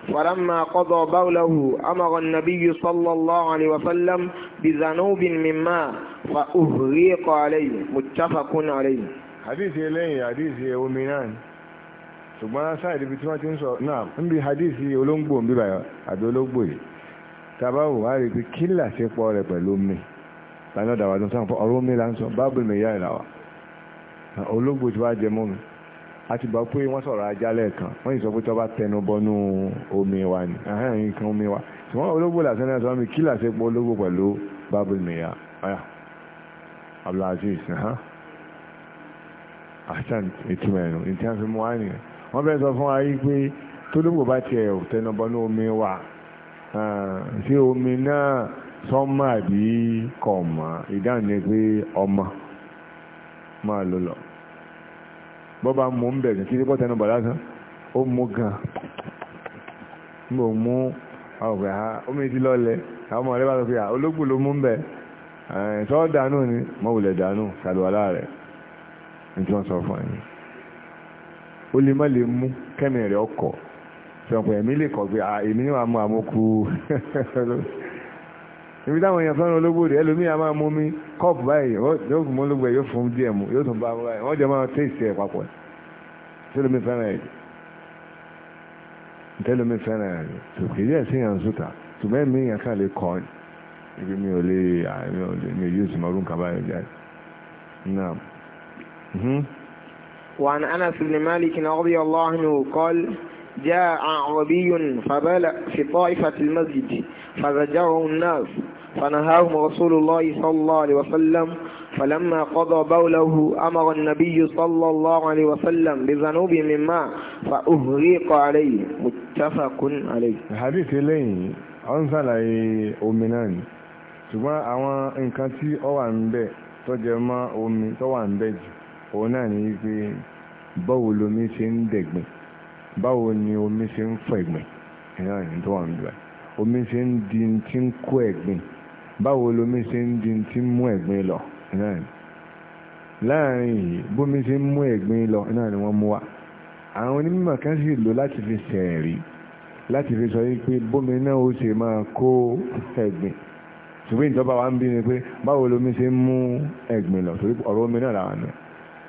فلما قضى بوله أمر النبي صلى الله عليه وسلم بذنوب مما ماء فأهريق عليه متفق عليه حديث إليه حديث ومنان ṣùgbọ́n sáàdì ibi tí wọ́n ti ń sọ náà ń bi hadith olóńgbò ń bíbà àbí olóńgbò yìí tabawo wá rí i pé kí làṣepọ̀ rẹ̀ pẹ̀lú omi lánàá dàwà tó sáà ọ̀rọ̀ omi là ń mi yá ìlàwà olóńgbò ti wá jẹ mọ́ mi a ti gbà pé wọ́n sọ̀rọ̀ ajá lẹ́ẹ̀kan wọ́n sì sọ pé tó bá tẹnu bọ́nú omi wa ni ahẹ́n nǹkan omi wa ṣùgbọ́n ológbò làṣẹ náà sọ mi kí làṣẹ pọ̀ ológbò pẹ̀lú bábùlì nìyà ọ̀yà abdulaziz asan ìtumọ̀ ẹ̀nu ní tí wọ́n fi mú wá nìyẹn wọ́n fẹ́ sọ fún wa yí pé tólógbò bá tiẹ̀ tẹnu bọ́nú omi wa ṣé omi náà sọ́mọ́ àbí kọ̀ọ̀mọ́ ìdáhùn ni pé ọmọ máa lò lọ. bọ́bá mú ń bẹ̀rẹ̀ kí ní pọ́tẹ́nu bà ó mú gan mú ha omi ti lọ́lẹ̀ àwọn ọmọ rẹ̀ bá sọ pé mú bẹ̀ sọ́ dànù ni dànù sàlùwàlá rẹ̀ ní wọ́n sọ fún ẹ̀yìn ó lè má lè mú rẹ̀ ọkọ̀ sọ̀pọ̀ ẹ̀mí lè kọ̀ pé èmi ni mú (laughs) mi kọ́ọ̀pù báyìí yóò fún mọ́lógbè yóò fún díẹ̀ mu yóò tún bá wọn báyìí wọ́n jẹ́ máa tẹ̀sí ẹ̀ papọ̀ ẹ̀ tẹ́lómi fẹ́ràn ẹ̀ tẹ́lómi fẹ́ràn ẹ̀ tòkè díẹ̀ sí yàn sùtà tùmẹ́ mi yàn kàn lè kọ́ ibi mi ò lè mi ò lè mi ò yóò sì máa rún kaba ẹ̀ jáde. وعن أنس بن مالك رضي الله عنه قال جاء عربي فبال في طائفة المسجد فزجره الناس فنهاهم رسول الله صلى الله عليه وسلم فلما قضى بوله أمر النبي صلى الله عليه وسلم بذنوب من ماء فأهريق عليه متفق عليه الحديث لين أنزل أمنان ṣùgbọ́n àwọn nǹkan tí ó wà ń bẹ̀ tó jẹ mọ́ omi tó wà ń bẹ̀ jù òun náà ní pé báwo lomi ṣe ń dẹ̀gbìn báwo ni omi ṣe ń fẹ̀gbìn ìyá ìyẹn tó wà ń bẹ̀ omi ṣe ń di ti ń kó ẹ̀gbìn báwo lomi ṣe ń di ti mú ẹ̀gbin lọ náà ni láàrin yìí bómi ṣe ń mú ẹ̀gbin lọ náà ni wọ́n mú wa àwọn onímọ̀ kan sì lò láti fi ṣẹ̀rí láti fi sọ yìí pé bómi náà ó ṣe máa kó ẹ̀gbin ṣùgbọ́n ìjọba wa ń bí ni pé báwo lomi ṣe ń mú ẹ̀gbin lọ torí ọ̀rọ̀ omi náà làwọn náà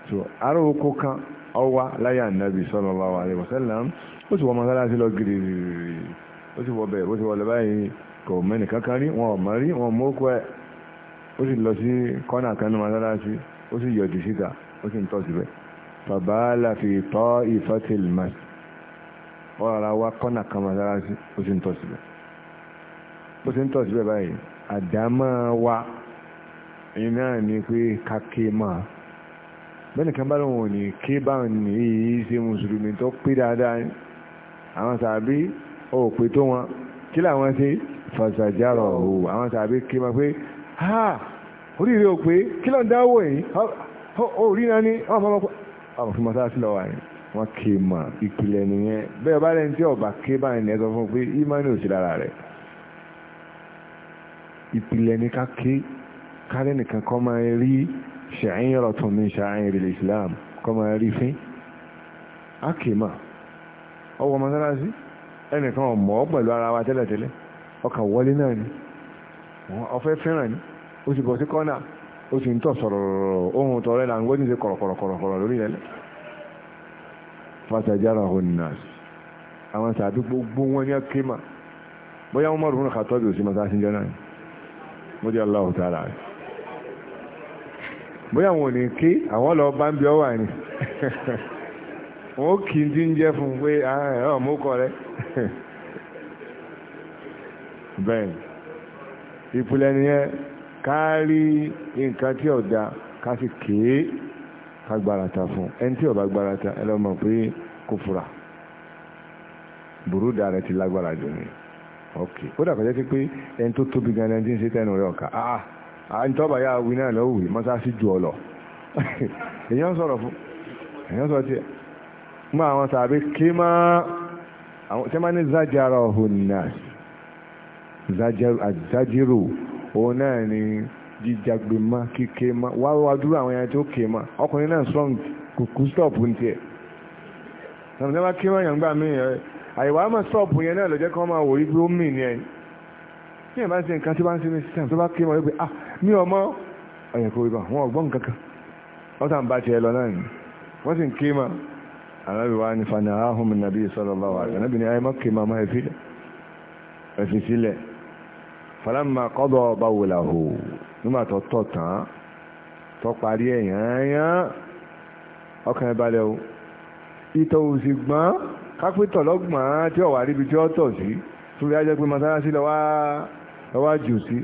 so ará oko kan ọwá láyé ànábì sallallahu alaihi wasallam ó sì wọ mọ́sálásí lọ gírí ó sì wọ bẹ́ẹ̀ ó sì wọ lọ báyìí kò mẹ́ni kankan rí wọn ò mọ̀ rí wọn mọ́ kó ẹ̀ ó sì lọ sí kọ́nà kan ní mọ́sálásí ó sì yọjú síta ó sì ń tọ́ síbẹ̀ fàbáàlà fi tọ́ ìfọ́tìlì mọ́s rárá wá kọ́nà kan mọ́sálásí ó sì ń tọ́ síbẹ̀ ó sì ń tọ́ síbẹ̀ báyìí àdámọ́ wa ẹ̀yin náà ni pé káké máa bẹ́ẹ̀ni kan bá lóun ò ní ké báwọn ní yìí ṣe mùsùlùmí tó pé dáadáa àwọn sàbí ò pé tó wọn kí làwọn ṣe fàṣàjárọ̀ òhù àwọn tàbí kí ma pé ha oríire ò pé kí ló ń dáwò yìí orí náà ní ọmọ ọmọ pé ọmọ ah, fún mọ́sáàsì lọ́wọ́ yìí wọ́n kì í mọ̀ ìpìlẹ̀ nìyẹn bẹ́ẹ̀ bá lẹ́ni tí ọba ké báyìí ní ẹ̀sọ́ fún pé ìmánì òsì lára rẹ̀ ìpìlẹ̀ ní ká ké kárẹ́ nìkan kọ́ máa rí ṣàyìn rọ̀tún ní ṣàyìn rẹ̀ Islam kọ́ máa rí fín á kì í mọ̀ ọwọ́ mọ́sáàsì ọkàn wọlé náà ni ọfẹ́ fẹ́ràn ni ó sì bọ̀ sí kọ́nà ó sì ń tọ̀ sọ̀rọ̀ ohun tọ̀rẹ́ là ń gbọ́ níṣe kọ̀rọ̀kọ̀rọ̀kọ̀rọ̀ lórí ilẹ̀ fàtàjára honnas àwọn sàbí gbogbo wọn ní akéma bóyá wọn mọ̀rún kà tọ́jú sí mọ́tà síjọ́ náà mo jẹ́ aláwọ̀ tààrà rẹ̀ bóyá wọn ò ní ké àwọn lọ bá ń bí ọ wà ní wọn ó kì í dín jẹ́ fún pé àwọn ẹ̀rọ mú kọ rẹ̀ bẹ́ẹ̀ ìpìlẹ̀ nìyẹn ká rí nǹkan tí ọ̀dà ká sì kéé ká gbárata fún ẹni tí ọba gbárata ẹ lọ́mọ pé kò fura burúkú dára ti lágbára jù ní ok ó dàgbà jẹ́ pé ẹni tó tóbi gan ẹni tí ń ṣe tẹnu rẹ̀ ọ̀ka ah ah ní tọ́ba yà wí náà lọ́wọ́ wì mọ́sáàsì jù ọ lọ (laughs) èèyàn sọ̀rọ̀ fún èèyàn sọ̀rọ̀ tiẹ̀ mú àwọn tàbí kí máa àwọn tí wọ́n ọ̀hún náà àzájírò òun náà ni jíjàgbé má wá wá dúró àwọn ẹni tó ké ọkùnrin náà strong kùkú stọọpù ní tiẹ̀ tàbí bá ké má yàn gbà àyẹ̀wò àmọ́ stọọpù yẹn náà ló jẹ́ máa wò rí ba ó mì ní ẹ̀yìn bá ń nǹkan tí wọ́n ṣe ní tó bá ah mi ò ọ̀yẹ̀ kò wọn ni wọ́n sì ń falamma qada bawlahu nígbà tó tọ̀ tán tó parí ẹ̀ yányán ọkàn ìbalẹ̀ o ìtọ̀ òsì gbọ́n kápẹ́tọ̀ lọ́gbọ̀n tí ọ̀wà ríbi tí ó tọ̀ sí tó rí ajẹ́ pé mọ́sálásí lọ́wọ́ jù sí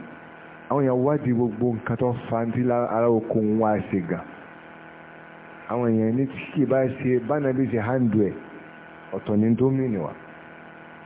àwọn èèyàn wádìí gbogbo nǹkan tó fa ní ara oko ń wá ṣe gà àwọn èèyàn ní tí kì ṣe bánàbí ṣe hàndù ẹ̀ ọ̀tọ̀ ní tó mìnìwá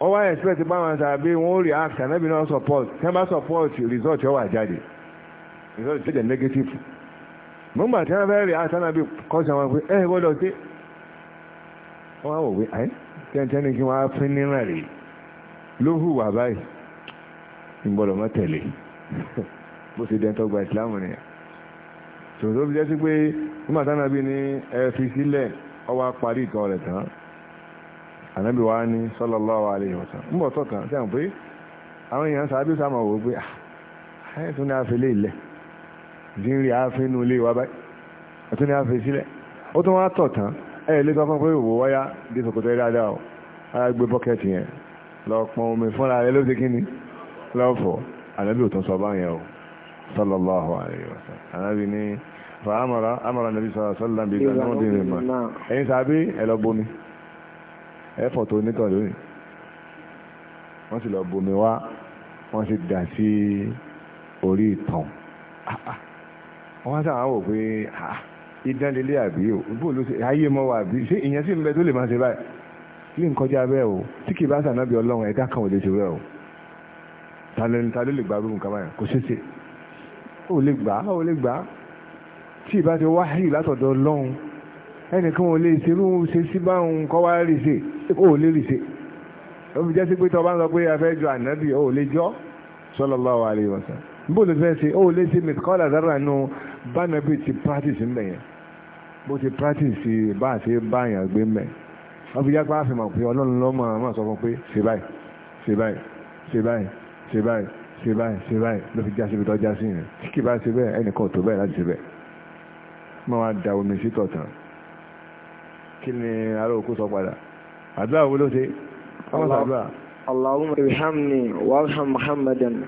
ó wá expect báwọn sàbí wọn ó react ànábì náà support tí support result yóò wá jáde result yóò jẹ́ negative nígbà tí wọ́n fẹ́ react ànábì kọ́sì àwọn pé ẹ eh, gbọ́dọ̀ sí wọ́n á wò pé ẹ tẹ́ntẹ́ni kí wọ́n á pín nínú rẹ̀ ló hùwà báyìí ìgbọ́dọ̀ mọ́ tẹ̀lé (laughs) bó ṣe dẹ́ntọ́ gba ìsìlámù nìyẹn tòótọ́ bí jẹ́ sí pé nígbà tí ànábì ní ẹ fi sílẹ̀ ó wá parí ìtàn rẹ̀ tán ànábì wa ní sallallahu alaihi wasallam ń bọ̀ tọ̀tàn sí àwọn pé àwọn èèyàn sábẹ́ sáà máa wò ó pé ẹ̀tún ah, ní àfẹ́ lé ilẹ̀ dín rí àfẹ́ inú ilé wa báyìí ẹ̀tún ní àfẹ́ sílẹ̀ ó tún wá tọ̀tàn ẹ̀yẹ̀ lé sọ́kàn pé òwò wáyá bí sòkòtò ẹ̀ dáadáa o ara gbé bọ́kẹ́tì yẹn lọ pọn omi fúnra rẹ ló ṣe kí ni lọ́fọ̀ọ́ ànábì òtún sọ báyẹn o sallallahu alayhi wa sallam ànábì ní fa amara amara nàbí sallallahu alayhi wa ìgbà náà dín ní ma ẹ̀yin sábẹ́ ẹ̀ lọ bomi ẹ̀fọ́ tó nítọ̀ lónìí wọ́n sì lọ bomi wá wọ́n sì dà sí orí ìtàn ah, ah. wọ́n sábà wò pé ah, idán lélẹ̀ àbí o bóòlù ayé mọ́ wà àbí ṣé ìyẹn sì ń bẹ tó lè máa ṣe báyìí kí n kọjá bẹ́ẹ̀ o tí kì bá sànábì ọlọ́run ẹ̀dá kan ò lè ṣe bẹ́ẹ̀ o ta ló lè gba irú nǹkan báyìí kò ṣeé ṣe ó lè gbà á ó lè gbà á tí ì bá ti wáhìí látọ̀dọ̀ ọlọ́run ẹnìkan ò lè ṣerú ṣe sí báwọn kọ́ wá rì ṣe ó lè rì ṣe ó fi jẹ́ sí pé tó bá ń sọ pé a fẹ́ jọ ànábì ó lè jọ sallallahu alaihi wasallam bó lè fẹ́ ṣe ó lè ṣe mìtkọ́lá dára nù bánabi ti practice ń bẹ̀ yẹn bó ti practice bá a ṣe bá yàn gbé mẹ́ ó fi jẹ́ pé a fi mọ̀ pé ọlọ́run lọ́mọ àwọn sọ fún pé ṣe báyìí ṣe báyìí ṣe báyìí ṣe báyìí ṣe báyìí ló fi jásí ibi tó jásí sí kí ni ará òkú sọ padà àdúrà wo ló ṣe ọmọ sàdúrà. Allahumma irhamni warham Muhammadan.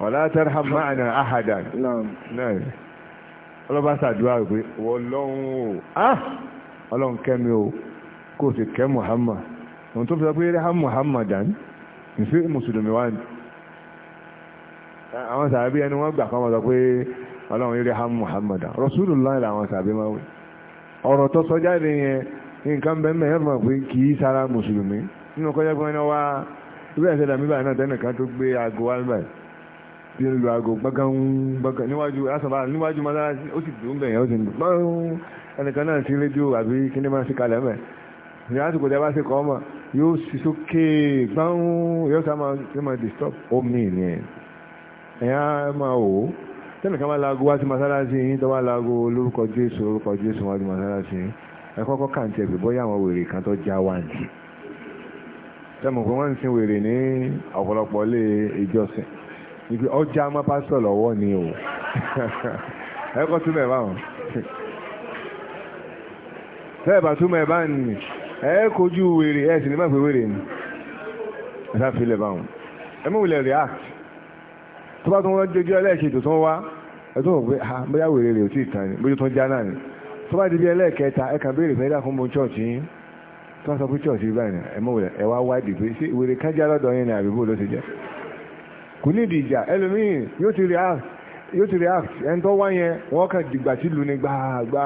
Wala tarham ma'ana ahadan. Náà ọlọ́ba sàdúrà pé ọlọ́run o ah! ọlọ́run kẹ́mi o kò sì kẹ́ Muhammad òun tó fi sọ pé irham Muhammadan nfi mùsùlùmí wá ní àwọn sàbí ẹni wọ́n gbà kan wọ́n sọ pé ọlọ́run irham Muhammadan Rasulullah làwọn sàbí máa wí ọ̀rọ̀ tó sọ jáde yẹn nǹkan bẹ́ẹ̀ mẹ́rin fún wa pé kì í sara mùsùlùmí nínú kọjá pé wọ́n wá ìwé ẹ̀sẹ̀ dàmí báyìí náà tẹ́nìkan tó gbé aago wá báyìí tí ó lu aago gbọ́ngàn gbọ́ngàn níwájú asọ̀bà níwájú mọ́sálásí ó sì dùn bẹ̀yẹn ó sì dùn gbọ́ngàn ẹnìkan náà sí rédíò àbí kíní máa ń ṣe kalẹ̀ mẹ́ ní àsìkò tẹ́ bá ṣe kọ́ ọmọ yóò sì sókè gbọ́ngàn yóò sá máa disturb omi nìyẹn ẹ̀yà máa wò ó tẹ́nìkan máa laago wá sí mọ́sálásí yín tó bá laago lórúkọ Jésù lórúkọ Jésù wá mọ́sálásí yín ẹ kọ́kọ́ kà ń tiẹ̀ pé bóyá àwọn wèrè kan tó já wá ní. sẹ́mu pé wọ́n ń sin wèrè ní ọ̀pọ̀lọpọ̀ ilé ìjọsìn ibi ọjà má pásítọ̀ lọ́wọ́ ni o ẹ kọ́ túmọ̀ ẹ̀ báwọn. bẹ́ẹ̀ bá túmọ̀ ẹ̀ bá ń nì ẹ kojú wèrè ẹ sì ní má pé wèrè ni ẹ sá fi lẹ̀ báwọn. ẹ mú wulẹ̀ react tó bá tún wọ́n dojú ẹlẹ́ẹ̀kejì tó tún wá ẹ tún wọ́n pé ah, bóyá wèrè rè ò tí ì tán ni bójú tún já náà ni tó bá di bí ẹlẹ́ẹ̀kẹta ẹ̀kan béèrè fẹ́ dákun mọ́ chọ́ọ̀chì yín tó wá sọ pé chọ́ọ̀chì báyìí ẹ̀ mọ̀ wọlé ẹ̀ wá wáìdì pé ṣé ìwèrè kájá lọ́dọ̀ yẹn ni àbíbò ló ti jẹ́ kò ní ìdí ìjà ẹlòmíì yóò ti react yóò react ẹni tó wá yẹn wọ́n kàn dìgbà tí lu ni gbàgbà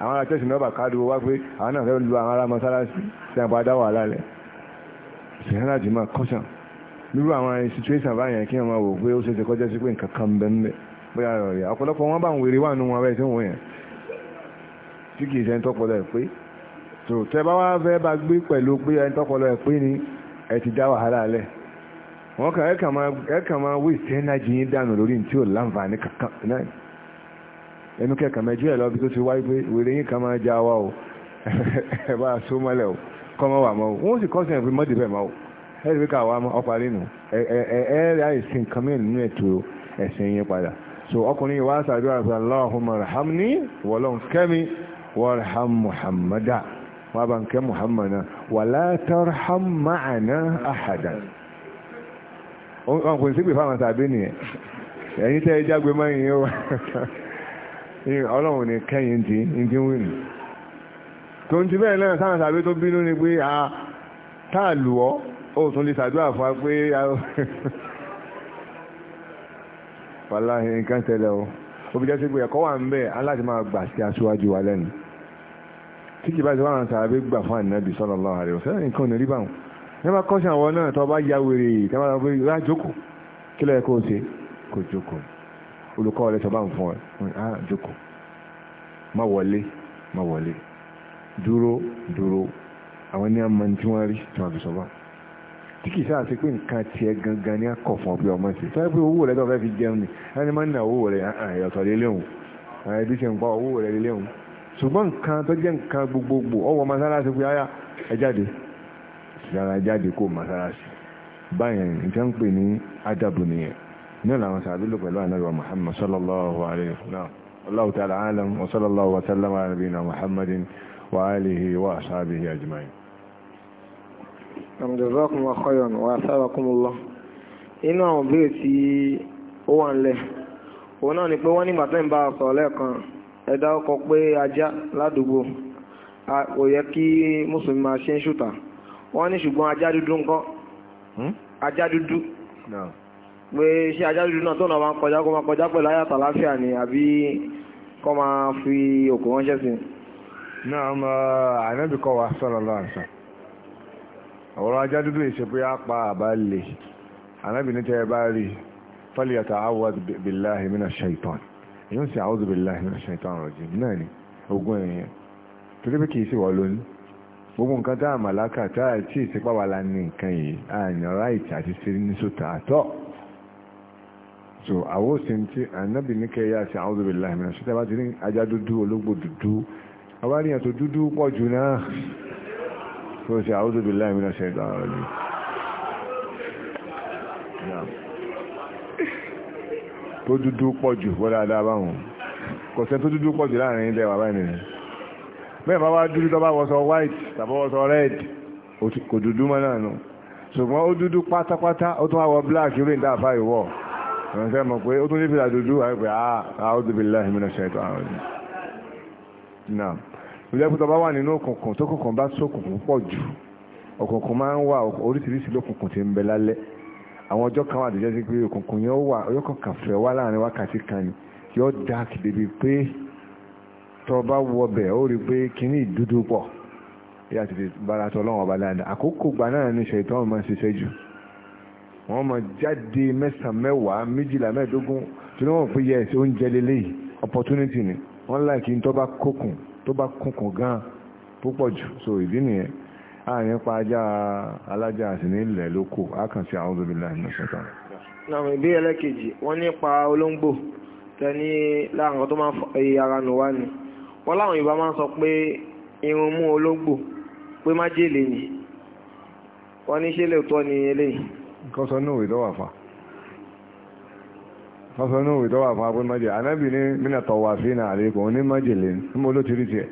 àwọn ará church mẹ́fà káàdùn wá pé àwọn náà fẹ́ lu àwọn ará mọ́sálásí tí a bá dá wàhálà rẹ̀ ṣèyàn láti máa kọ́sàn nírú àwọn situation báyẹn tí kìí ṣe ẹni tọ́pọlọ ẹ̀ pé tó tẹ́ bá wá ni ẹ ti dá wàhálà lẹ̀ wọ́n kàn ẹ kàn máa waste energy yín dànù lórí tí ò láǹfààní kankan náà ẹnu ẹ lọ bí tó ti wáyé pé wèrè yín kan máa já wa o ẹ bá a só mọ́lẹ̀ o kọ́ mọ́ wà mọ́ o wọ́n sì kọ́ o ẹ wa ẹ ẹ ẹ warham muhammada wa ban nke muhammada wala tarham ma'ana ahadan wọn kò sí pé fáwọn tàbí nìyẹn ẹ̀yin ẹ ọlọ́run ní kẹ́yìn tí ń tí ń wí nù tó ń ti bẹ́ẹ̀ náà sáwọn tàbí tó bínú ni pé a táà lù ọ́ ó tún lè nǹkan o ó jẹ́ sí pé ẹ̀kọ́ wà ń aláti tí kì bá ti wọ́n sàábé gbà fún ànábì sallallahu alaihi wasallam nǹkan ò ní rí báwọn ní bá kọ́ṣẹ́ àwọn náà tó bá ya wèrè tó bá wọ́n rá jókòó kí lóye kó o ṣe kó jókòó olùkọ́ rẹ̀ tó bá ń fún ẹ á ah, jókòó má wọlé má wọlé dúró dúró àwọn ní àmọ́ tí wọ́n rí tí wọ́n fi sọ bá tí kì í sáà sí pé nǹkan tiẹ̀ gangan ní akọ̀ fún ọ̀pẹ ọmọ sí sọ pé owó rẹ̀ tó fẹ́ fi jẹun ni ẹni máa ń ná owó rẹ̀ ẹ̀yọ̀tọ̀ lélẹ́hùn ẹ̀ẹ́dí ṣe ń pa owó rẹ̀ lélẹ́hùn ṣùgbọ́n nǹkan tó jẹ́ nǹkan gbogbogbò ọwọ́ masalasi pé aya ẹ jáde rárá jáde kó masalasi báyẹn nǹkan ń pè ní adabu nìyẹn náà làwọn sàbí lò pẹ̀lú ànábì muhammad sallallahu alayhi wa sallam allahu ta'ala alam wa sallallahu wa sallam ala nabiyina muhammadin wa alihi wa ashabihi ajma'in. jazakumullahu khayran wa atharakumullah inú àwọn bíi tí ó wà ń lẹ̀ òun náà ni pé wọ́n nígbà tó ń bá a sọ̀rọ̀ lẹ́ẹ̀kan ẹ̀dá ọkọ̀ pé ajá ládùúgbò kò yẹ kí mùsùlùmí máa ṣe ń ṣùtà wọ́n ní ṣùgbọ́n ajá dúdú ńkọ́ hmm? ajá dúdú pé ṣé ajá dúdú náà tóun náà máa kọjá kó máa kọjá pẹ̀lú ayàtọ̀ fi òkú ránṣẹ́ sí i. náà ọmọ uh, ànábì kọ́ wa sọ̀rọ̀ lọ àṣà ọ̀rọ̀ ajá dúdú ìṣe pé á pa shaitan. èyí ń ṣe a'udhu billahi minash shaitanir rajim náà ni ogún ẹ̀yẹn torí pé kì í ṣe wọ́n lónìí gbogbo nǹkan tá àmàlákà tá àti ìsìpá wa la ní nǹkan yìí àyàn ráìtì àti sírí ní sóta àtọ́ so àwọn òsìn tí ànábì ní kẹyà sí a'udhu billahi minash shaitanir rajim ní ajá dúdú ológbò dúdú ọba ní ẹ̀tọ́ dúdú pọ̀ jù náà tó ṣe a'udhu billahi minash shaitanir rajim tó dúdú pọ̀ jù bọ́dá adábá wọn kò sẹ́ tó dúdú pọ̀ jù láàrin ilẹ̀ wà báyìí nìyẹn bẹ́ẹ̀ bá wá dúdú tó bá wọṣọ white tàbí wọṣọ red kò dúdú mọ́ náà nù ṣùgbọ́n ó dúdú pátápátá ó tún wá wọ black irú ìdá àfá ìwọ̀ ìrànṣẹ́ mọ̀ pé ó tún ní fìlà dúdú àìpẹ́ ah, a'udhu billahi minash shaitani rajim náà ìlẹ́kùn tó bá wà nínú òkùnkùn tó kùnkùn bá sókùnkùn pọ̀ jù òkùnkùn máa ń wà oríṣiríṣi lókùnkùn ti ń bẹ lálẹ́ àwọn ọjọ́ kan wà tó jẹ́ sí pé òkùnkùn yẹn wà ọjọ́ kọ̀ọ̀kan fẹ́ wá láàrin wákàtí kan ni yóò dark débi pé tó bá wọbẹ̀ ó rí pé kíní ìdúdú pọ̀ yá ti fi bára tọ́ ọba dáadáa àkókò gbà náà ní ṣe ìtọ́wọ́n máa ń ṣiṣẹ́ jù wọ́n máa jáde mẹ́sàn-án mẹ́wàá méjìlá mẹ́ẹ̀ẹ́dógún tí wọ́n fi yẹ ẹ̀sìn oúnjẹ lélẹ́yìí opportunity ni wọ́n láì kí n tó bá kókùn tó bá kókùn gan-an púpọ̀ jù so ìdí nìyẹn àyẹn pa ajá alájà àti ní ilẹ̀ lóko ákànṣe àwọn obìnrin láì ní ṣẹta. náà ìbí ẹlẹ́kejì wọ́n nípa olóńgbò tẹ́ni láàrín tó máa ń fi ara nù ni wọ́n láwọn Yorùbá máa sọ pé irun mú olóńgbò pé májèlé ni wọ́n ní ni eléyìí. ní òwe ní òwe pé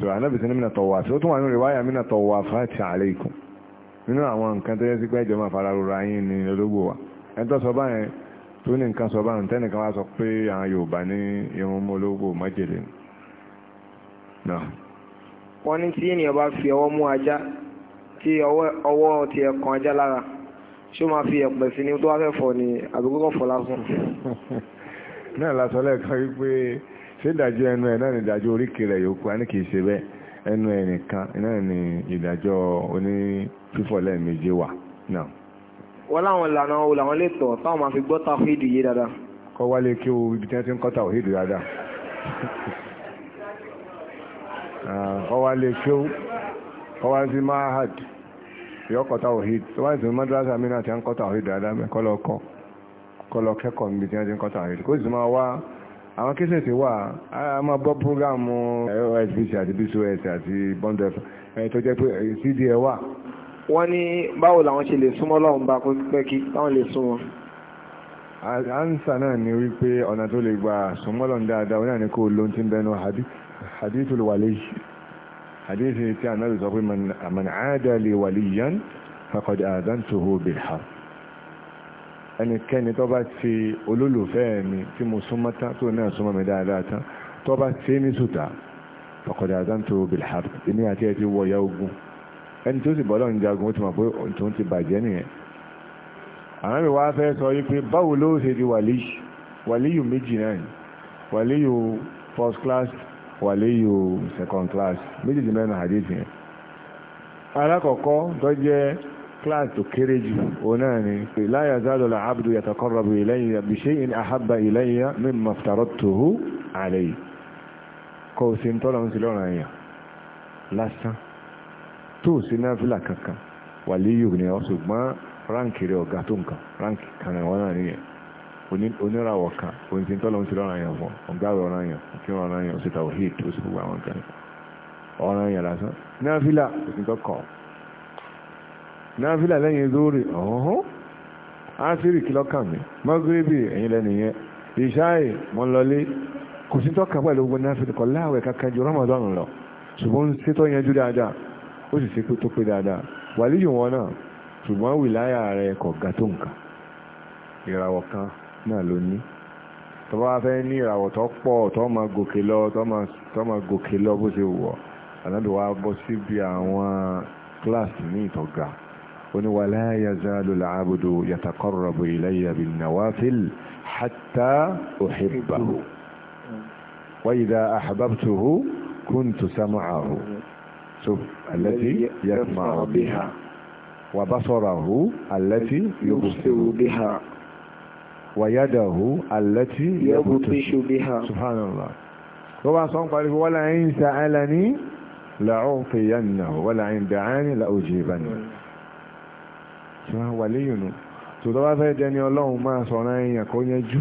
so anábì tí ní mìnà tọ̀wà tí ó tún wà ní rìwáyà mìnà tọ̀wà fàtí àlékún nínú àwọn nǹkan tó yẹ sí pé ẹjọ́ máa fara rora yín ní ológbò wa ẹni tó sọ báyẹn tó ní nǹkan sọ báyẹn tẹ́nìkan wá sọ pé àwọn Yorùbá ní irun ológbò májèlé náà. wọ́n ní tí ènìyàn bá fi ọwọ́ mú ajá tí ọwọ́ ti ẹ̀ ajá lára ṣé máa fi ẹ̀pẹ̀ sí ni tó wá fẹ́ fọ̀ ni àbíkókò fọ̀ lásán. (laughs) náà lásán lẹ́ẹ̀kan wípé ṣé ìdájọ́ ẹnu ẹ̀ náà ni ìdájọ́ rẹ̀ a kìí ṣe bẹ́ẹ̀ ẹnu ẹ̀ nìkan náà ni ìdájọ́ oní fífọ̀ wà náà. wọ́n láwọn ìlànà wo làwọn lè tọ̀ táwọn máa fi gbọ́ tàwhídì yé dáadáa. kọ́ wálé kí o ibi tí wọ́n ti ń kọ́ tàwhídì dáadáa. (laughs) Ah, kọ́ wálé kí o kọ́ wá sí mahad yọ kọ́ tó ti ń kọ́ dáadáa kọ́ lọ kọ́ kọ́ àwọn kéṣẹ̀ tí wà á máa bọ́ prógámù eh, osbc àti bcos àti bọ́ndọ̀ ẹ̀ eh, tó jẹ́ pé eh, cd ẹ̀ e wà. wọ́n ní báwo làwọn ṣe lè súnmọ́ lọ́hùn bá kó pẹ́ kí báwọn lè sún wọn. ansa náà ni wípé ọ̀nà tó lè gba súnmọ́ lọ́hùn dáadáa ó náà ní kó lóun ti ń bẹnu hadithul wali hadithi tí àná sọ pé man aada li waliyan faqad adantuhu bil harb ẹnikẹ́ni tó bá ṣe olólùfẹ́ mi tí mo súnmọ́ tán tó náà súnmọ́ mi dáadáa tán tó bá ṣe ní sùtà faqad azantu bil harb èmi àti ẹ ti wọ ìyá ogun ẹni tó sì bọ́lọ́ ń jagun ó ti mọ̀ pé òtún ti bàjẹ́ nìyẹn àwọn mi wá fẹ́ sọ yìí pé báwo ló ṣe di wàlí wàlíyù méjì náà ni wàlíyù first class wàlíyù second class méjì ti mẹ́nu àdéhùn yẹn alákọ̀ọ́kọ́ tó jẹ́ class tó kéré jù òun náà ni pé la yazalu al-abdu yataqarrabu ilayya bi shay'in ahabba ilayya mimma aftaradtuhu alayhi kò sí ń tọ́lọ̀ ń sí lọ́rọ̀ èèyàn lásán tó sí náfìlà kankan wà líyù ni ọ ṣùgbọ́n ránkì rẹ̀ ọ̀gá tó nǹkan ránkì kan àwọn náà nìyẹn oníràwọ̀ kan òun sí ń tọ́lọ̀ ń sí lọ́rọ̀ èèyàn fún ọ̀gá rẹ̀ ọ̀rọ̀ èèyàn kí ọ̀rọ̀ èèyàn ó sì tàwọ̀ hìt ó sì gbogbo àwọn kan ọ̀rọ̀ èèyàn lásán náfìlà kò sí ń tọ́kọ̀ọ́ náfìlà lẹ́yìn lórí ọ̀hún ásírì kìlọ́kàn mi mọ́gírẹ́bì ẹ̀yìn lẹ́nu yẹn ìṣáì mọ́ lọlé kò sí tọ́ka pẹ̀lú gbogbo náfìlà kọ́ láwẹ̀ kankan ju Ramadan lọ ṣùgbọ́n ṣe tó yanjú dáadáa ó sì ṣe pé tó pé dáadáa wàlíyù wọn náà ṣùgbọ́n wìláyà rẹ̀ kò ga tó nǹkan ìràwọ̀ kan náà ló ní tó bá fẹ́ ní ìràwọ̀ tó pọ̀ tó máa gòkè lọ tó máa gòkè lọ bó ṣe wọ̀ ànábìwá bọ́ síbi àwọn kíláàsì ní ìtọ́ga ولا يزال العبد يتقرب إلي بالنوافل حتى أحبه وإذا أحببته كنت سمعه شوف التي يسمع بها وبصره التي يبصر بها ويده التي يبطش بها سبحان الله هو صنق عليه ولئن سألني لأعطينه ولئن دعاني لأجيبنه tí wọ́n wà léyìn nù tòótọ́ bá fẹ́ dẹni ọlọ́run máa sọ̀rọ̀ èèyàn kó yẹn jú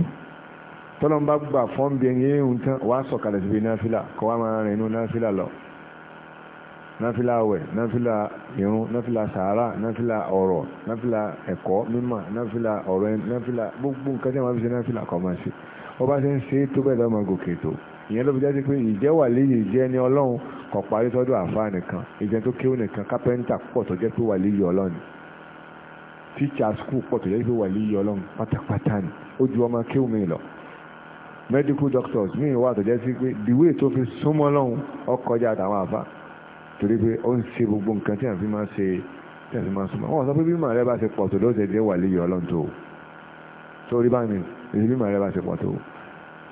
tọ́lọ́n bá gbà fọ́n bí ẹni èèyàn tán wà á sọ̀kalẹ̀ síbi náfìlà kọ́ wá máa rìn inú náfìlà lọ náfìlà àwẹ̀ náfìlà irun náfìlà sàárà náfìlà ọ̀rọ̀ náfìlà ẹ̀kọ́ mímọ̀ náfìlà ọ̀rọ̀ náfìlà gbogbo nǹkan tí wọ́n fi ṣe náfìlà kọ́ máa ṣe ó bá ṣe ń ṣe tó bẹ́ẹ̀ lọ́mọ gòkè tó ìyẹn ló fi jáde pé ìjẹ́ wàlíyì jẹ́ ní ọlọ́run kọ̀ parí sọ́dọ̀ àfáà nìkan ìjẹ́ tó kéwù nìkan kápẹ́ńtà pọ̀ tó jẹ́ pé wàlíyì ọlọ́run teachers kú pọ̀ tó yẹ kí wàlí yọ ọlọ́run pátápátá ni ó ju ọmọ kéwù mi lọ medical doctors mi wà tó jẹ́ sí pé the way tó fi súnmọ́ lọ́hùn ó kọjá àtàwọn àfa torí pé ó ń ṣe gbogbo nǹkan tí àfi máa ṣe tí àfi máa súnmọ́ wọn sọ pé bí màá rẹ bá ṣe pọ̀ tó ló ṣe jẹ́ wàlí yọ ọlọ́run tó o torí bá mi èyí bí màá rẹ bá ṣe pọ̀ tó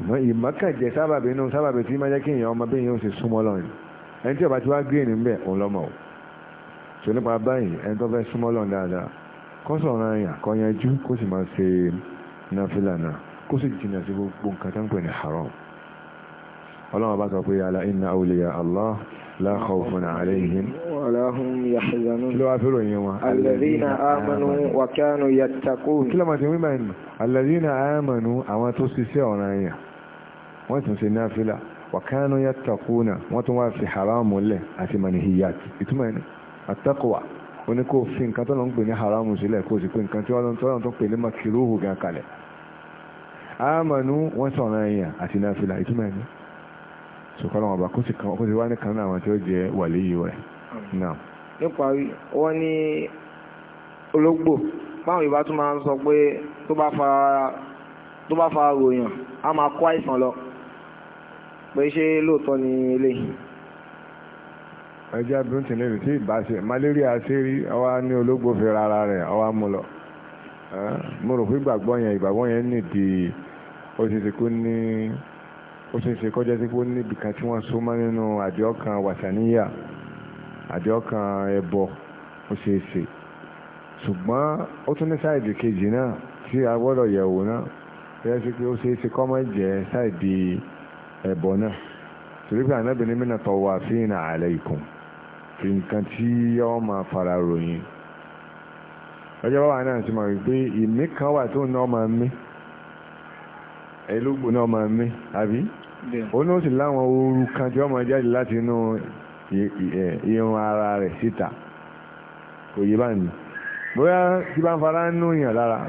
o ìmọ̀kànjẹ́ sábàbí inú sábàbí tí máa jẹ́ kí èèyàn ọmọ bí èèyàn ó ṣe súnmọ́ lọ́hùn ẹni tí ọba ti wá gírè níbẹ̀ òun lọ́mọ o ṣò nípa báyìí ẹni tó fẹ́ súnmọ́ lọ́hùn dáadáa kó sọ̀rọ̀ ẹ̀yà kó yanjú kó sì máa ṣe náfìlà náà kó sì jìnà sí gbogbo nǹkan tó ń pè ní haram ọlọ́run bá sọ pé ala inna awliya Allah la khawfun alayhim wala hum yahzanun kí ló wá fẹ́rọ yẹn wọn alladhina amanu wa kanu yattaqun àwọn tó ṣiṣẹ́ ọ̀ràn ẹ̀yà wọ́n tún ṣe náfìlà wa kanu wọ́n tún wá fi haramu lẹ̀ àti manihiyat ìtumọ̀ ẹni at ó ní kó fi nǹkan tó lọ ń pè ní haramu sílẹ̀ kó sì pé nǹkan tí wọ́n lọ́n tó pè ní makiruhu gan kalẹ̀ amanu wọ́n sọ̀rọ̀ ẹ̀yàn àti náfìlà ìtumọ̀ ẹ̀mí ṣùkọ́ lọ́wọ́ bá kó sì wá ní kan náà àwọn tí ó jẹ́ wàlíyìí rẹ̀ náà. níparí wọ́n ní ológbò báwọn Yorùbá tún máa ń sọ pé tó bá fara ròyàn á máa kó àìsàn lọ pé ṣé lóòótọ́ ni eléyìí ẹjẹ́ abiruntin lè rí tí ìbáṣe malaria ṣe rí ọwá ní ológbò fi rárá rẹ̀ ọwá mú lọ mo rò pé ìgbàgbọ́ yẹn ìgbàgbọ́ yẹn nìdí ó ṣe ṣe kó ní ó ṣe ṣe kọjá sí kó níbi kan tí wọ́n so mọ́ nínú àdéhọ́kan wàṣàníyà àdéhọ́kan ẹbọ ó ṣe é ṣe ṣùgbọ́n ó tún ní sáìdì kejì náà tí a gbọ́dọ̀ yẹ̀wò náà bẹ́ẹ̀ sí ṣe é ṣe kọ́ mọ́ jẹ́ sáìdì ẹbọ náà torí pé ànábìnrin mìíràn tọwọ́ àfihàn àlẹ́ ìkùn àfi nǹkan tí yọ́ máa fara ròyìn ọjọ́ wà náà sí ma rí pé ìmí kan wà tó náà máa mí ẹlúgbò náà máa mí àbí ó náà sì láwọn ooru kan tí wọ́n máa jáde láti inú irun ara rẹ̀ síta kò yé báyìí bóyá tí bá ń fara ń núyàn lára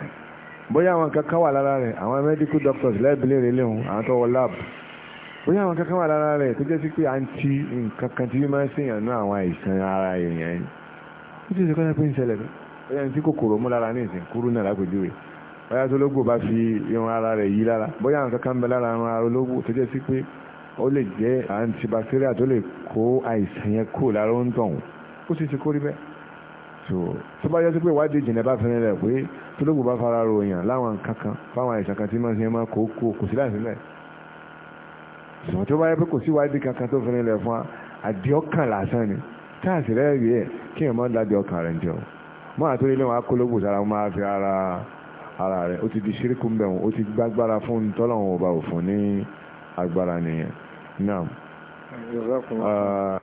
bóyá àwọn kankan wà lára rẹ̀ àwọn medical doctors lẹ́bìlì rẹ̀ léhùn àwọn tó wọ láàbù ó yẹ àwọn kankan wà lára rẹ̀ tó jẹ́ sí pé àǹtí nǹkan kan tí bí máa ń ṣèyàn náà àwọn àìsàn ara èèyàn yìí ó sì ṣe kọ́ńtà pé ń ṣẹlẹ̀ bẹ́ẹ̀ ó yẹ àǹtí kòkòrò mú lára ní ìsìn kúrú náà lápèjúwe bóyá tó lógbò bá fi irun ara rẹ̀ yí lára bóyá àwọn kankan bẹ lára irun ara ológbò tó jẹ́ sí pé ó lè jẹ́ antibacteria tó lè kó àìsàn yẹn kúrò lára ó ń tàn ó sì ṣe kó rí bẹ́ẹ̀ tó bá yẹ sí pé ìwádìí ìjìnlẹ̀ bá fẹ́rẹ̀ rẹ̀ pé tó lógbò bá fara ròyìn láwọn kankan fáwọn àìsàn kan tí máa ń ṣe máa kó kó kò sí láìsí ṣùgbọ́n tó bá yẹ pé kò sí wádìí kankan tó fi nílẹ̀ fún wa àdìọ́kàn lásán ni táàsì rẹ̀ rí ẹ̀ kí ẹ̀ mọ́ ládìọ́kàn rẹ̀ jọ mọ́ àtúndé lẹ́wọ̀n akólógbò sára wọn máa fi ara ara rẹ̀ ó ti di ṣíríkù ń bẹ̀wọ̀n ó ti gbágbára fún tọ́lọ́wọ̀n ọba òfun ní agbára nìyẹn náà.